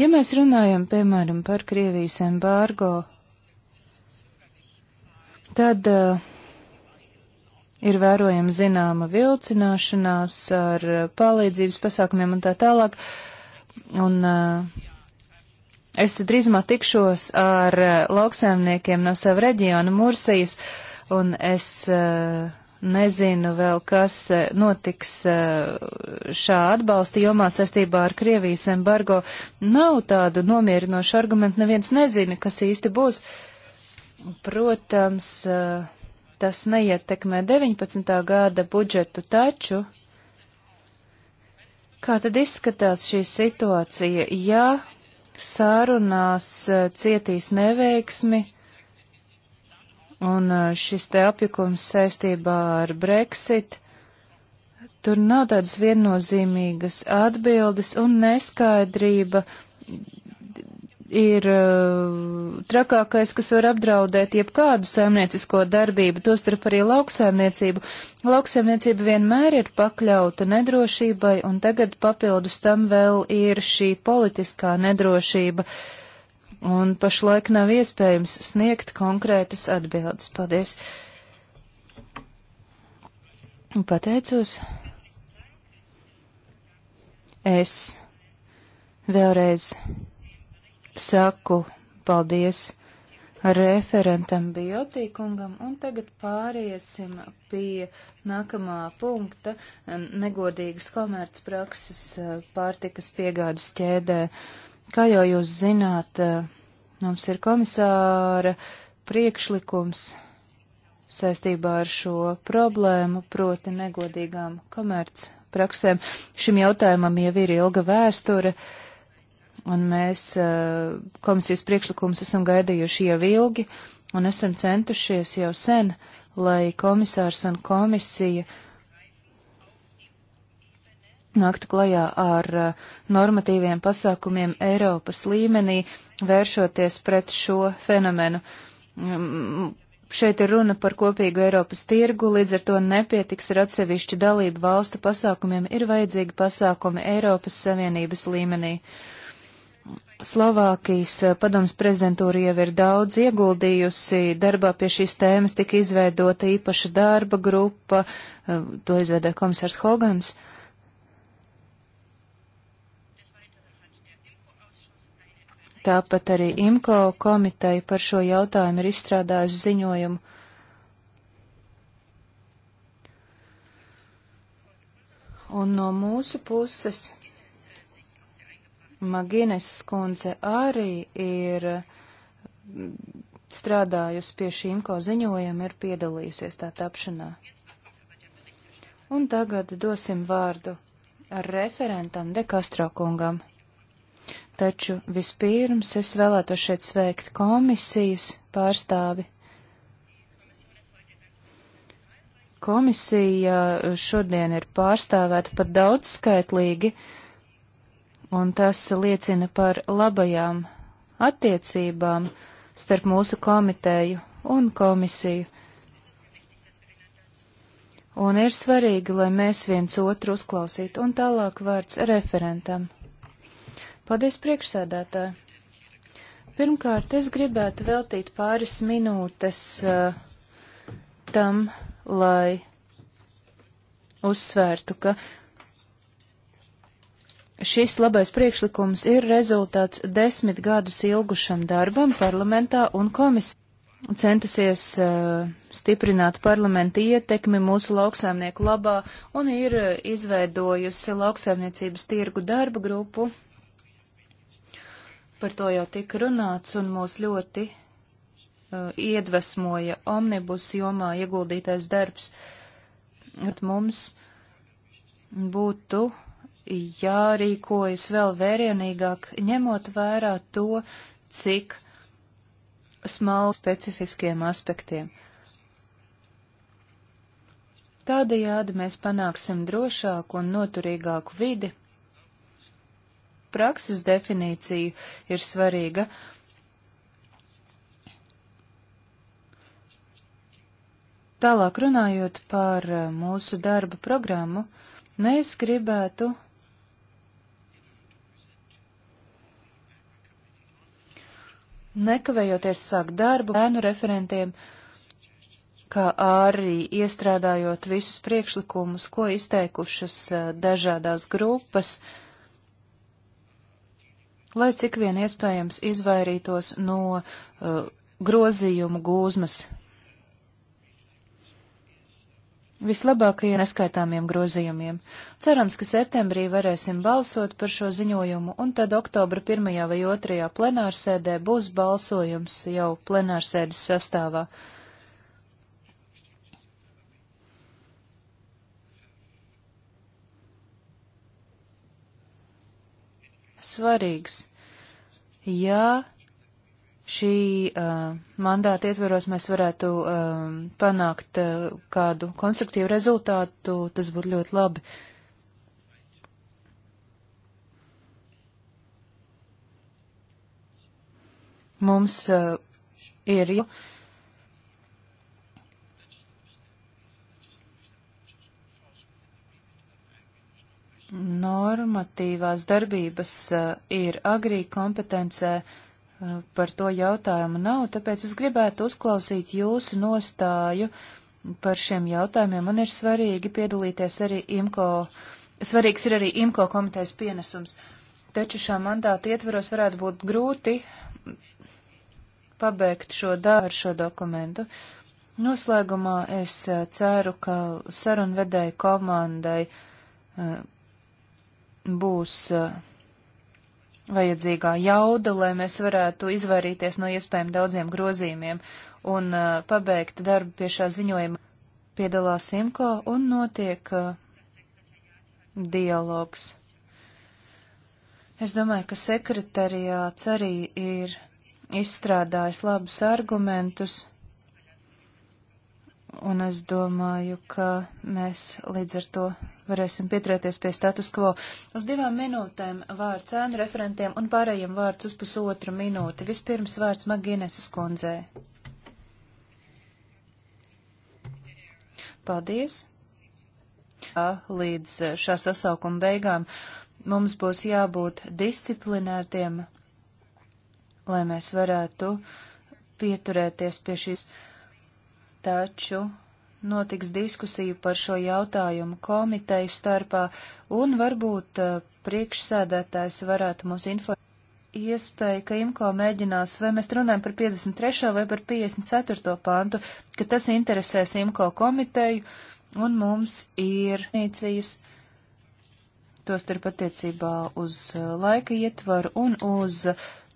Ja mēs runājam, piemēram, par Krievijas embargo, tad uh, ir vērojama zināma vilcināšanās ar eh, palīdzības pasākumiem un tā tālāk. Un uh, es drīzumā tikšos ar eh, lauksēmniekiem no sava reģiona Mursijas, un es uh, nezinu vēl, kas notiks šā atbalsta jomā saistībā ar Krievijas embargo. Nav tādu nomierinošu argumentu, neviens nezina, kas īsti būs. Protams, uh, tas neietekmē 19. gada budžetu, taču kā tad izskatās šī situācija, ja sārunās e, cietīs neveiksmi un e, šis te apjukums saistībā ar Brexit? Tur nav tādas viennozīmīgas atbildes un neskaidrība ir uh, trakākais, kas var apdraudēt jebkādu saimniecisko darbību, tostarp arī lauksaimniecību. Lauksaimniecība vienmēr ir pakļauta nedrošībai, un tagad papildus tam vēl ir šī politiskā nedrošība, un pašlaik nav iespējams sniegt konkrētas atbildes. Paldies! Pateicos. Es vēlreiz saku paldies referentam Biotīkungam, un tagad pāriesim pie nākamā punkta - negodīgas komercprakses pārtikas piegādes ķēdē. Kā jau jūs zināt, mums ir komisāra priekšlikums saistībā ar šo problēmu, proti negodīgām komercpraksēm. Šim jautājumam jau ir ilga vēsture. Uh, un mēs eh, komisijas priekšlikumus esam gaidījuši jau ilgi, un esam centušies jau sen, lai komisārs un komisija nāktu klajā ar eh, normatīviem pasākumiem Eiropas līmenī, vēršoties pret šo fenomenu. Mm, šeit ir runa par kopīgu Eiropas tirgu, līdz ar to nepietiks ar atsevišķu dalību valstu pasākumiem, ir vajadzīgi pasākumi Eiropas Savienības līmenī. Uh, Slovākijas eh, padomas prezidentūra jau ir daudz ieguldījusi darbā pie šīs tēmas, tika izveidota īpaša darba grupa, eh, to izveidoja komisārs Hogans. Tāpat arī IMCO komiteja par šo jautājumu ir izstrādājusi ziņojumu. Un no mūsu puses. Magines skundze arī ir mm, strādājusi pie šīm ko ziņojuma, ir piedalījusies tā tapšanā. Un tagad dosim vārdu referentam De Castro kungam. Taču vispirms es vēlētos šeit sveikt komisijas pārstāvi. Komisija šodien ir pārstāvēta pat daudz skaitlīgi. Uh, un tas liecina par labajām attiecībām starp mūsu komiteju un komisiju. Un ir svarīgi, lai mēs viens otru uzklausītu, un tālāk vārds referentam. Paldies, priekšsēdētāji! Pirmkārt, es gribētu veltīt pāris minūtes uh, tam, lai uzsvērtu, ka Šis labais priekšlikums ir rezultāts desmit gadus ilgušam darbam parlamentā un komisijā. Centusies uh, stiprināt parlamenta ietekmi mūsu lauksēmnieku labā un ir eh, izveidojusi lauksēmniecības tirgu darba grupu. Par to jau tika runāts un mūs ļoti uh, iedvesmoja omnibus jomā ieguldītais darbs. Mums būtu jārīkojas vēl vērienīgāk, ņemot vērā to, cik smalu specifiskiem aspektiem. Tādējādi mēs panāksim drošāku un noturīgāku vidi. Prakses definīcija ir svarīga. Tālāk runājot par eh, mūsu darba programmu, mēs gribētu nekavējoties sākt darbu bērnu referentiem, kā arī iestrādājot visus priekšlikumus, ko izteikušas eh, dažādās grupas, lai cik vien iespējams izvairītos no uh, grozījumu gūzmas vislabākajiem neskaitāmiem grozījumiem. Cerams, ka septembrī varēsim balsot par šo ziņojumu, un tad oktobra pirmajā vai otrajā plenārsēdē būs balsojums jau plenārsēdes sastāvā. Svarīgs. Jā, ja šī uh, mandāta ietveros mēs varētu uh, panākt uh, kādu konstruktīvu rezultātu, tas būtu ļoti labi. Mums uh, ir jau. Normatīvās darbības uh, ir agrī kompetencē, uh, par to jautājumu nav, tāpēc es gribētu uzklausīt jūsu nostāju par šiem jautājumiem. Man ir svarīgi piedalīties arī IMCO, svarīgs ir arī IMCO komitejas pienesums, taču šā mandāta ietveros varētu būt grūti pabeigt šo darbu ar šo dokumentu. Noslēgumā es eh, ceru, ka sarunvedēju komandai eh, būs uh, vajadzīgā jauda, lai mēs varētu izvairīties no iespējām daudziem grozījumiem un uh, pabeigt darbu pie šā ziņojuma. Piedalās Simko un notiek uh, dialogs. Es domāju, ka sekretariāts arī ir izstrādājis labus argumentus un es domāju, ka mēs līdz ar to varēsim pieturēties pie status quo. Uz divām minūtēm vārds ēnu referentiem un pārējiem vārds uz pusotru minūti. Vispirms vārds Magineses kundzē. Paldies! Līdz šā sasaukuma beigām mums būs jābūt disciplinētiem, lai mēs varētu pieturēties pie šīs. Uh, taču notiks diskusija par šo jautājumu komiteju starpā, un varbūt eh, priekšsēdētājs varētu mūs informēt. Iespēja, ka IMCO mēģinās, vai mēs runājam par 53. vai par 54. pantu, ka tas interesēs IMCO komiteju, un mums ir nīcijas tostarp attiecībā uz eh, laika ietvaru un uz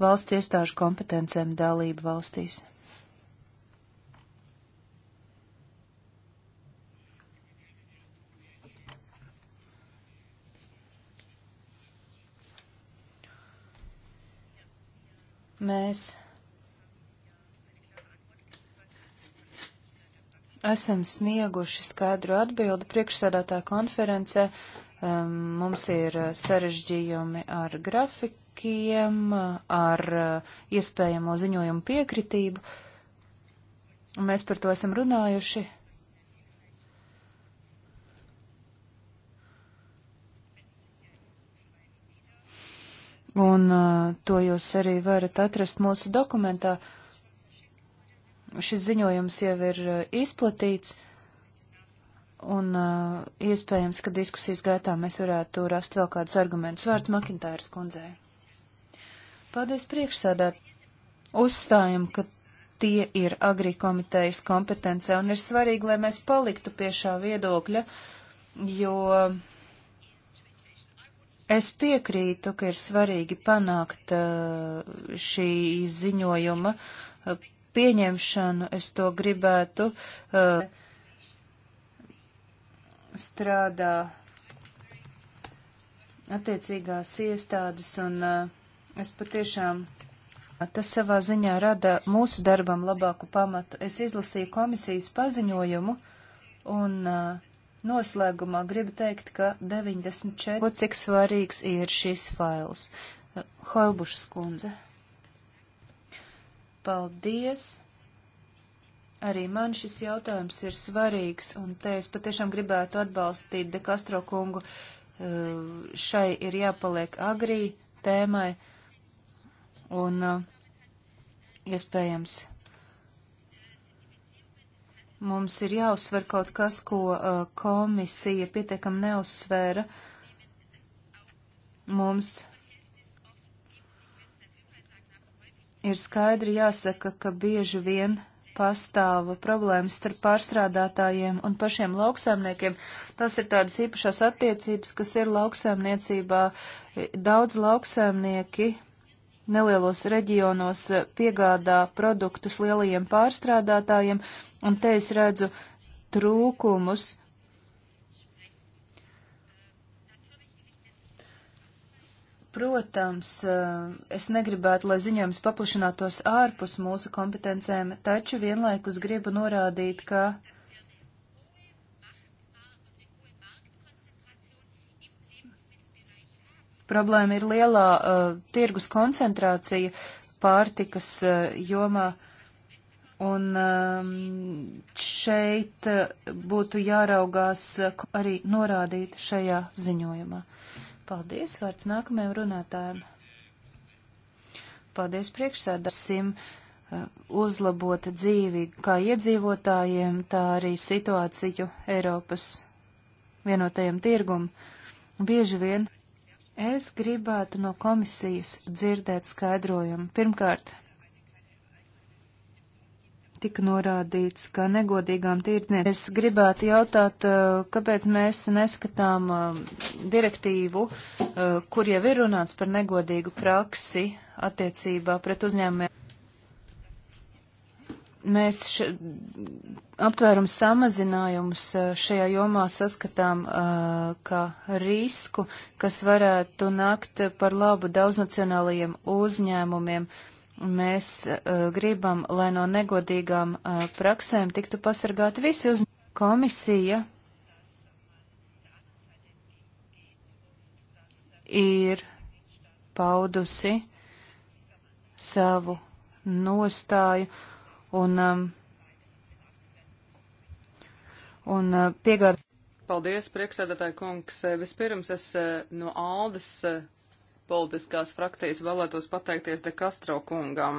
valsts iestāžu kompetencēm dalību valstīs. mēs esam snieguši skaidru atbildi priekšsēdētā konferencē. Um, mums ir sarežģījumi ar grafikiem, ar uh, iespējamo ziņojumu piekritību. Mēs par to esam runājuši un uh, to jūs arī varat atrast mūsu dokumentā. Šis ziņojums jau ir uh, izplatīts, un uh, iespējams, ka diskusijas gaitā mēs varētu rast vēl kādus argumentus. Vārds Makintāras kundzei. Paldies priekšsēdāt. Uzstājam, ka tie ir agrī komitejas kompetencē, un ir svarīgi, lai mēs paliktu pie šā viedokļa, jo. Uh, Es piekrītu, ka ir svarīgi panākt uh, šī ziņojuma uh, pieņemšanu. Es to gribētu uh, strādā attiecīgās iestādes, un es patiešām tas savā ziņā rada mūsu darbam labāku pamatu. Es izlasīju komisijas paziņojumu, un uh, Noslēgumā gribu teikt, ka 94. Cik svarīgs ir šis fails? Holbušs kundze. Paldies! Arī man šis jautājums ir svarīgs, un te es patiešām gribētu atbalstīt De Castro kungu. Šai ir jāpaliek agrī tēmai, un iespējams Mums ir jāuzsver kaut kas, ko uh, komisija pietiekam neuzsvēra. Mums ir skaidri jāsaka, ka bieži vien pastāv problēmas starp pārstrādātājiem un pašiem lauksēmniekiem. Tas ir tādas īpašās attiecības, kas ir lauksēmniecībā. Daudz lauksēmnieki nelielos reģionos piegādā produktus lielajiem pārstrādātājiem, Un te es redzu trūkumus. Protams, eh, es negribētu, lai ziņojums paplašinātos ārpus mūsu kompetencēm, taču vienlaikus gribu norādīt, ka problēma ir lielā uh, tirgus koncentrācija pārtikas uh, jomā. Uh, Un um, šeit uh, būtu jāraugās arī norādīt šajā ziņojumā. Paldies, vārds nākamajam runātājiem. Paldies priekšsēdāsim uh, uzlabota dzīvi kā iedzīvotājiem, tā arī situāciju Eiropas vienotajam tirgum. Bieži vien es gribētu no komisijas dzirdēt skaidrojumu. Pirmkārt, tika norādīts, ka negodīgām tirdzniecībām. Es gribētu jautāt, eh, kāpēc mēs neskatām eh, direktīvu, eh, kur jau ir runāts par negodīgu praksi attiecībā pret uzņēmumiem. Mēs š... aptvērums samazinājumus šajā jomā saskatām kā risku, kas varētu nākt par labu daudznacionālajiem uzņēmumiem. Uh, Mēs uh, gribam, lai no negodīgām uh, praksēm tiktu pasargāti visi uz komisija. Ir paudusi savu nostāju un, um, un uh, piegādā. Paldies, priekšsēdētāji kungs. Eh, vispirms es no Aldas politiskās frakcijas vēlētos pateikties De Castro kungam.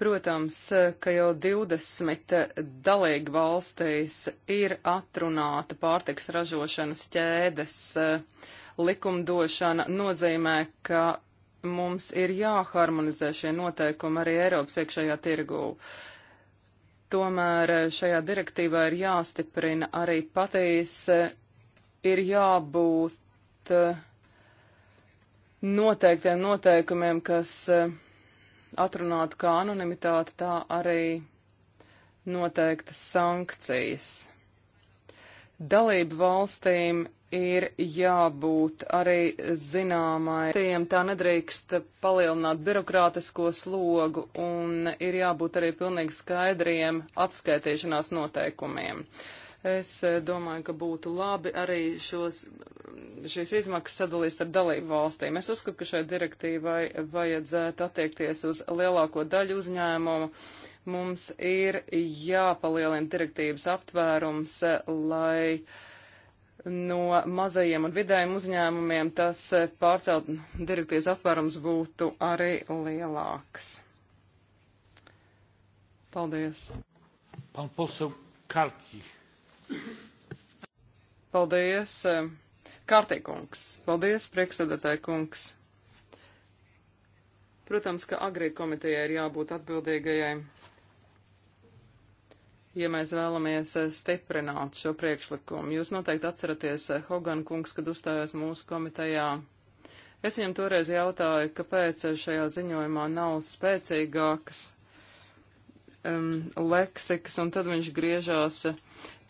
Protams, ka jau 20 dalību valstīs ir atrunāta pārtiks ražošanas ķēdes likumdošana, nozīmē, ka mums ir jāharmonizē šie noteikumi arī Eiropas iekšējā tirgū. Tomēr šajā direktīvā ir jāstiprina arī patīs, ir jābūt uh, noteiktiem noteikumiem, kas e, atrunātu kā anonimitāte, tā arī noteiktas sankcijas. Dalību valstīm ir jābūt arī zināmai. Tiem tā nedrīkst palielināt birokrātisko slogu un ir jābūt arī pilnīgi skaidriem atskaitīšanās noteikumiem. Uh, Es e, domāju, ka būtu labi arī šos, šīs izmaksas sadalīt ar dalību valstīm. Es uzskatu, ka šai direktīvai vajadzētu attiekties uz lielāko daļu uzņēmumu. Mums ir jāpalielina direktīvas aptvērums, e, lai no mazajiem un vidējiem uzņēmumiem tas e, pārcelt direktīvas apvērums būtu arī lielāks. Paldies. Pan posel Karki. Paldies, eh, Kārtīkungs. Paldies, priekšsēdētāji kungs. Protams, ka agrī komitejai ir jābūt atbildīgajai, ja mēs vēlamies eh, stiprināt šo priekšlikumu. Jūs noteikti atceraties eh, Hogan kungs, kad uzstājās mūsu komitejā. Es viņam toreiz jautāju, kāpēc šajā ziņojumā nav spēcīgākas um, leksikas, un tad viņš griežās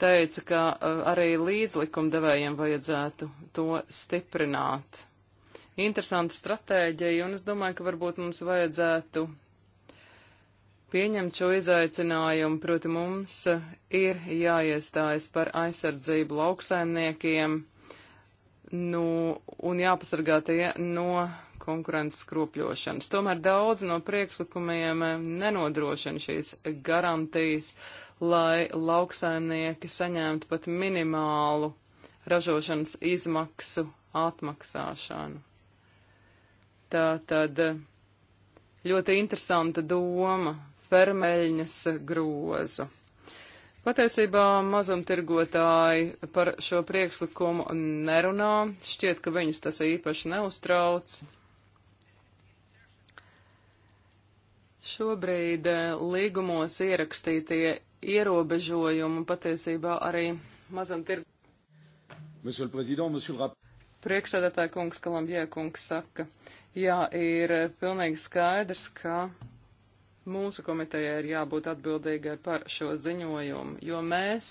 teica, ka uh, arī līdzlikumdevējiem vajadzētu to stiprināt. Interesanta stratēģija, un es domāju, ka varbūt mums vajadzētu pieņemt šo izaicinājumu, proti mums uh, ir jāiestājas par aizsardzību lauksaimniekiem nu, un jāpasargā tie no konkurences skropļošanas. Tomēr daudz no priekšlikumiem uh, nenodrošina šīs garantijas, lai lauksaimnieki saņemtu pat minimālu ražošanas izmaksu atmaksāšanu. Tā tad ļoti interesanta doma - fermeļņas grozu. Patiesībā mazumtirgotāji par šo priekšlikumu nerunā, šķiet, ka viņus tas īpaši neuztrauc. Šobrīd eh, līgumos ierakstītie ierobežojumu patiesībā arī mazumtirgu. Priekšsēdētāja kungs, Kalambjē kungs saka, jā, ir pilnīgi skaidrs, ka mūsu komitejai ir jābūt atbildīgai par šo ziņojumu, jo mēs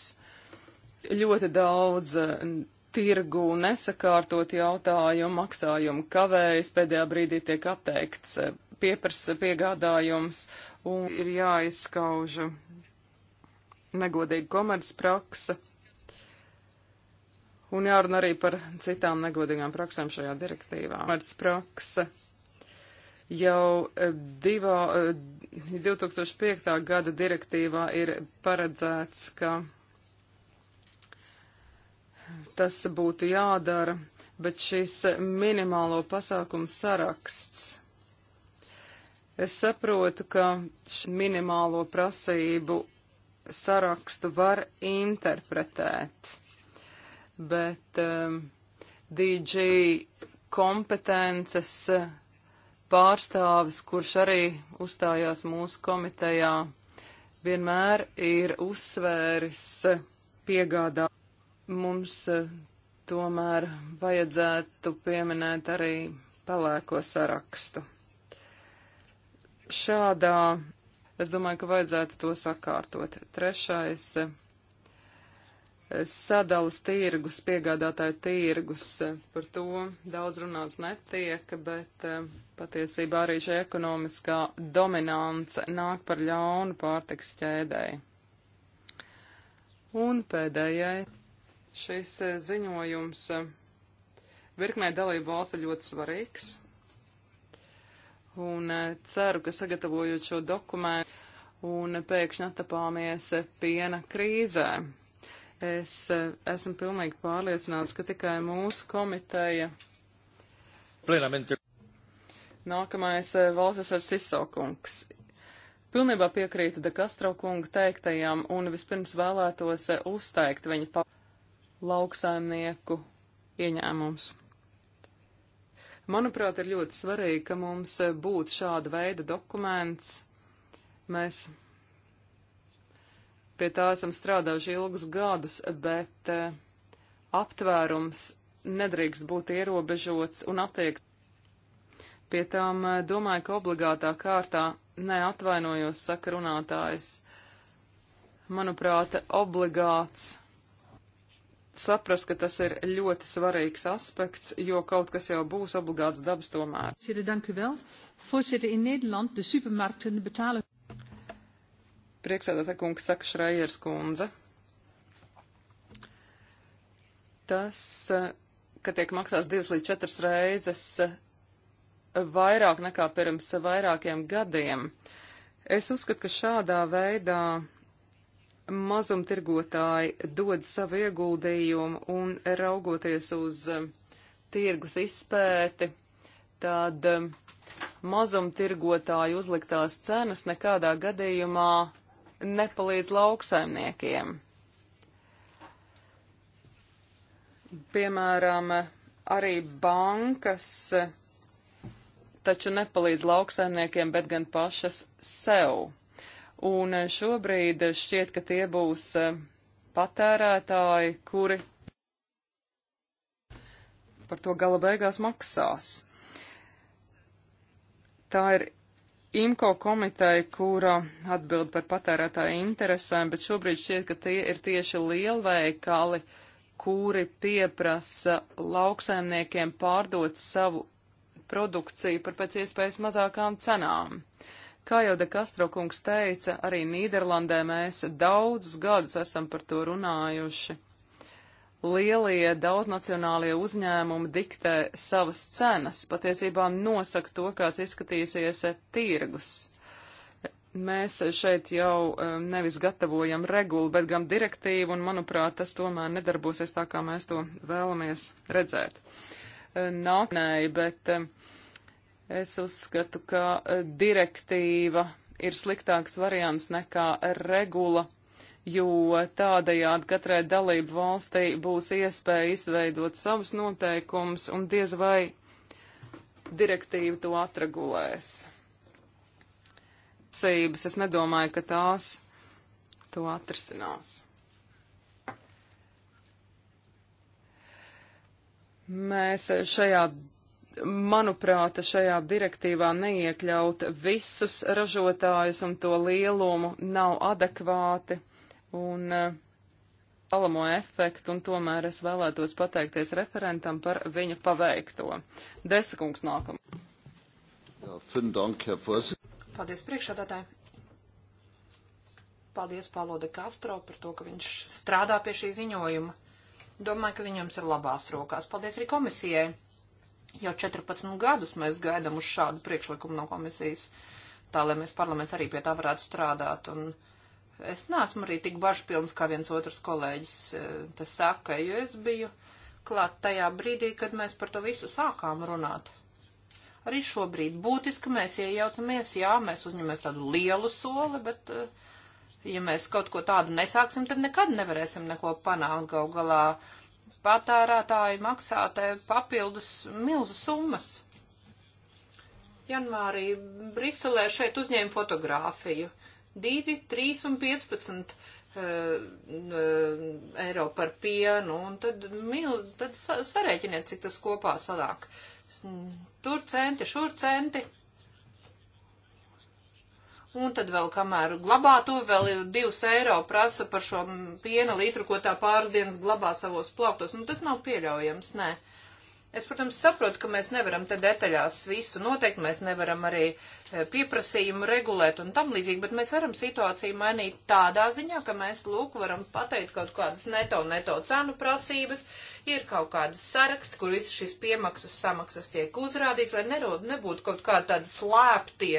ļoti daudz tirgu nesakārtot jautājumu, maksājumu kavējas, pēdējā brīdī tiek atteikts pieprasa piegādājums un ir jāizskauž negodīga komerces praksa. Un jārunā arī par citām negodīgām praksēm šajā direktīvā. Komerces praksa jau e, divā, 2005. E, gada direktīvā ir paredzēts, ka tas būtu jādara, bet šis minimālo pasākumu saraksts. Es saprotu, ka minimālo prasību sarakstu var interpretēt, bet um, DG kompetences pārstāvis, kurš arī uzstājās mūsu komitejā, vienmēr ir uzsvēris piegādā. Mums eh, tomēr vajadzētu pieminēt arī pelēko sarakstu. Šādā Es domāju, ka vajadzētu to sakārtot. Trešais sadalas tirgus, piegādātāju tirgus, par to daudz runāts netiek, bet eh, patiesībā arī šī ekonomiskā dominance nāk par ļaunu pārtiks ķēdēji. Un pēdējai šis eh, ziņojums eh, virknē dalību valsts ir ļoti svarīgs un eh, ceru, ka sagatavojot šo dokumentu un pēkšņi attapāmies piena krīzē. Es eh, esmu pilnīgi pārliecināts, ka tikai mūsu komiteja. Plenamente. Nākamais eh, valstis ar Sisokungs. Pilnībā piekrītu De Castro kunga teiktajam un vispirms vēlētos uzteikt viņa pa lauksaimnieku ieņēmums. Manuprāt, ir ļoti svarīgi, ka mums būtu šāda veida dokuments. Mēs pie tā esam strādājuši ilgus gadus, bet eh, aptvērums nedrīkst būt ierobežots un attiekt. Pie tām eh, domāju, ka obligātā kārtā neatvainojos sakarunātājs. Manuprāt, obligāts saprast, ka tas ir ļoti svarīgs aspekts, jo kaut kas jau būs obligāts dabas tomēr. Priekšsēdētāja kungs saka Šrējers kundze. Tas, ka tiek maksās divas līdz četras reizes vairāk nekā pirms vairākiem gadiem, es uzskatu, ka šādā veidā mazumtirgotāji dod savu ieguldījumu un raugoties uz eh, tirgus izpēti, tad eh, mazumtirgotāju uzliktās cenas nekādā gadījumā nepalīdz lauksaimniekiem. Piemēram, arī bankas eh, taču nepalīdz lauksaimniekiem, bet gan pašas sev un eh, šobrīd eh, šķiet, ka tie būs eh, patērētāji, kuri par to gala beigās maksās. Tā ir IMCO komiteja, kura atbild par patērētāju interesēm, bet šobrīd šķiet, ka tie ir tieši lielveikali, kuri pieprasa lauksaimniekiem pārdot savu produkciju par pēc iespējas mazākām cenām. Uh, Kā jau De Castro kungs teica, arī Nīderlandē mēs daudzus gadus esam par to runājuši. Lielie daudznacionālie uzņēmumi diktē savas cenas, patiesībā nosaka to, kāds izskatīsies tirgus. Mēs šeit jau um, nevis gatavojam regulu, bet gan direktīvu, un manuprāt, tas tomēr nedarbosies tā, kā mēs to vēlamies redzēt. Nākamnēji, bet uh, Es uzskatu, ka e, direktīva ir sliktāks variants nekā regula, jo tādējādi katrai dalību valstī būs iespēja izveidot savus noteikumus un diez vai direktīva to atregulēs. Sības, es nedomāju, ka tās to atrisinās. Mēs šajā manuprāt, šajā direktīvā neiekļaut visus ražotājus un to lielumu nav adekvāti un uh, alamo efektu, un tomēr es vēlētos pateikties referentam par viņa paveikto. Desakungs nākam. Paldies priekšādātāji. Paldies Palode Kastro par to, ka viņš strādā pie šī ziņojuma. Domāju, ka ziņojums ir labās rokās. Paldies arī komisijai Jau 14 gadus mēs gaidām uz šādu priekšlikumu no komisijas, tā lai mēs parlaments arī pie tā varētu strādāt. Un es neesmu arī tik bažpilns kā viens otrs kolēģis, e, tas saka, jo es biju klāt tajā brīdī, kad mēs par to visu sākām runāt. Arī šobrīd būtiski mēs iejaucamies, jā, mēs uzņemamies tādu lielu soli, bet uh, ja mēs kaut ko tādu nesāksim, tad nekad nevarēsim neko panākt. Gal galā patērētāji maksāt papildus milzu summas. Janvārī Briselē šeit uzņēma fotogrāfiju. 2, 3 un 15 eh, eh, eiro par pienu, un tad, mil, tad sarēķiniet, cik tas kopā sanāk. Tur centi, šur centi. Un tad vēl, kamēr glabā to, vēl ir 2 eiro prasa par šo piena litru, ko tā pāris dienas glabā savos plauktos. Nu, tas nav pieļaujams, nē. Es, protams, saprotu, ka mēs nevaram te detaļās visu noteikt, mēs nevaram arī Eh, pieprasījumu regulēt un tam līdzīgi, bet mēs varam situāciju mainīt tādā ziņā, ka mēs, lūk, varam pateikt kaut kādas neto, neto cenu prasības, ir kaut kādas saraksti, kur visas šīs piemaksas samaksas tiek uzrādīts, lai nerod, nebūtu kaut kāda eh, nu, tāda slēptie,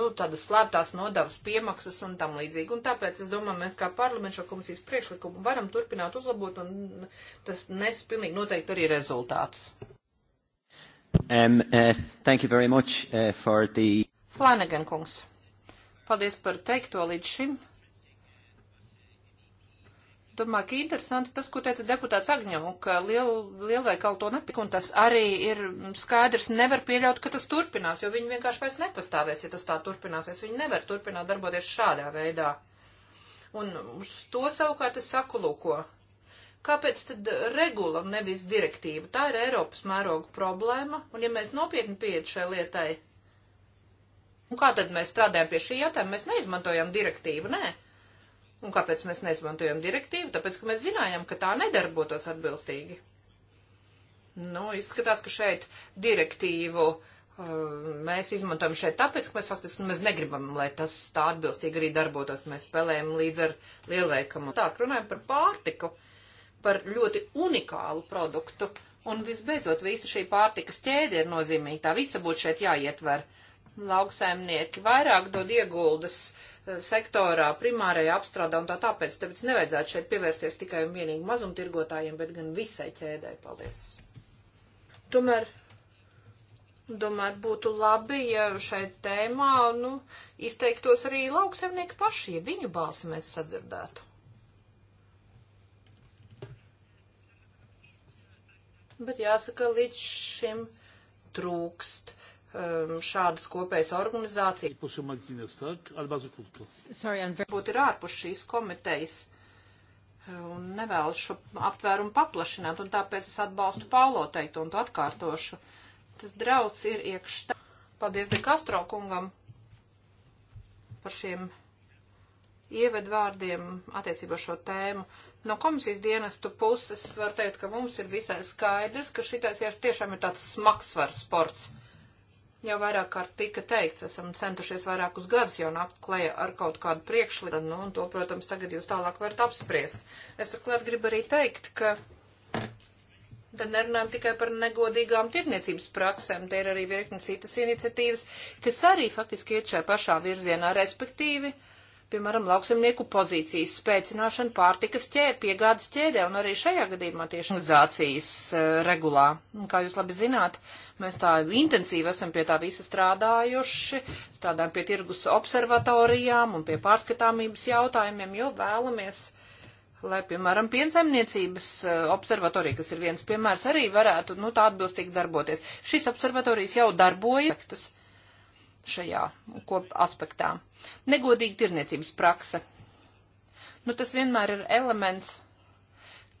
nu, tādas slēptās nodavas piemaksas un tam līdzīgi. Un tāpēc es domāju, mēs kā parlaments šo komisijas priekšlikumu varam turpināt uzlabot un tas nes pilnīgi noteikti arī rezultātus. Um, uh, thank you very much uh, for the... Flanagan kungs. Paldies par teikto līdz šim. Domāju, ka interesanti tas, ko teica deputāts Agņo, ka liel, lielveikali to nepieņem. Un tas arī ir skaidrs, nevar pieļaut, ka tas turpinās, jo viņi vienkārši vairs nepastāvēs, ja tas tā turpināsies. Viņi nevar turpināt darboties šādā veidā. Un uz to savukārt es saku, lūko. Kāpēc tad regula, nevis direktīva? Tā ir Eiropas mēroga problēma, un ja mēs nopietni pieiet šai lietai, un kā tad mēs strādājam pie šī jautājuma, mēs neizmantojam direktīvu, nē. Un kāpēc mēs neizmantojam direktīvu? Tāpēc, ka mēs zinājām, ka tā nedarbotos atbilstīgi. Nu, izskatās, ka šeit direktīvu uh, mēs izmantojam šeit tāpēc, ka mēs faktiski mēs negribam, lai tas tā atbilstīgi arī darbotos. Mēs spēlējam līdz ar lielveikumu. Tā, runājam par pārtiku. Uh, par ļoti unikālu produktu. Un visbeidzot, visa šī pārtikas ķēde ir nozīmīga. Tā visa būtu šeit jāietver. Lauksaimnieki vairāk dod ieguldas eh, sektorā, primārajā apstrādā un tā tāpēc, tāpēc nevajadzētu šeit pievērsties tikai un vienīgi mazumtirgotājiem, bet gan visai ķēdē. Paldies! Tomēr Domāju, būtu labi, ja šeit tēmā nu, izteiktos arī lauksaimnieki paši, ja viņu balsi mēs sadzirdētu. bet jāsaka, līdz šim trūkst um, šādas kopējas organizācijas. Būtu ir ārpus šīs komitejas uh, un nevēlas šo aptvērumu paplašināt, un tāpēc es atbalstu Paulo teikto un to atkārtošu. Tas drauds ir iekšā. Paldies De Castro kungam par šiem ievedvārdiem attiecībā šo tēmu. No komisijas dienestu puses var teikt, ka mums ir visai skaidrs, ka šitais jau tiešām ir tāds smagsvars sports. Jau vairāk kārt tika teikts, esam centušies vairākus gadus jau nākt klēja ar kaut kādu priekšlidu, nu, un to, protams, tagad jūs tālāk varat apspriest. Es turklāt gribu arī teikt, ka Tad nerunājam tikai par negodīgām tirniecības praksēm, te ir arī virkni citas iniciatīvas, kas arī faktiski iet šajā pašā virzienā, respektīvi uh, piemēram, lauksemnieku pozīcijas spēcināšanu pārtikas ķē, piegādes ķēdē un arī šajā gadījumā tieši organizācijas eh, regulā. Kā jūs labi zināt, mēs tā intensīvi esam pie tā visa strādājuši, strādājam pie tirgus observatorijām un pie pārskatāmības jautājumiem, jo vēlamies lai, piemēram, piensaimniecības eh, observatorija, kas ir viens piemērs, arī varētu, nu, tā atbilstīgi darboties. Šīs observatorijas jau darbojas, šajā kop aspektā. Negodīga tirniecības prakse. Nu, tas vienmēr ir elements,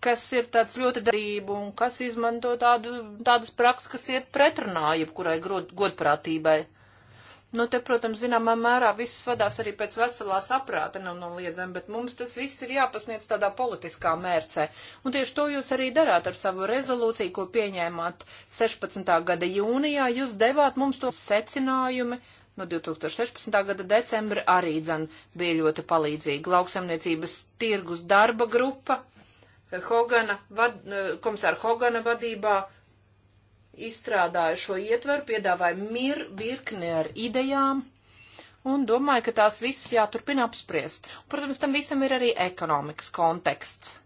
kas ir tāds ļoti darību un kas izmanto tādu, tādas prakses, kas iet pretrunā jebkurai godprātībai. God Nu, te, protams, zināmā mērā viss vadās arī pēc veselā saprāta nav noliedzami, bet mums tas viss ir jāpasniedz tādā politiskā mērcē. Un tieši to jūs arī darāt ar savu rezolūciju, ko pieņēmāt 16. gada jūnijā. Jūs devāt mums to secinājumi no 2016. gada decembra arī dzen bija ļoti palīdzīga lauksaimniecības tirgus darba grupa Hogana, vad, eh, komisāra Hogana vadībā izstrādāju šo ietveru, piedāvāju mir, virkni ar idejām. Un domāju, ka tās visas jāturpina apspriest. Protams, tam visam ir arī ekonomikas konteksts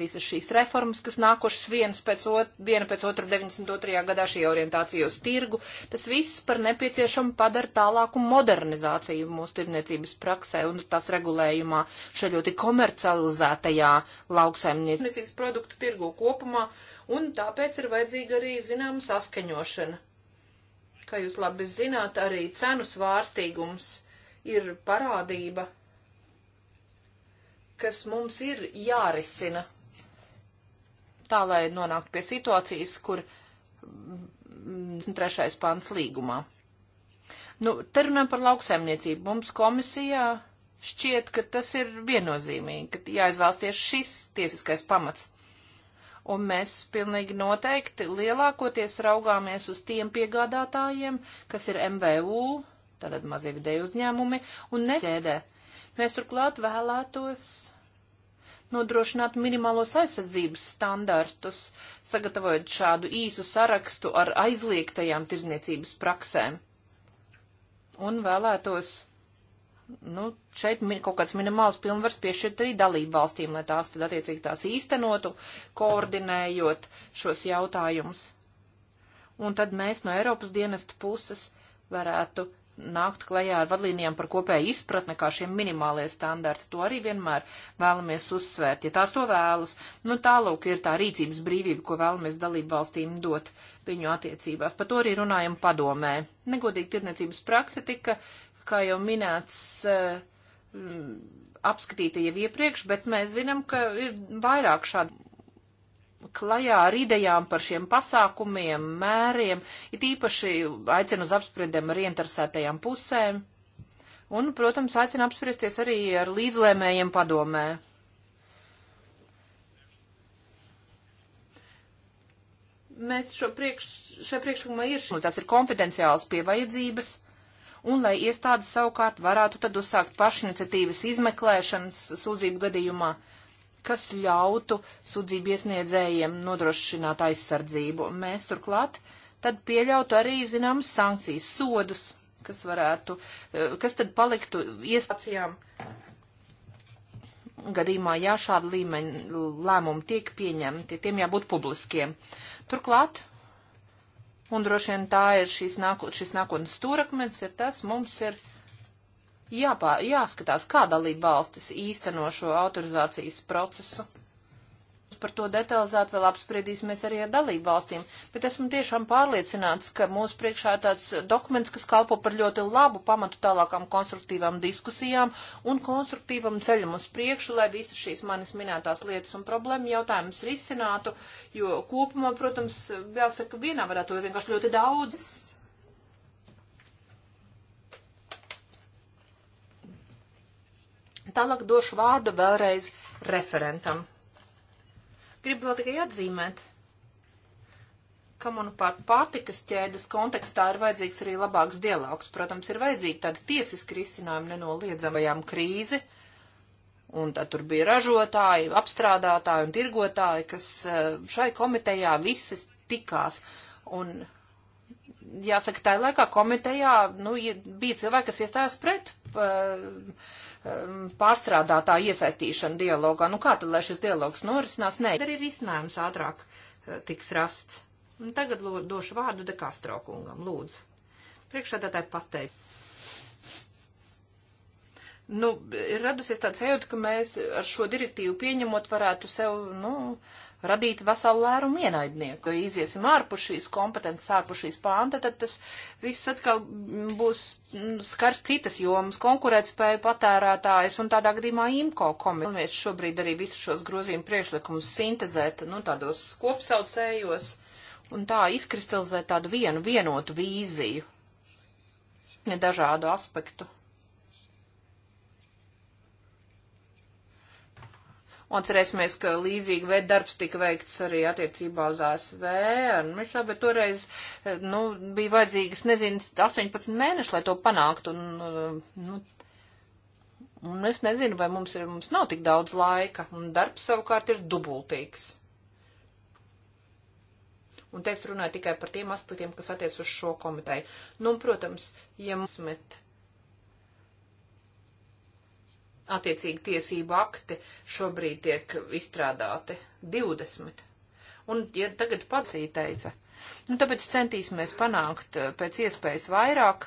visas šīs reformas, kas nākušas viena pēc, ot, viena pēc otru 92. gadā šī orientācija uz tirgu, tas viss par nepieciešamu padara tālāku modernizāciju mūsu tirniecības praksē un tās regulējumā šajā ļoti komercializētajā lauksaimniecības produktu tirgu kopumā, un tāpēc ir vajadzīga arī zināma saskaņošana. Kā jūs labi zināt, arī cenu svārstīgums ir parādība kas mums ir jārisina tā, lai nonāktu pie situācijas, kur 3. pāns līgumā. Nu, te runājam par lauksaimniecību. Mums komisijā šķiet, ka tas ir viennozīmīgi, ka jāizvēlas tieši šis tiesiskais pamats. Un mēs pilnīgi noteikti lielākoties raugāmies uz tiem piegādātājiem, kas ir MVU, tātad mazie vidēji uzņēmumi, un nesēdē. Mēs turklāt vēlētos nodrošināt minimālos aizsardzības standartus, sagatavojot šādu īsu sarakstu ar aizliegtajām tirzniecības praksēm. Un vēlētos nu, šeit kaut kāds minimāls pilnvars piešķirt arī dalību valstīm, lai tās tad attiecīgi tās īstenotu, koordinējot šos jautājumus. Un tad mēs no Eiropas dienesta puses varētu nākt klajā ar vadlīnijām par kopēju izpratni, kā šie minimālie standarti. To arī vienmēr vēlamies uzsvērt, ja tās to vēlas. Nu, tālūk ir tā rīcības brīvība, ko vēlamies dalību valstīm dot viņu attiecībās. Par to arī runājam padomē. Negodīgi tirniecības prakse tika, kā jau minēts, eh, apskatīta jau iepriekš, bet mēs zinām, ka ir vairāk šādu klajā ar idejām par šiem pasākumiem, mēriem, it īpaši aicinu uz apspriedēm ar ieinteresētajām pusēm. Un, protams, aicinu apspriesties arī ar līdzlēmējiem padomē. Mēs šo priekš, šai priekšlikumā ir, nu, tas ir konfidenciāls pie vajadzības un lai iestādes savukārt varētu tad uzsākt pašiniciatīvas izmeklēšanas sūdzību gadījumā kas ļautu sūdzību iesniedzējiem nodrošināt aizsardzību. Mēs turklāt tad pieļautu arī, zināmas, sankcijas, sodus, kas varētu, eh, kas tad paliktu iestācijām gadījumā, ja šāda līmeņa lēmumi tiek pieņemti, tiem jābūt publiskiem. Turklāt, un droši vien tā ir šīs nākot, šis nākotnes stūrakmens, ir tas, mums ir jāpā, jāskatās, kā dalība valstis īsteno šo autorizācijas procesu. Par to detalizēt vēl apspriedīsimies arī ar dalību valstīm, bet esmu tiešām pārliecināts, ka mūsu priekšā ir tāds dokuments, kas kalpo par ļoti labu pamatu tālākām konstruktīvām diskusijām un konstruktīvam ceļam uz priekšu, lai visas šīs manis minētās lietas un problēma jautājumus risinātu, jo kopumā, protams, jāsaka, vienā varētu vienkārši ļoti daudzas Tālāk došu vārdu vēlreiz referentam. Gribu vēl tikai atzīmēt, ka, manuprāt, pārtikas ķēdes kontekstā ir vajadzīgs arī labāks dialogs. Protams, ir vajadzīgi tādi tiesiski risinājumi nenoliedzamajām krīzi, un tad tur bija ražotāji, apstrādātāji un tirgotāji, kas eh, šai komitejā visas tikās. Un, jāsaka, tā laikā komitejā, nu, bija cilvēki, kas iestājās pret. Uh, Um, pārstrādātāju iesaistīšanu dialogā. Nu kā tad, lai šis dialogs norisinās? Nē, arī risinājums ātrāk uh, tiks rasts. Un tagad došu vārdu Dekastro kungam, lūdzu. Priekšādātāji pateikt nu, ir radusies tāds sajūta, ka mēs ar šo direktīvu pieņemot varētu sev, nu, radīt veselu lērumu ienaidnieku. Ja iziesim ārpus šīs kompetences, ārpus šīs pānta, tad tas viss atkal būs nu, skars citas jomas, konkurētspēju patērētājas un tādā gadījumā IMCO komiteja. Mēs šobrīd arī visus šos grozījumu priekšlikumus sintezēt, nu, tādos kopsaucējos un tā izkristalizēt tādu vienu vienotu vīziju, ne dažādu aspektu. un cerēsimies, ka līdzīgi veid darbs tika veikts arī attiecībā uz ASV. Mišā, bet toreiz, eh, nu, bija vajadzīgas, nezinu, 18 mēneši, lai to panāktu. Un, eh, nu, un es nezinu, vai mums, ir, mums nav tik daudz laika, un darbs savukārt ir dubultīgs. Un te es runāju tikai par tiem aspektiem, kas attiec uz šo komiteju. Nu, un, protams, ja mums met attiecīgi tiesību akti šobrīd tiek izstrādāti 20. Un, ja tagad pats teica, nu tāpēc centīsimies panākt eh, pēc iespējas vairāk,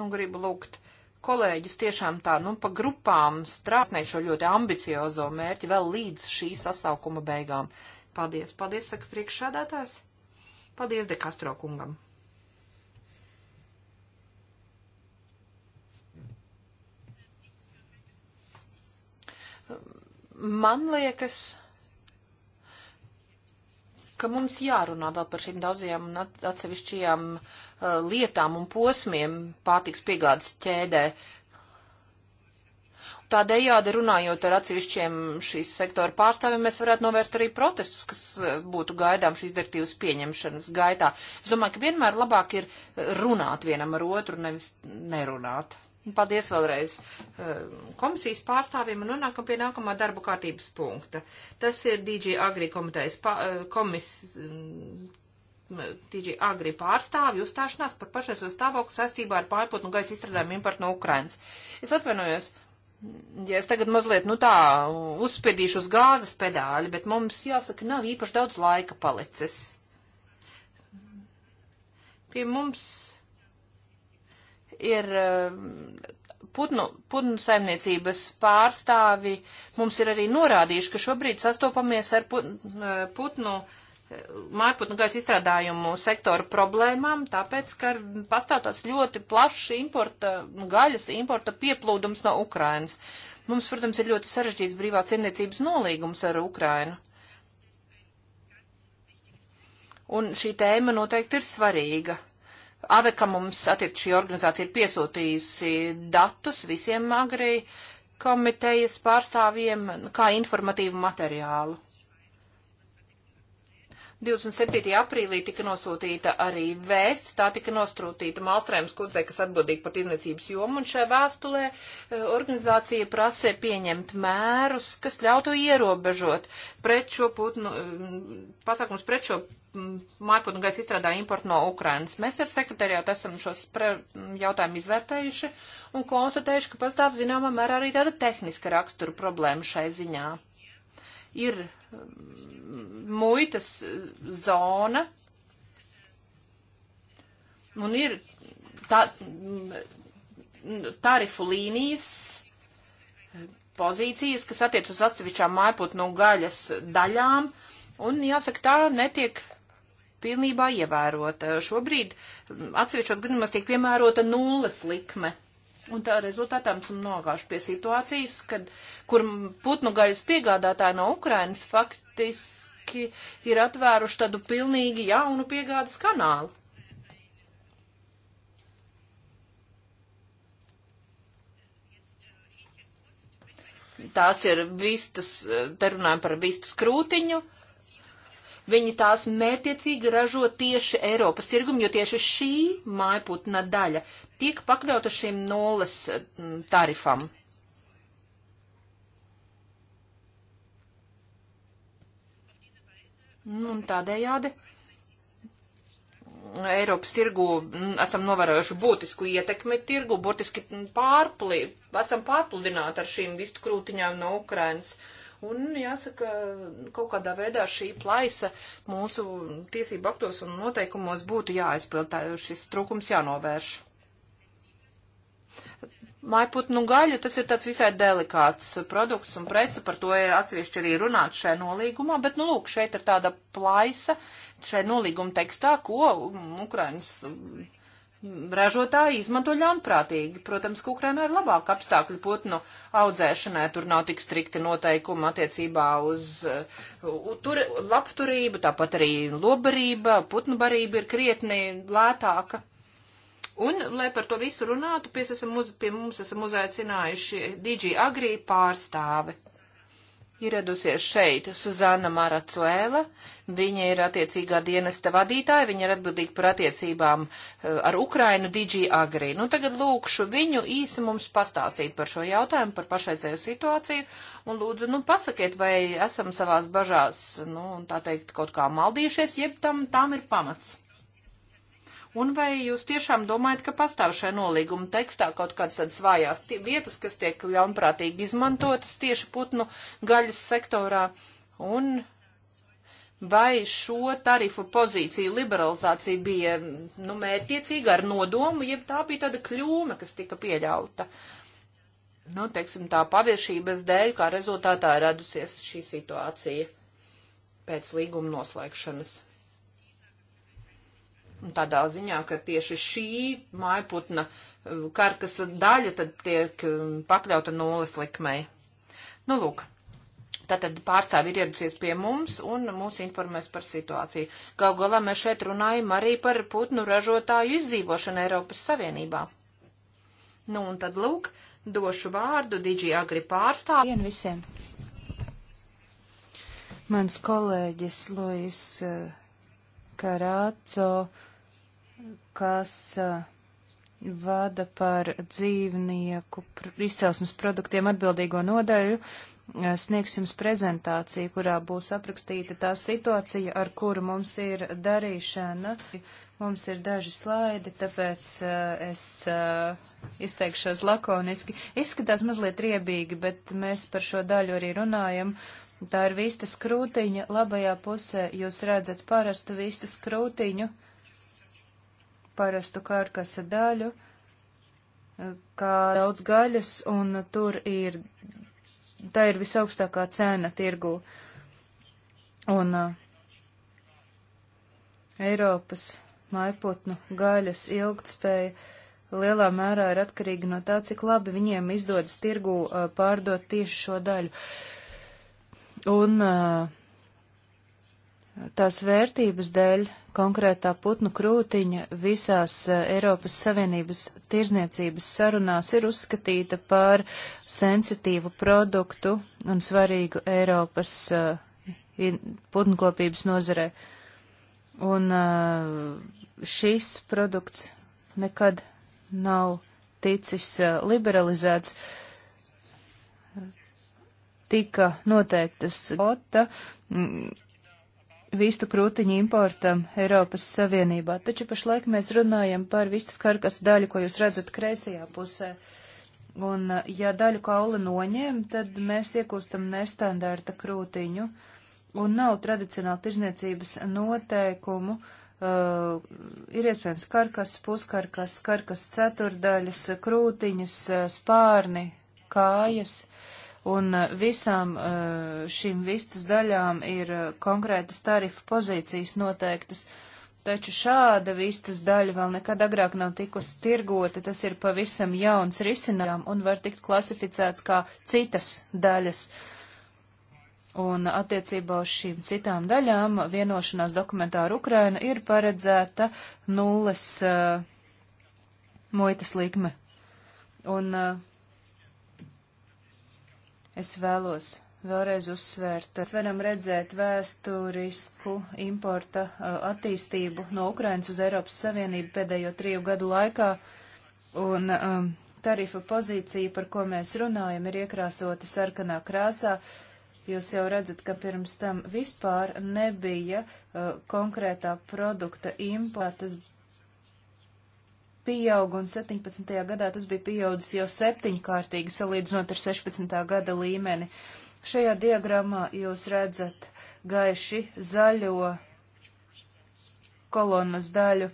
nu gribu lūgt kolēģus tiešām tā, nu pa grupām strāsnē šo ļoti ambiciozo mērķi vēl līdz šī sasaukuma beigām. Paldies, paldies, saka priekšsādātājs. Paldies, Dekastro kungam. Man liekas, ka mums jārunā vēl par šīm daudzajām un atsevišķajām uh, lietām un posmiem pārtiks piegādes ķēdē. Tādējādi runājot ar atsevišķiem šīs sektora pārstāvjiem, mēs varētu novērst arī protestus, kas uh, būtu gaidām šīs direktīvas pieņemšanas gaitā. Es domāju, ka vienmēr labāk ir runāt vienam ar otru, nevis nerunāt. Un paldies vēlreiz eh, komisijas pārstāvim un nonākam pie nākamā darba kārtības punkta. Tas ir DG Agri komitejas eh, komis, mm, DG Agri pārstāvi uzstāšanās par pašreizo stāvokli saistībā ar pārputnu gaisa izstrādājumu importu no Ukrainas. Es atvainojos, ja es tagad mazliet, nu tā, uzspiedīšu uz gāzes pedāļu, bet mums, jāsaka, nav īpaši daudz laika palicis. Pie mums ir eh, putnu, putnu saimniecības pārstāvi mums ir arī norādījuši, ka šobrīd sastopamies ar eh, putnu, eh, putnu mājputnu gaisa izstrādājumu sektoru problēmām, tāpēc, ka pastāv tāds ļoti plašs importa, gaļas importa pieplūdums no Ukrainas. Mums, protams, ir ļoti sarežģīts brīvās cirniecības nolīgums ar Ukrainu. Un šī tēma noteikti ir svarīga. Aveka mums attiec šī organizācija ir piesūtījusi datus visiem Magrī komitejas pārstāvjiem kā informatīvu materiālu. 27. aprīlī tika nosūtīta arī vēsts, tā tika nostrūtīta Malstrēmas kundzei, kas atbildīga par tirdzniecības jomu, un šajā vēstulē e, organizācija prasē pieņemt mērus, kas ļautu ierobežot pret šo putnu, e, pasākums pret šo mājputnu gaisa izstrādāju importu no Ukrainas. Mēs ar sekretariātu esam šos pre, jautājumu izvērtējuši un konstatējuši, ka pastāv zināmā mērā arī tāda tehniska rakstura problēma šai ziņā ir mm, muitas zona un ir tā, mm, tarifu līnijas pozīcijas, kas attiec uz atsevišķām mājputnu gaļas daļām, un jāsaka, tā netiek pilnībā ievērota. Šobrīd mm, atsevišķos gadījumos tiek piemērota nulles likme. Un tā rezultātā esam nonākuši pie situācijas, kad, kur putnu gaļas piegādātāji no Ukrainas faktiski ir atvēruši tādu pilnīgi jaunu piegādes kanālu. Tās ir vistas, te runājam par vistas krūtiņu, uh, Viņi tās mērtiecīgi ražo tieši Eiropas tirgumu, jo tieši šī mājputna daļa tiek pakļauta šim nulles mm, tarifam. Nu, un tādējādi Eiropas tirgu mm, esam novērojuši būtisku ietekmi tirgu, būtiski pārpli, esam pārpludināti ar šīm vistu krūtiņām no Ukrainas. Uh, Un jāsaka, kaut kādā veidā šī plaisa mūsu tiesību aktos un noteikumos būtu jāaizpild, šis trūkums jānovērš. Maiputnu gaļa, tas ir tāds visai delikāts produkts un prece, par to ir atsevišķi arī runāt šajā nolīgumā, bet, nu, lūk, šeit ir tāda plaisa šajā nolīguma tekstā, ko Ukrainas ražotāji izmanto ļaunprātīgi. Protams, ka Ukrainā ir labāk apstākļi putnu audzēšanai, tur nav tik strikti noteikumi attiecībā uz uh, tur, labturību, tāpat arī lobarība, putnu barība ir krietni lētāka. Un, lai par to visu runātu, pies esam uz, pie mums esam uzaicinājuši DG Agrī pārstāvi ieradusies šeit Suzana Maracuēla. Viņa ir attiecīgā dienesta vadītāja, viņa ir atbildīga par attiecībām eh, ar Ukrainu Digi Agri. Nu, tagad lūkšu viņu īsi mums pastāstīt par šo jautājumu, par pašreizēju situāciju, un lūdzu, nu, pasakiet, vai esam savās bažās, nu, tā teikt, kaut kā maldījušies, jeb tam, tam ir pamats. Un vai jūs tiešām domājat, ka pastāv šajā nolīguma tekstā kaut kādas tādas vājās vietas, kas tiek ļaunprātīgi izmantotas tieši putnu gaļas sektorā? Un vai šo tarifu pozīciju liberalizācija bija nu, mērķiecīga ar nodomu, ja tā bija tāda kļūme, kas tika pieļauta? Nu, teiksim, tā paviršības dēļ, kā rezultātā radusies šī situācija pēc līguma noslēgšanas. Tādā ziņā, ka tieši šī mājputna eh, karkas daļa tad tiek eh, pakļauta nulles likmei. Nu, lūk. Tātad pārstāvi ir ieradusies pie mums un mūs informēs par situāciju. Gal galā mēs šeit runājam arī par putnu ražotāju izdzīvošanu Eiropas Savienībā. Nu, un tad lūk, došu vārdu Digi Agri pārstāvju. Vien visiem. Mans kolēģis Lois Karāco eh, kas eh, vada par dzīvnieku izcelsmes produktiem atbildīgo nodaļu, eh, sniegs jums prezentāciju, kurā būs aprakstīta tā situācija, ar kuru mums ir darīšana. Mums ir daži slaidi, tāpēc uh, es uh, izteikšos lakoniski. Izskatās mazliet riebīgi, bet mēs par šo daļu arī runājam. Tā ir vistas krūtiņa. Labajā pusē jūs redzat parastu vistas krūtiņu. Uh, parastu karkasa daļu, kā daudz gaļas, un tur ir, tā ir visaugstākā cena tirgū. Un uh, Eiropas maiputnu gaļas ilgtspēja lielā mērā ir atkarīga no tā, cik labi viņiem izdodas tirgū uh, pārdot tieši šo daļu. Un uh, tās vērtības dēļ konkrētā putnu krūtiņa visās eh, Eiropas Savienības tirzniecības sarunās ir uzskatīta par sensitīvu produktu un svarīgu Eiropas uh, putnkopības nozarē. Un uh, šis produkts nekad nav ticis uh, liberalizēts. Tika noteiktas kvota, mm, vistu krūtiņu importam Eiropas Savienībā, taču pašlaik mēs runājam par vistas karkas daļu, ko jūs redzat kreisajā pusē. Un, eh, ja daļu kauli noņem, tad mēs iekūstam nestandarta krūtiņu un nav tradicionāli tirzniecības noteikumu. Uh, ir iespējams karkas, puskarkas, karkas ceturdaļas, krūtiņas, eh, spārni, kājas. Uh, un uh, visām uh, šīm vistas daļām ir uh, konkrētas tarifu pozīcijas noteiktas. Taču šāda vistas daļa vēl nekad agrāk nav tikusi tirgota, tas ir pavisam jauns risinājums un var tikt klasificēts kā citas daļas. Un attiecībā uz šīm citām daļām vienošanās dokumentā ar Ukrainu ir paredzēta nulles uh, muitas likme. Un uh, Es vēlos vēlreiz uzsvērt. Mēs varam redzēt vēsturisku importa uh, attīstību no Ukrainas uz Eiropas Savienību pēdējo triju gadu laikā, un um, tarifa pozīcija, par ko mēs runājam, ir iekrāsota sarkanā krāsā. Jūs jau redzat, ka pirms tam vispār nebija uh, konkrētā produkta importa, tas pieauga, un 17. gadā tas bija pieaudzis jau septiņkārtīgi, salīdzinot ar 16. gada līmeni. Šajā diagrammā jūs redzat gaiši zaļo kolonas daļu,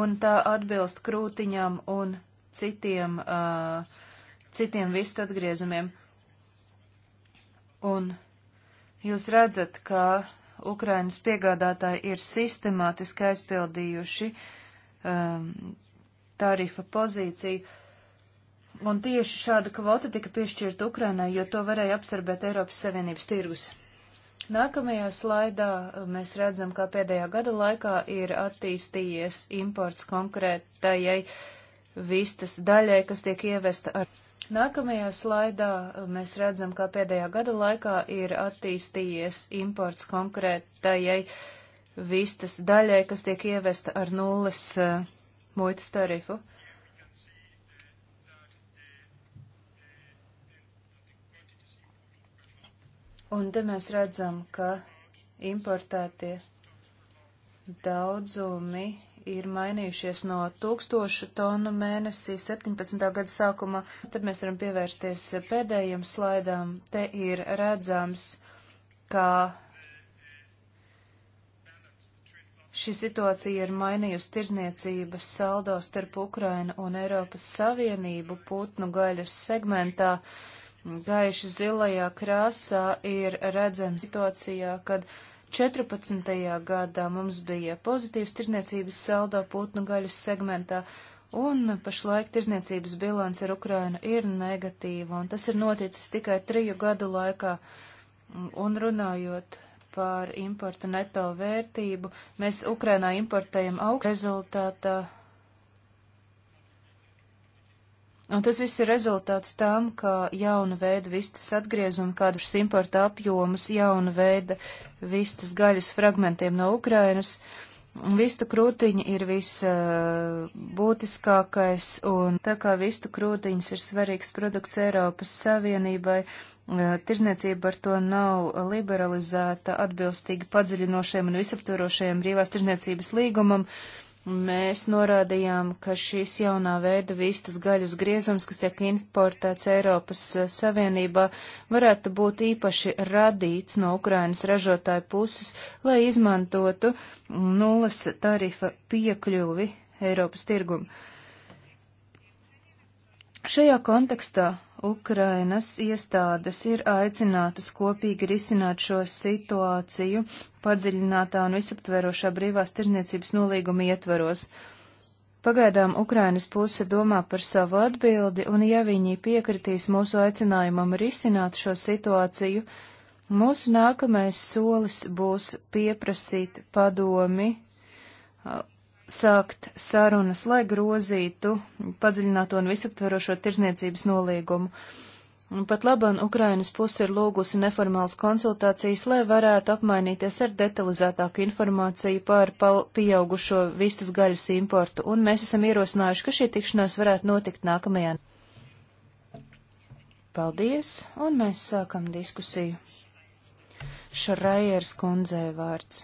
un tā atbilst krūtiņām un citiem, uh, citiem vistu atgriezumiem. Un jūs redzat, ka Ukrainas piegādātāji ir sistemātiski aizpildījuši um, tarifa pozīciju. Un tieši šāda kvota tika piešķirta Ukrainai, jo to varēja apsarbēt Eiropas Savienības tirgus. Nākamajā slaidā mēs redzam, kā pēdējā gada laikā ir attīstījies imports konkrētajai vistas daļai, kas tiek ievesta ar. Nākamajā slaidā mēs redzam, kā pēdējā gada laikā ir attīstījies imports konkrētajai vistas daļai, kas tiek ievesta ar nulles uh, muitas tarifu. Un te mēs redzam, ka importētie daudzumi ir mainījušies no 1000 tonu mēnesī 17. gada sākuma. Tad mēs varam pievērsties pēdējiem slaidām. Te ir redzams, kā Šī situācija ir mainījusi tirzniecības saldo starp Ukrainu un Eiropas Savienību putnu gaļas segmentā. Gaiši zilajā krāsā ir redzama situācijā, kad 14. gadā mums bija pozitīvs tirzniecības saldo putnu gaļas segmentā, un pašlaik tirzniecības bilants ar Ukrainu ir negatīva, un tas ir noticis tikai triju gadu laikā. Un runājot par importu neto vērtību. Mēs Ukrainā importējam augstu rezultātā. Un tas viss ir rezultāts tam, ka jauna veida vistas atgriez un kādus importa apjomus jauna veida vistas gaļas fragmentiem no Ukrainas. Uh, Vistu krūtiņa ir visbūtiskākais, un tā kā vistu krūtiņas ir svarīgs produkts Eiropas Savienībai, eh, tirzniecība ar to nav liberalizēta atbilstīgi padziļinošajam un visaptvarošajam brīvās tirzniecības līgumam. Uh, Mēs norādījām, ka šīs jaunā veida vistas gaļas griezums, kas tiek importēts Eiropas eh, Savienībā, varētu būt īpaši radīts no Ukrainas ražotāju puses, lai izmantotu nulles tarifa piekļuvi Eiropas tirgumu. Šajā kontekstā Ukrainas iestādes ir aicinātas kopīgi risināt šo situāciju, padziļinātā un visaptverošā brīvās tirzniecības nolīguma ietvaros. Pagaidām Ukrainas puse domā par savu atbildi, un ja viņi piekritīs mūsu aicinājumam risināt šo situāciju, mūsu nākamais solis būs pieprasīt padomi, sākt sarunas, lai grozītu padziļināto un visaptverošo tirzniecības nolīgumu. Un pat laban Ukrainas puse ir lūgusi neformālas konsultācijas, lai varētu apmainīties ar detalizētāku informāciju par pieaugušo vistas gaļas importu, un mēs esam ierosinājuši, ka šī tikšanās varētu notikt nākamajā. Paldies, un mēs sākam diskusiju. Šarajers kundzē vārds.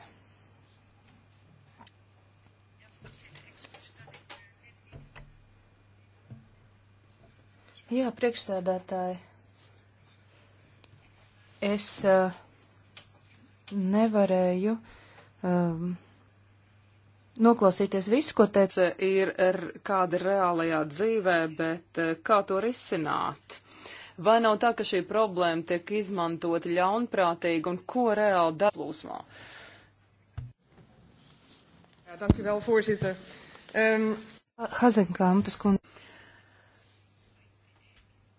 Jā, priekšsēdētāji es uh, nevarēju um, noklausīties visu, ko teica. Ir, er, ir kāda reālajā dzīvē, bet eh, kā to risināt? Vai nav tā, ka šī problēma tiek izmantota ļaunprātīgi un ko reāli dara plūsmā? Jā, dank u wel, voorzitter. Um... Ehm, Hazenkampas kundze.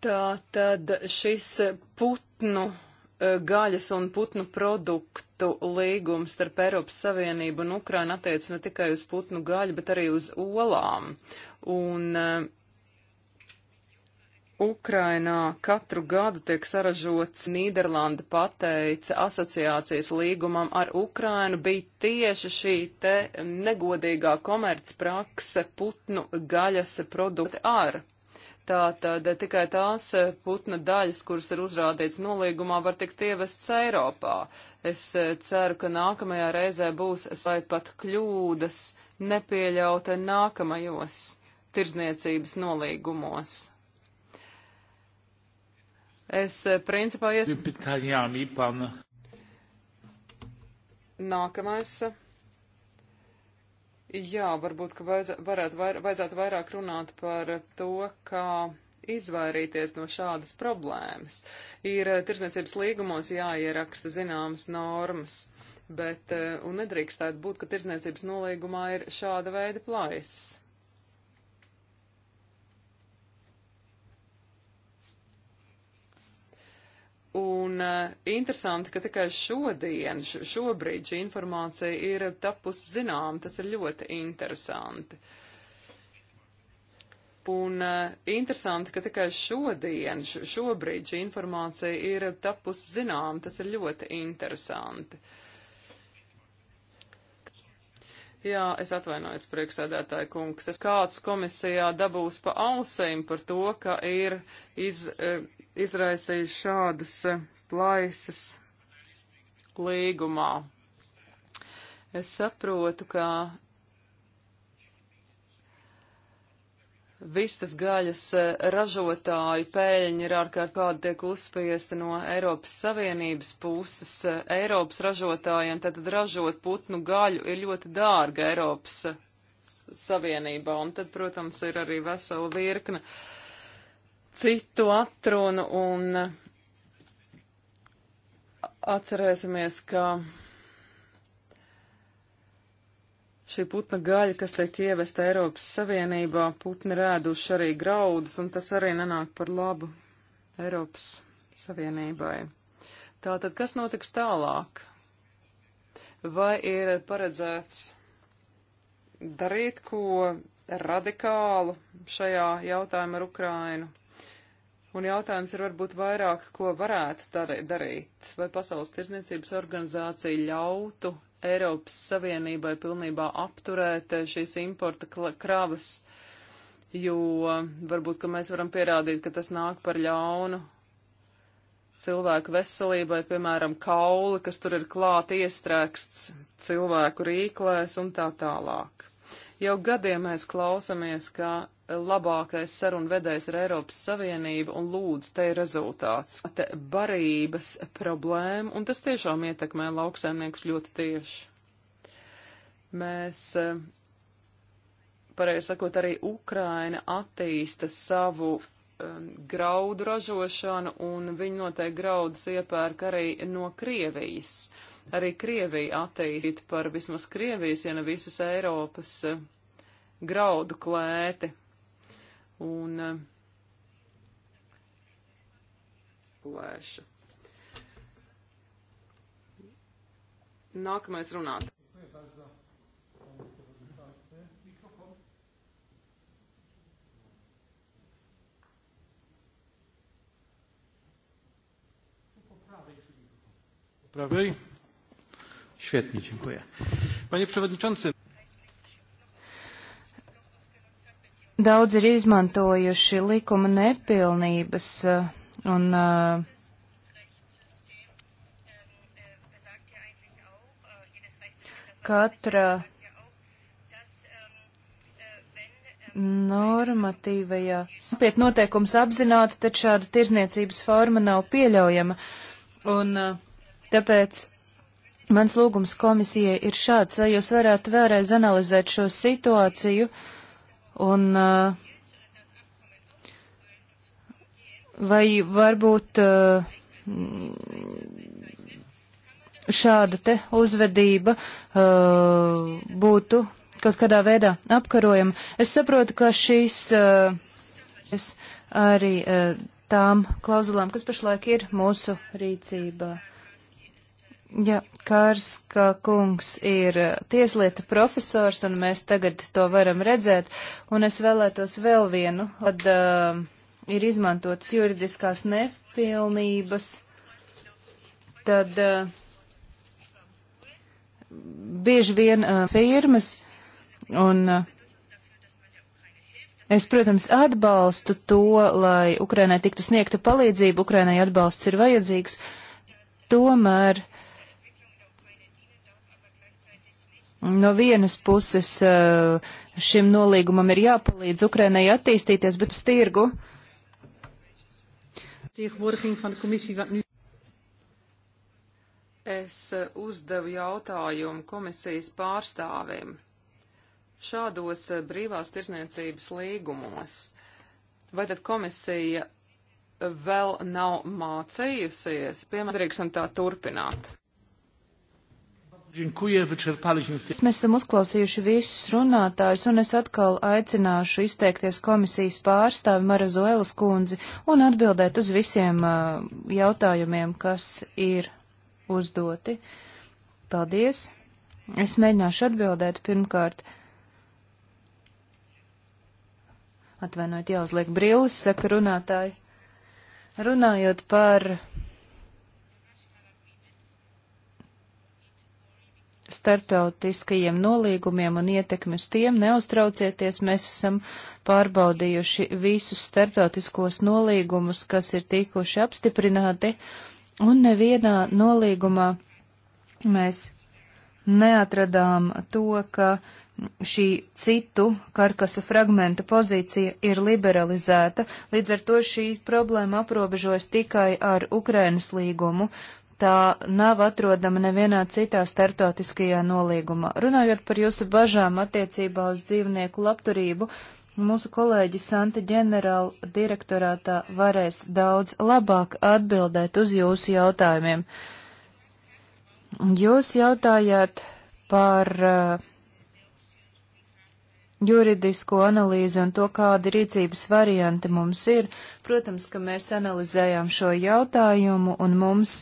Tā tad šis putnu Eh, gaļas un putnu produktu līgums starp Eiropas Savienību un Ukraina attiec ne tikai uz putnu gaļu, bet arī uz olām. Un uh, Ukrainā katru gadu tiek saražots Nīderlanda pateica asociācijas līgumam ar Ukrainu bija tieši šī te negodīgā komercprakse putnu gaļas produkti ar. Tātad tikai tās eh, putna daļas, kuras ir uzrādīts nolīgumā, var tikt ievestas Eiropā. Es eh, ceru, ka nākamajā reizē būs, lai pat kļūdas nepieļauta nākamajos tirzniecības nolīgumos. Es eh, principā ies... Nākamais. Jā, varbūt, ka vajadz, varētu, vair, vajadzētu vairāk runāt par to, kā izvairīties no šādas problēmas. Ir eh, tirdzniecības līgumos jāieraksta zināmas normas, bet, eh, un nedrīkstētu būt, ka tirdzniecības nolīgumā ir šāda veida plaisas. Un uh, interesanti, ka tikai šodien, šobrīd šī informācija ir tapus zinām, tas ir ļoti interesanti. Un uh, interesanti, ka tikai šodien, šobrīd šī informācija ir tapus zinām, tas ir ļoti interesanti. Jā, es atvainojos, priekšsēdētāji kungs. Es kāds komisijā dabūs pa ausīm par to, ka ir iz, uh, izraisīja šādas eh, plaisas līgumā. Es saprotu, ka vistas gaļas eh, ražotāju pēļņi ir ārkārt kāda tiek uzspiesta no Eiropas Savienības puses. Eh, Eiropas ražotājiem tad ražot putnu gaļu ir ļoti dārga Eiropas Savienībā, un tad, protams, ir arī vesela virkne uh, citu atrunu un atcerēsimies, ka šī putna gaļa, kas tiek ievesta Eiropas Savienībā, putni rēduši arī graudus, un tas arī nenāk par labu Eiropas Savienībai. Tātad, kas notiks tālāk? Vai ir paredzēts darīt ko radikālu šajā jautājumā ar Ukrainu? Un jautājums ir varbūt vairāk, ko varētu darīt, vai Pasaules tirzniecības organizācija ļautu Eiropas Savienībai pilnībā apturēt šīs importa kravas, jo varbūt, ka mēs varam pierādīt, ka tas nāk par ļaunu cilvēku veselībai, piemēram, kauli, kas tur ir klāt iestrēgsts cilvēku rīklēs un tā tālāk. Jau gadiem mēs klausamies, ka labākais sarunvedējs ir Eiropas Savienība un lūdzu, te ir rezultāts. Te barības problēma, un tas tiešām ietekmē lauksaimniekus ļoti tieši. Mēs, eh, pareizi sakot, arī Ukraina attīsta savu um, graudu ražošanu, un viņi noteikti graudus iepērk arī no Krievijas. Arī Krievija attīstīt par vismaz Krievijas, ja ne visas Eiropas eh, graudu klēti un eh, plēša. Nākamais runāt. prawej? Świetnie, dziękuję. Panie Przewodniczący. Daudz ir izmantojuši likuma nepilnības eh, un uh, katra normatīvajā spiet noteikums apzināti, taču šāda tirzniecības forma nav pieļaujama. Un eh, tāpēc mans lūgums komisijai ir šāds, vai jūs varētu vēlreiz analizēt šo situāciju, uh, Un eh, vai varbūt eh, šāda te uzvedība eh, būtu kaut kādā veidā apkarojama. Es saprotu, ka šīs arī tām klauzulām, kas pašlaik ir mūsu rīcībā. Ja Kārska kungs ir tieslietu profesors, un mēs tagad to varam redzēt, un es vēlētos vēl vienu, kad uh, ir izmantotas juridiskās nepilnības, tad uh, bieži vien uh, firmas, un uh, es, protams, atbalstu to, lai Ukrainai tiktu sniegta palīdzība, Ukrainai atbalsts ir vajadzīgs, tomēr No vienas puses eh, šim nolīgumam ir jāpalīdz Ukrainai attīstīties, bet uz tirgu. Nu- es eh, uzdevu jautājumu komisijas pārstāvim. Šādos eh, brīvās tirzniecības līgumos, vai tad komisija vēl nav mācījusies, piemēram, drīkstam tā turpināt? Mēs esam uzklausījuši visus runātājus, un es atkal aicināšu izteikties komisijas pārstāvi Marazoelas kundzi un atbildēt uz visiem uh, jautājumiem, kas ir uzdoti. Paldies! Es mēģināšu atbildēt pirmkārt. Atvainojiet, jāuzliek brilles, saka runātāji. Runājot par starptautiskajiem nolīgumiem un ietekmi uz tiem, neuztraucieties, mēs esam pārbaudījuši visus starptautiskos nolīgumus, kas ir tikuši apstiprināti, un nevienā nolīgumā mēs neatradām to, ka šī citu karkasa fragmenta pozīcija ir liberalizēta, līdz ar to šī problēma aprobežojas tikai ar Ukrainas līgumu, tā nav atrodama nevienā citā startautiskajā nolīgumā. Runājot par jūsu bažām attiecībā uz dzīvnieku labturību, mūsu kolēģi Santa ģenerāla direktorātā varēs daudz labāk atbildēt uz jūsu jautājumiem. Jūs jautājāt par uh, juridisko analīzi un to, kādi rīcības varianti mums ir. Protams, ka mēs analizējām šo jautājumu un mums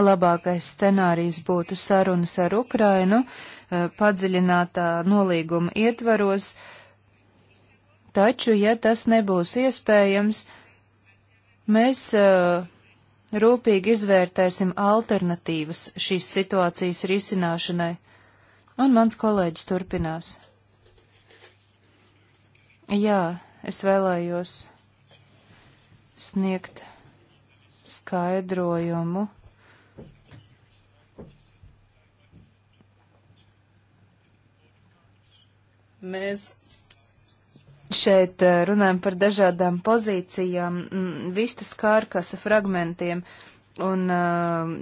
Labākais scenārijs būtu sarunas ar Ukrainu, eh, padziļinātā nolīguma ietvaros, taču, ja tas nebūs iespējams, mēs eh, rūpīgi izvērtēsim alternatīvas šīs situācijas risināšanai, un mans kolēģis turpinās. Jā, es vēlējos sniegt skaidrojumu Mēs šeit eh, runājam par dažādām pozīcijām, mm, vistas kārkasa fragmentiem, un uh,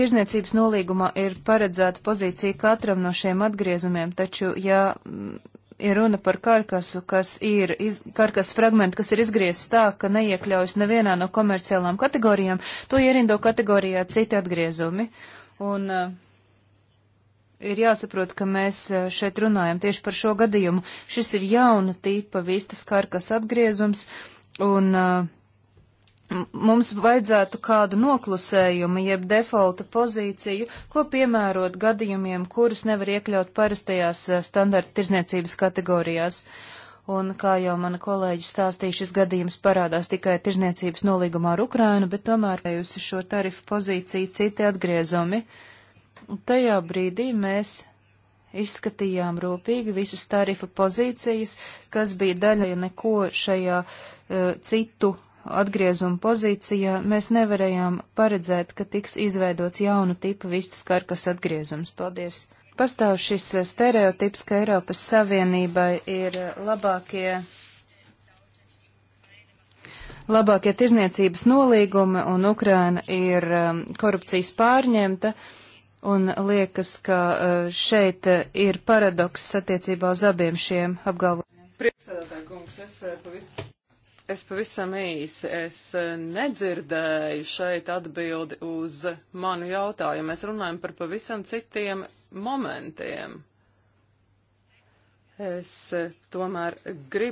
tirzniecības nolīgumā ir paredzēta pozīcija katram no šiem atgriezumiem, taču, ja mm, ir runa par karkasu, kas ir iz, karkas fragmentu, kas ir izgriezts tā, ka neiekļaujas nevienā no komerciālām kategorijām, to ierindo kategorijā citi atgriezumi. Un, uh, ir jāsaprot, ka mēs e, šeit runājam tieši par šo gadījumu. Šis ir jauna tipa vistas karkas apgriezums, un e, mums vajadzētu kādu noklusējumu, jeb defaulta pozīciju, ko piemērot gadījumiem, kurus nevar iekļaut parastajās e, standarta tirzniecības kategorijās. Un, kā jau mana kolēģi stāstīja, šis gadījums parādās tikai tirzniecības nolīgumā ar Ukrainu, bet tomēr vējusi šo tarifu pozīciju citi atgriezumi. Uh, Tajā brīdī mēs izskatījām rūpīgi visas tarifa pozīcijas, kas bija daļa neko šajā uh, citu atgriezuma pozīcijā. Mēs nevarējām paredzēt, ka tiks izveidots jaunu tipu vistas karkas atgriezums. Paldies! Pastāv šis e, stereotips, ka Eiropas Savienībai ir e, labākie, labākie tirzniecības nolīgumi un Ukraina ir um, korupcijas pārņemta. Uh, Un liekas, ka eh, šeit eh, ir paradoks attiecībā uz abiem šiem apgalvojumiem. Priekšsēdētāji kungs, es eh, pavisam, es pavisam īsi, es nedzirdēju šeit atbildi uz manu jautājumu. Mēs runājam par pavisam citiem momentiem. Es tomēr gribu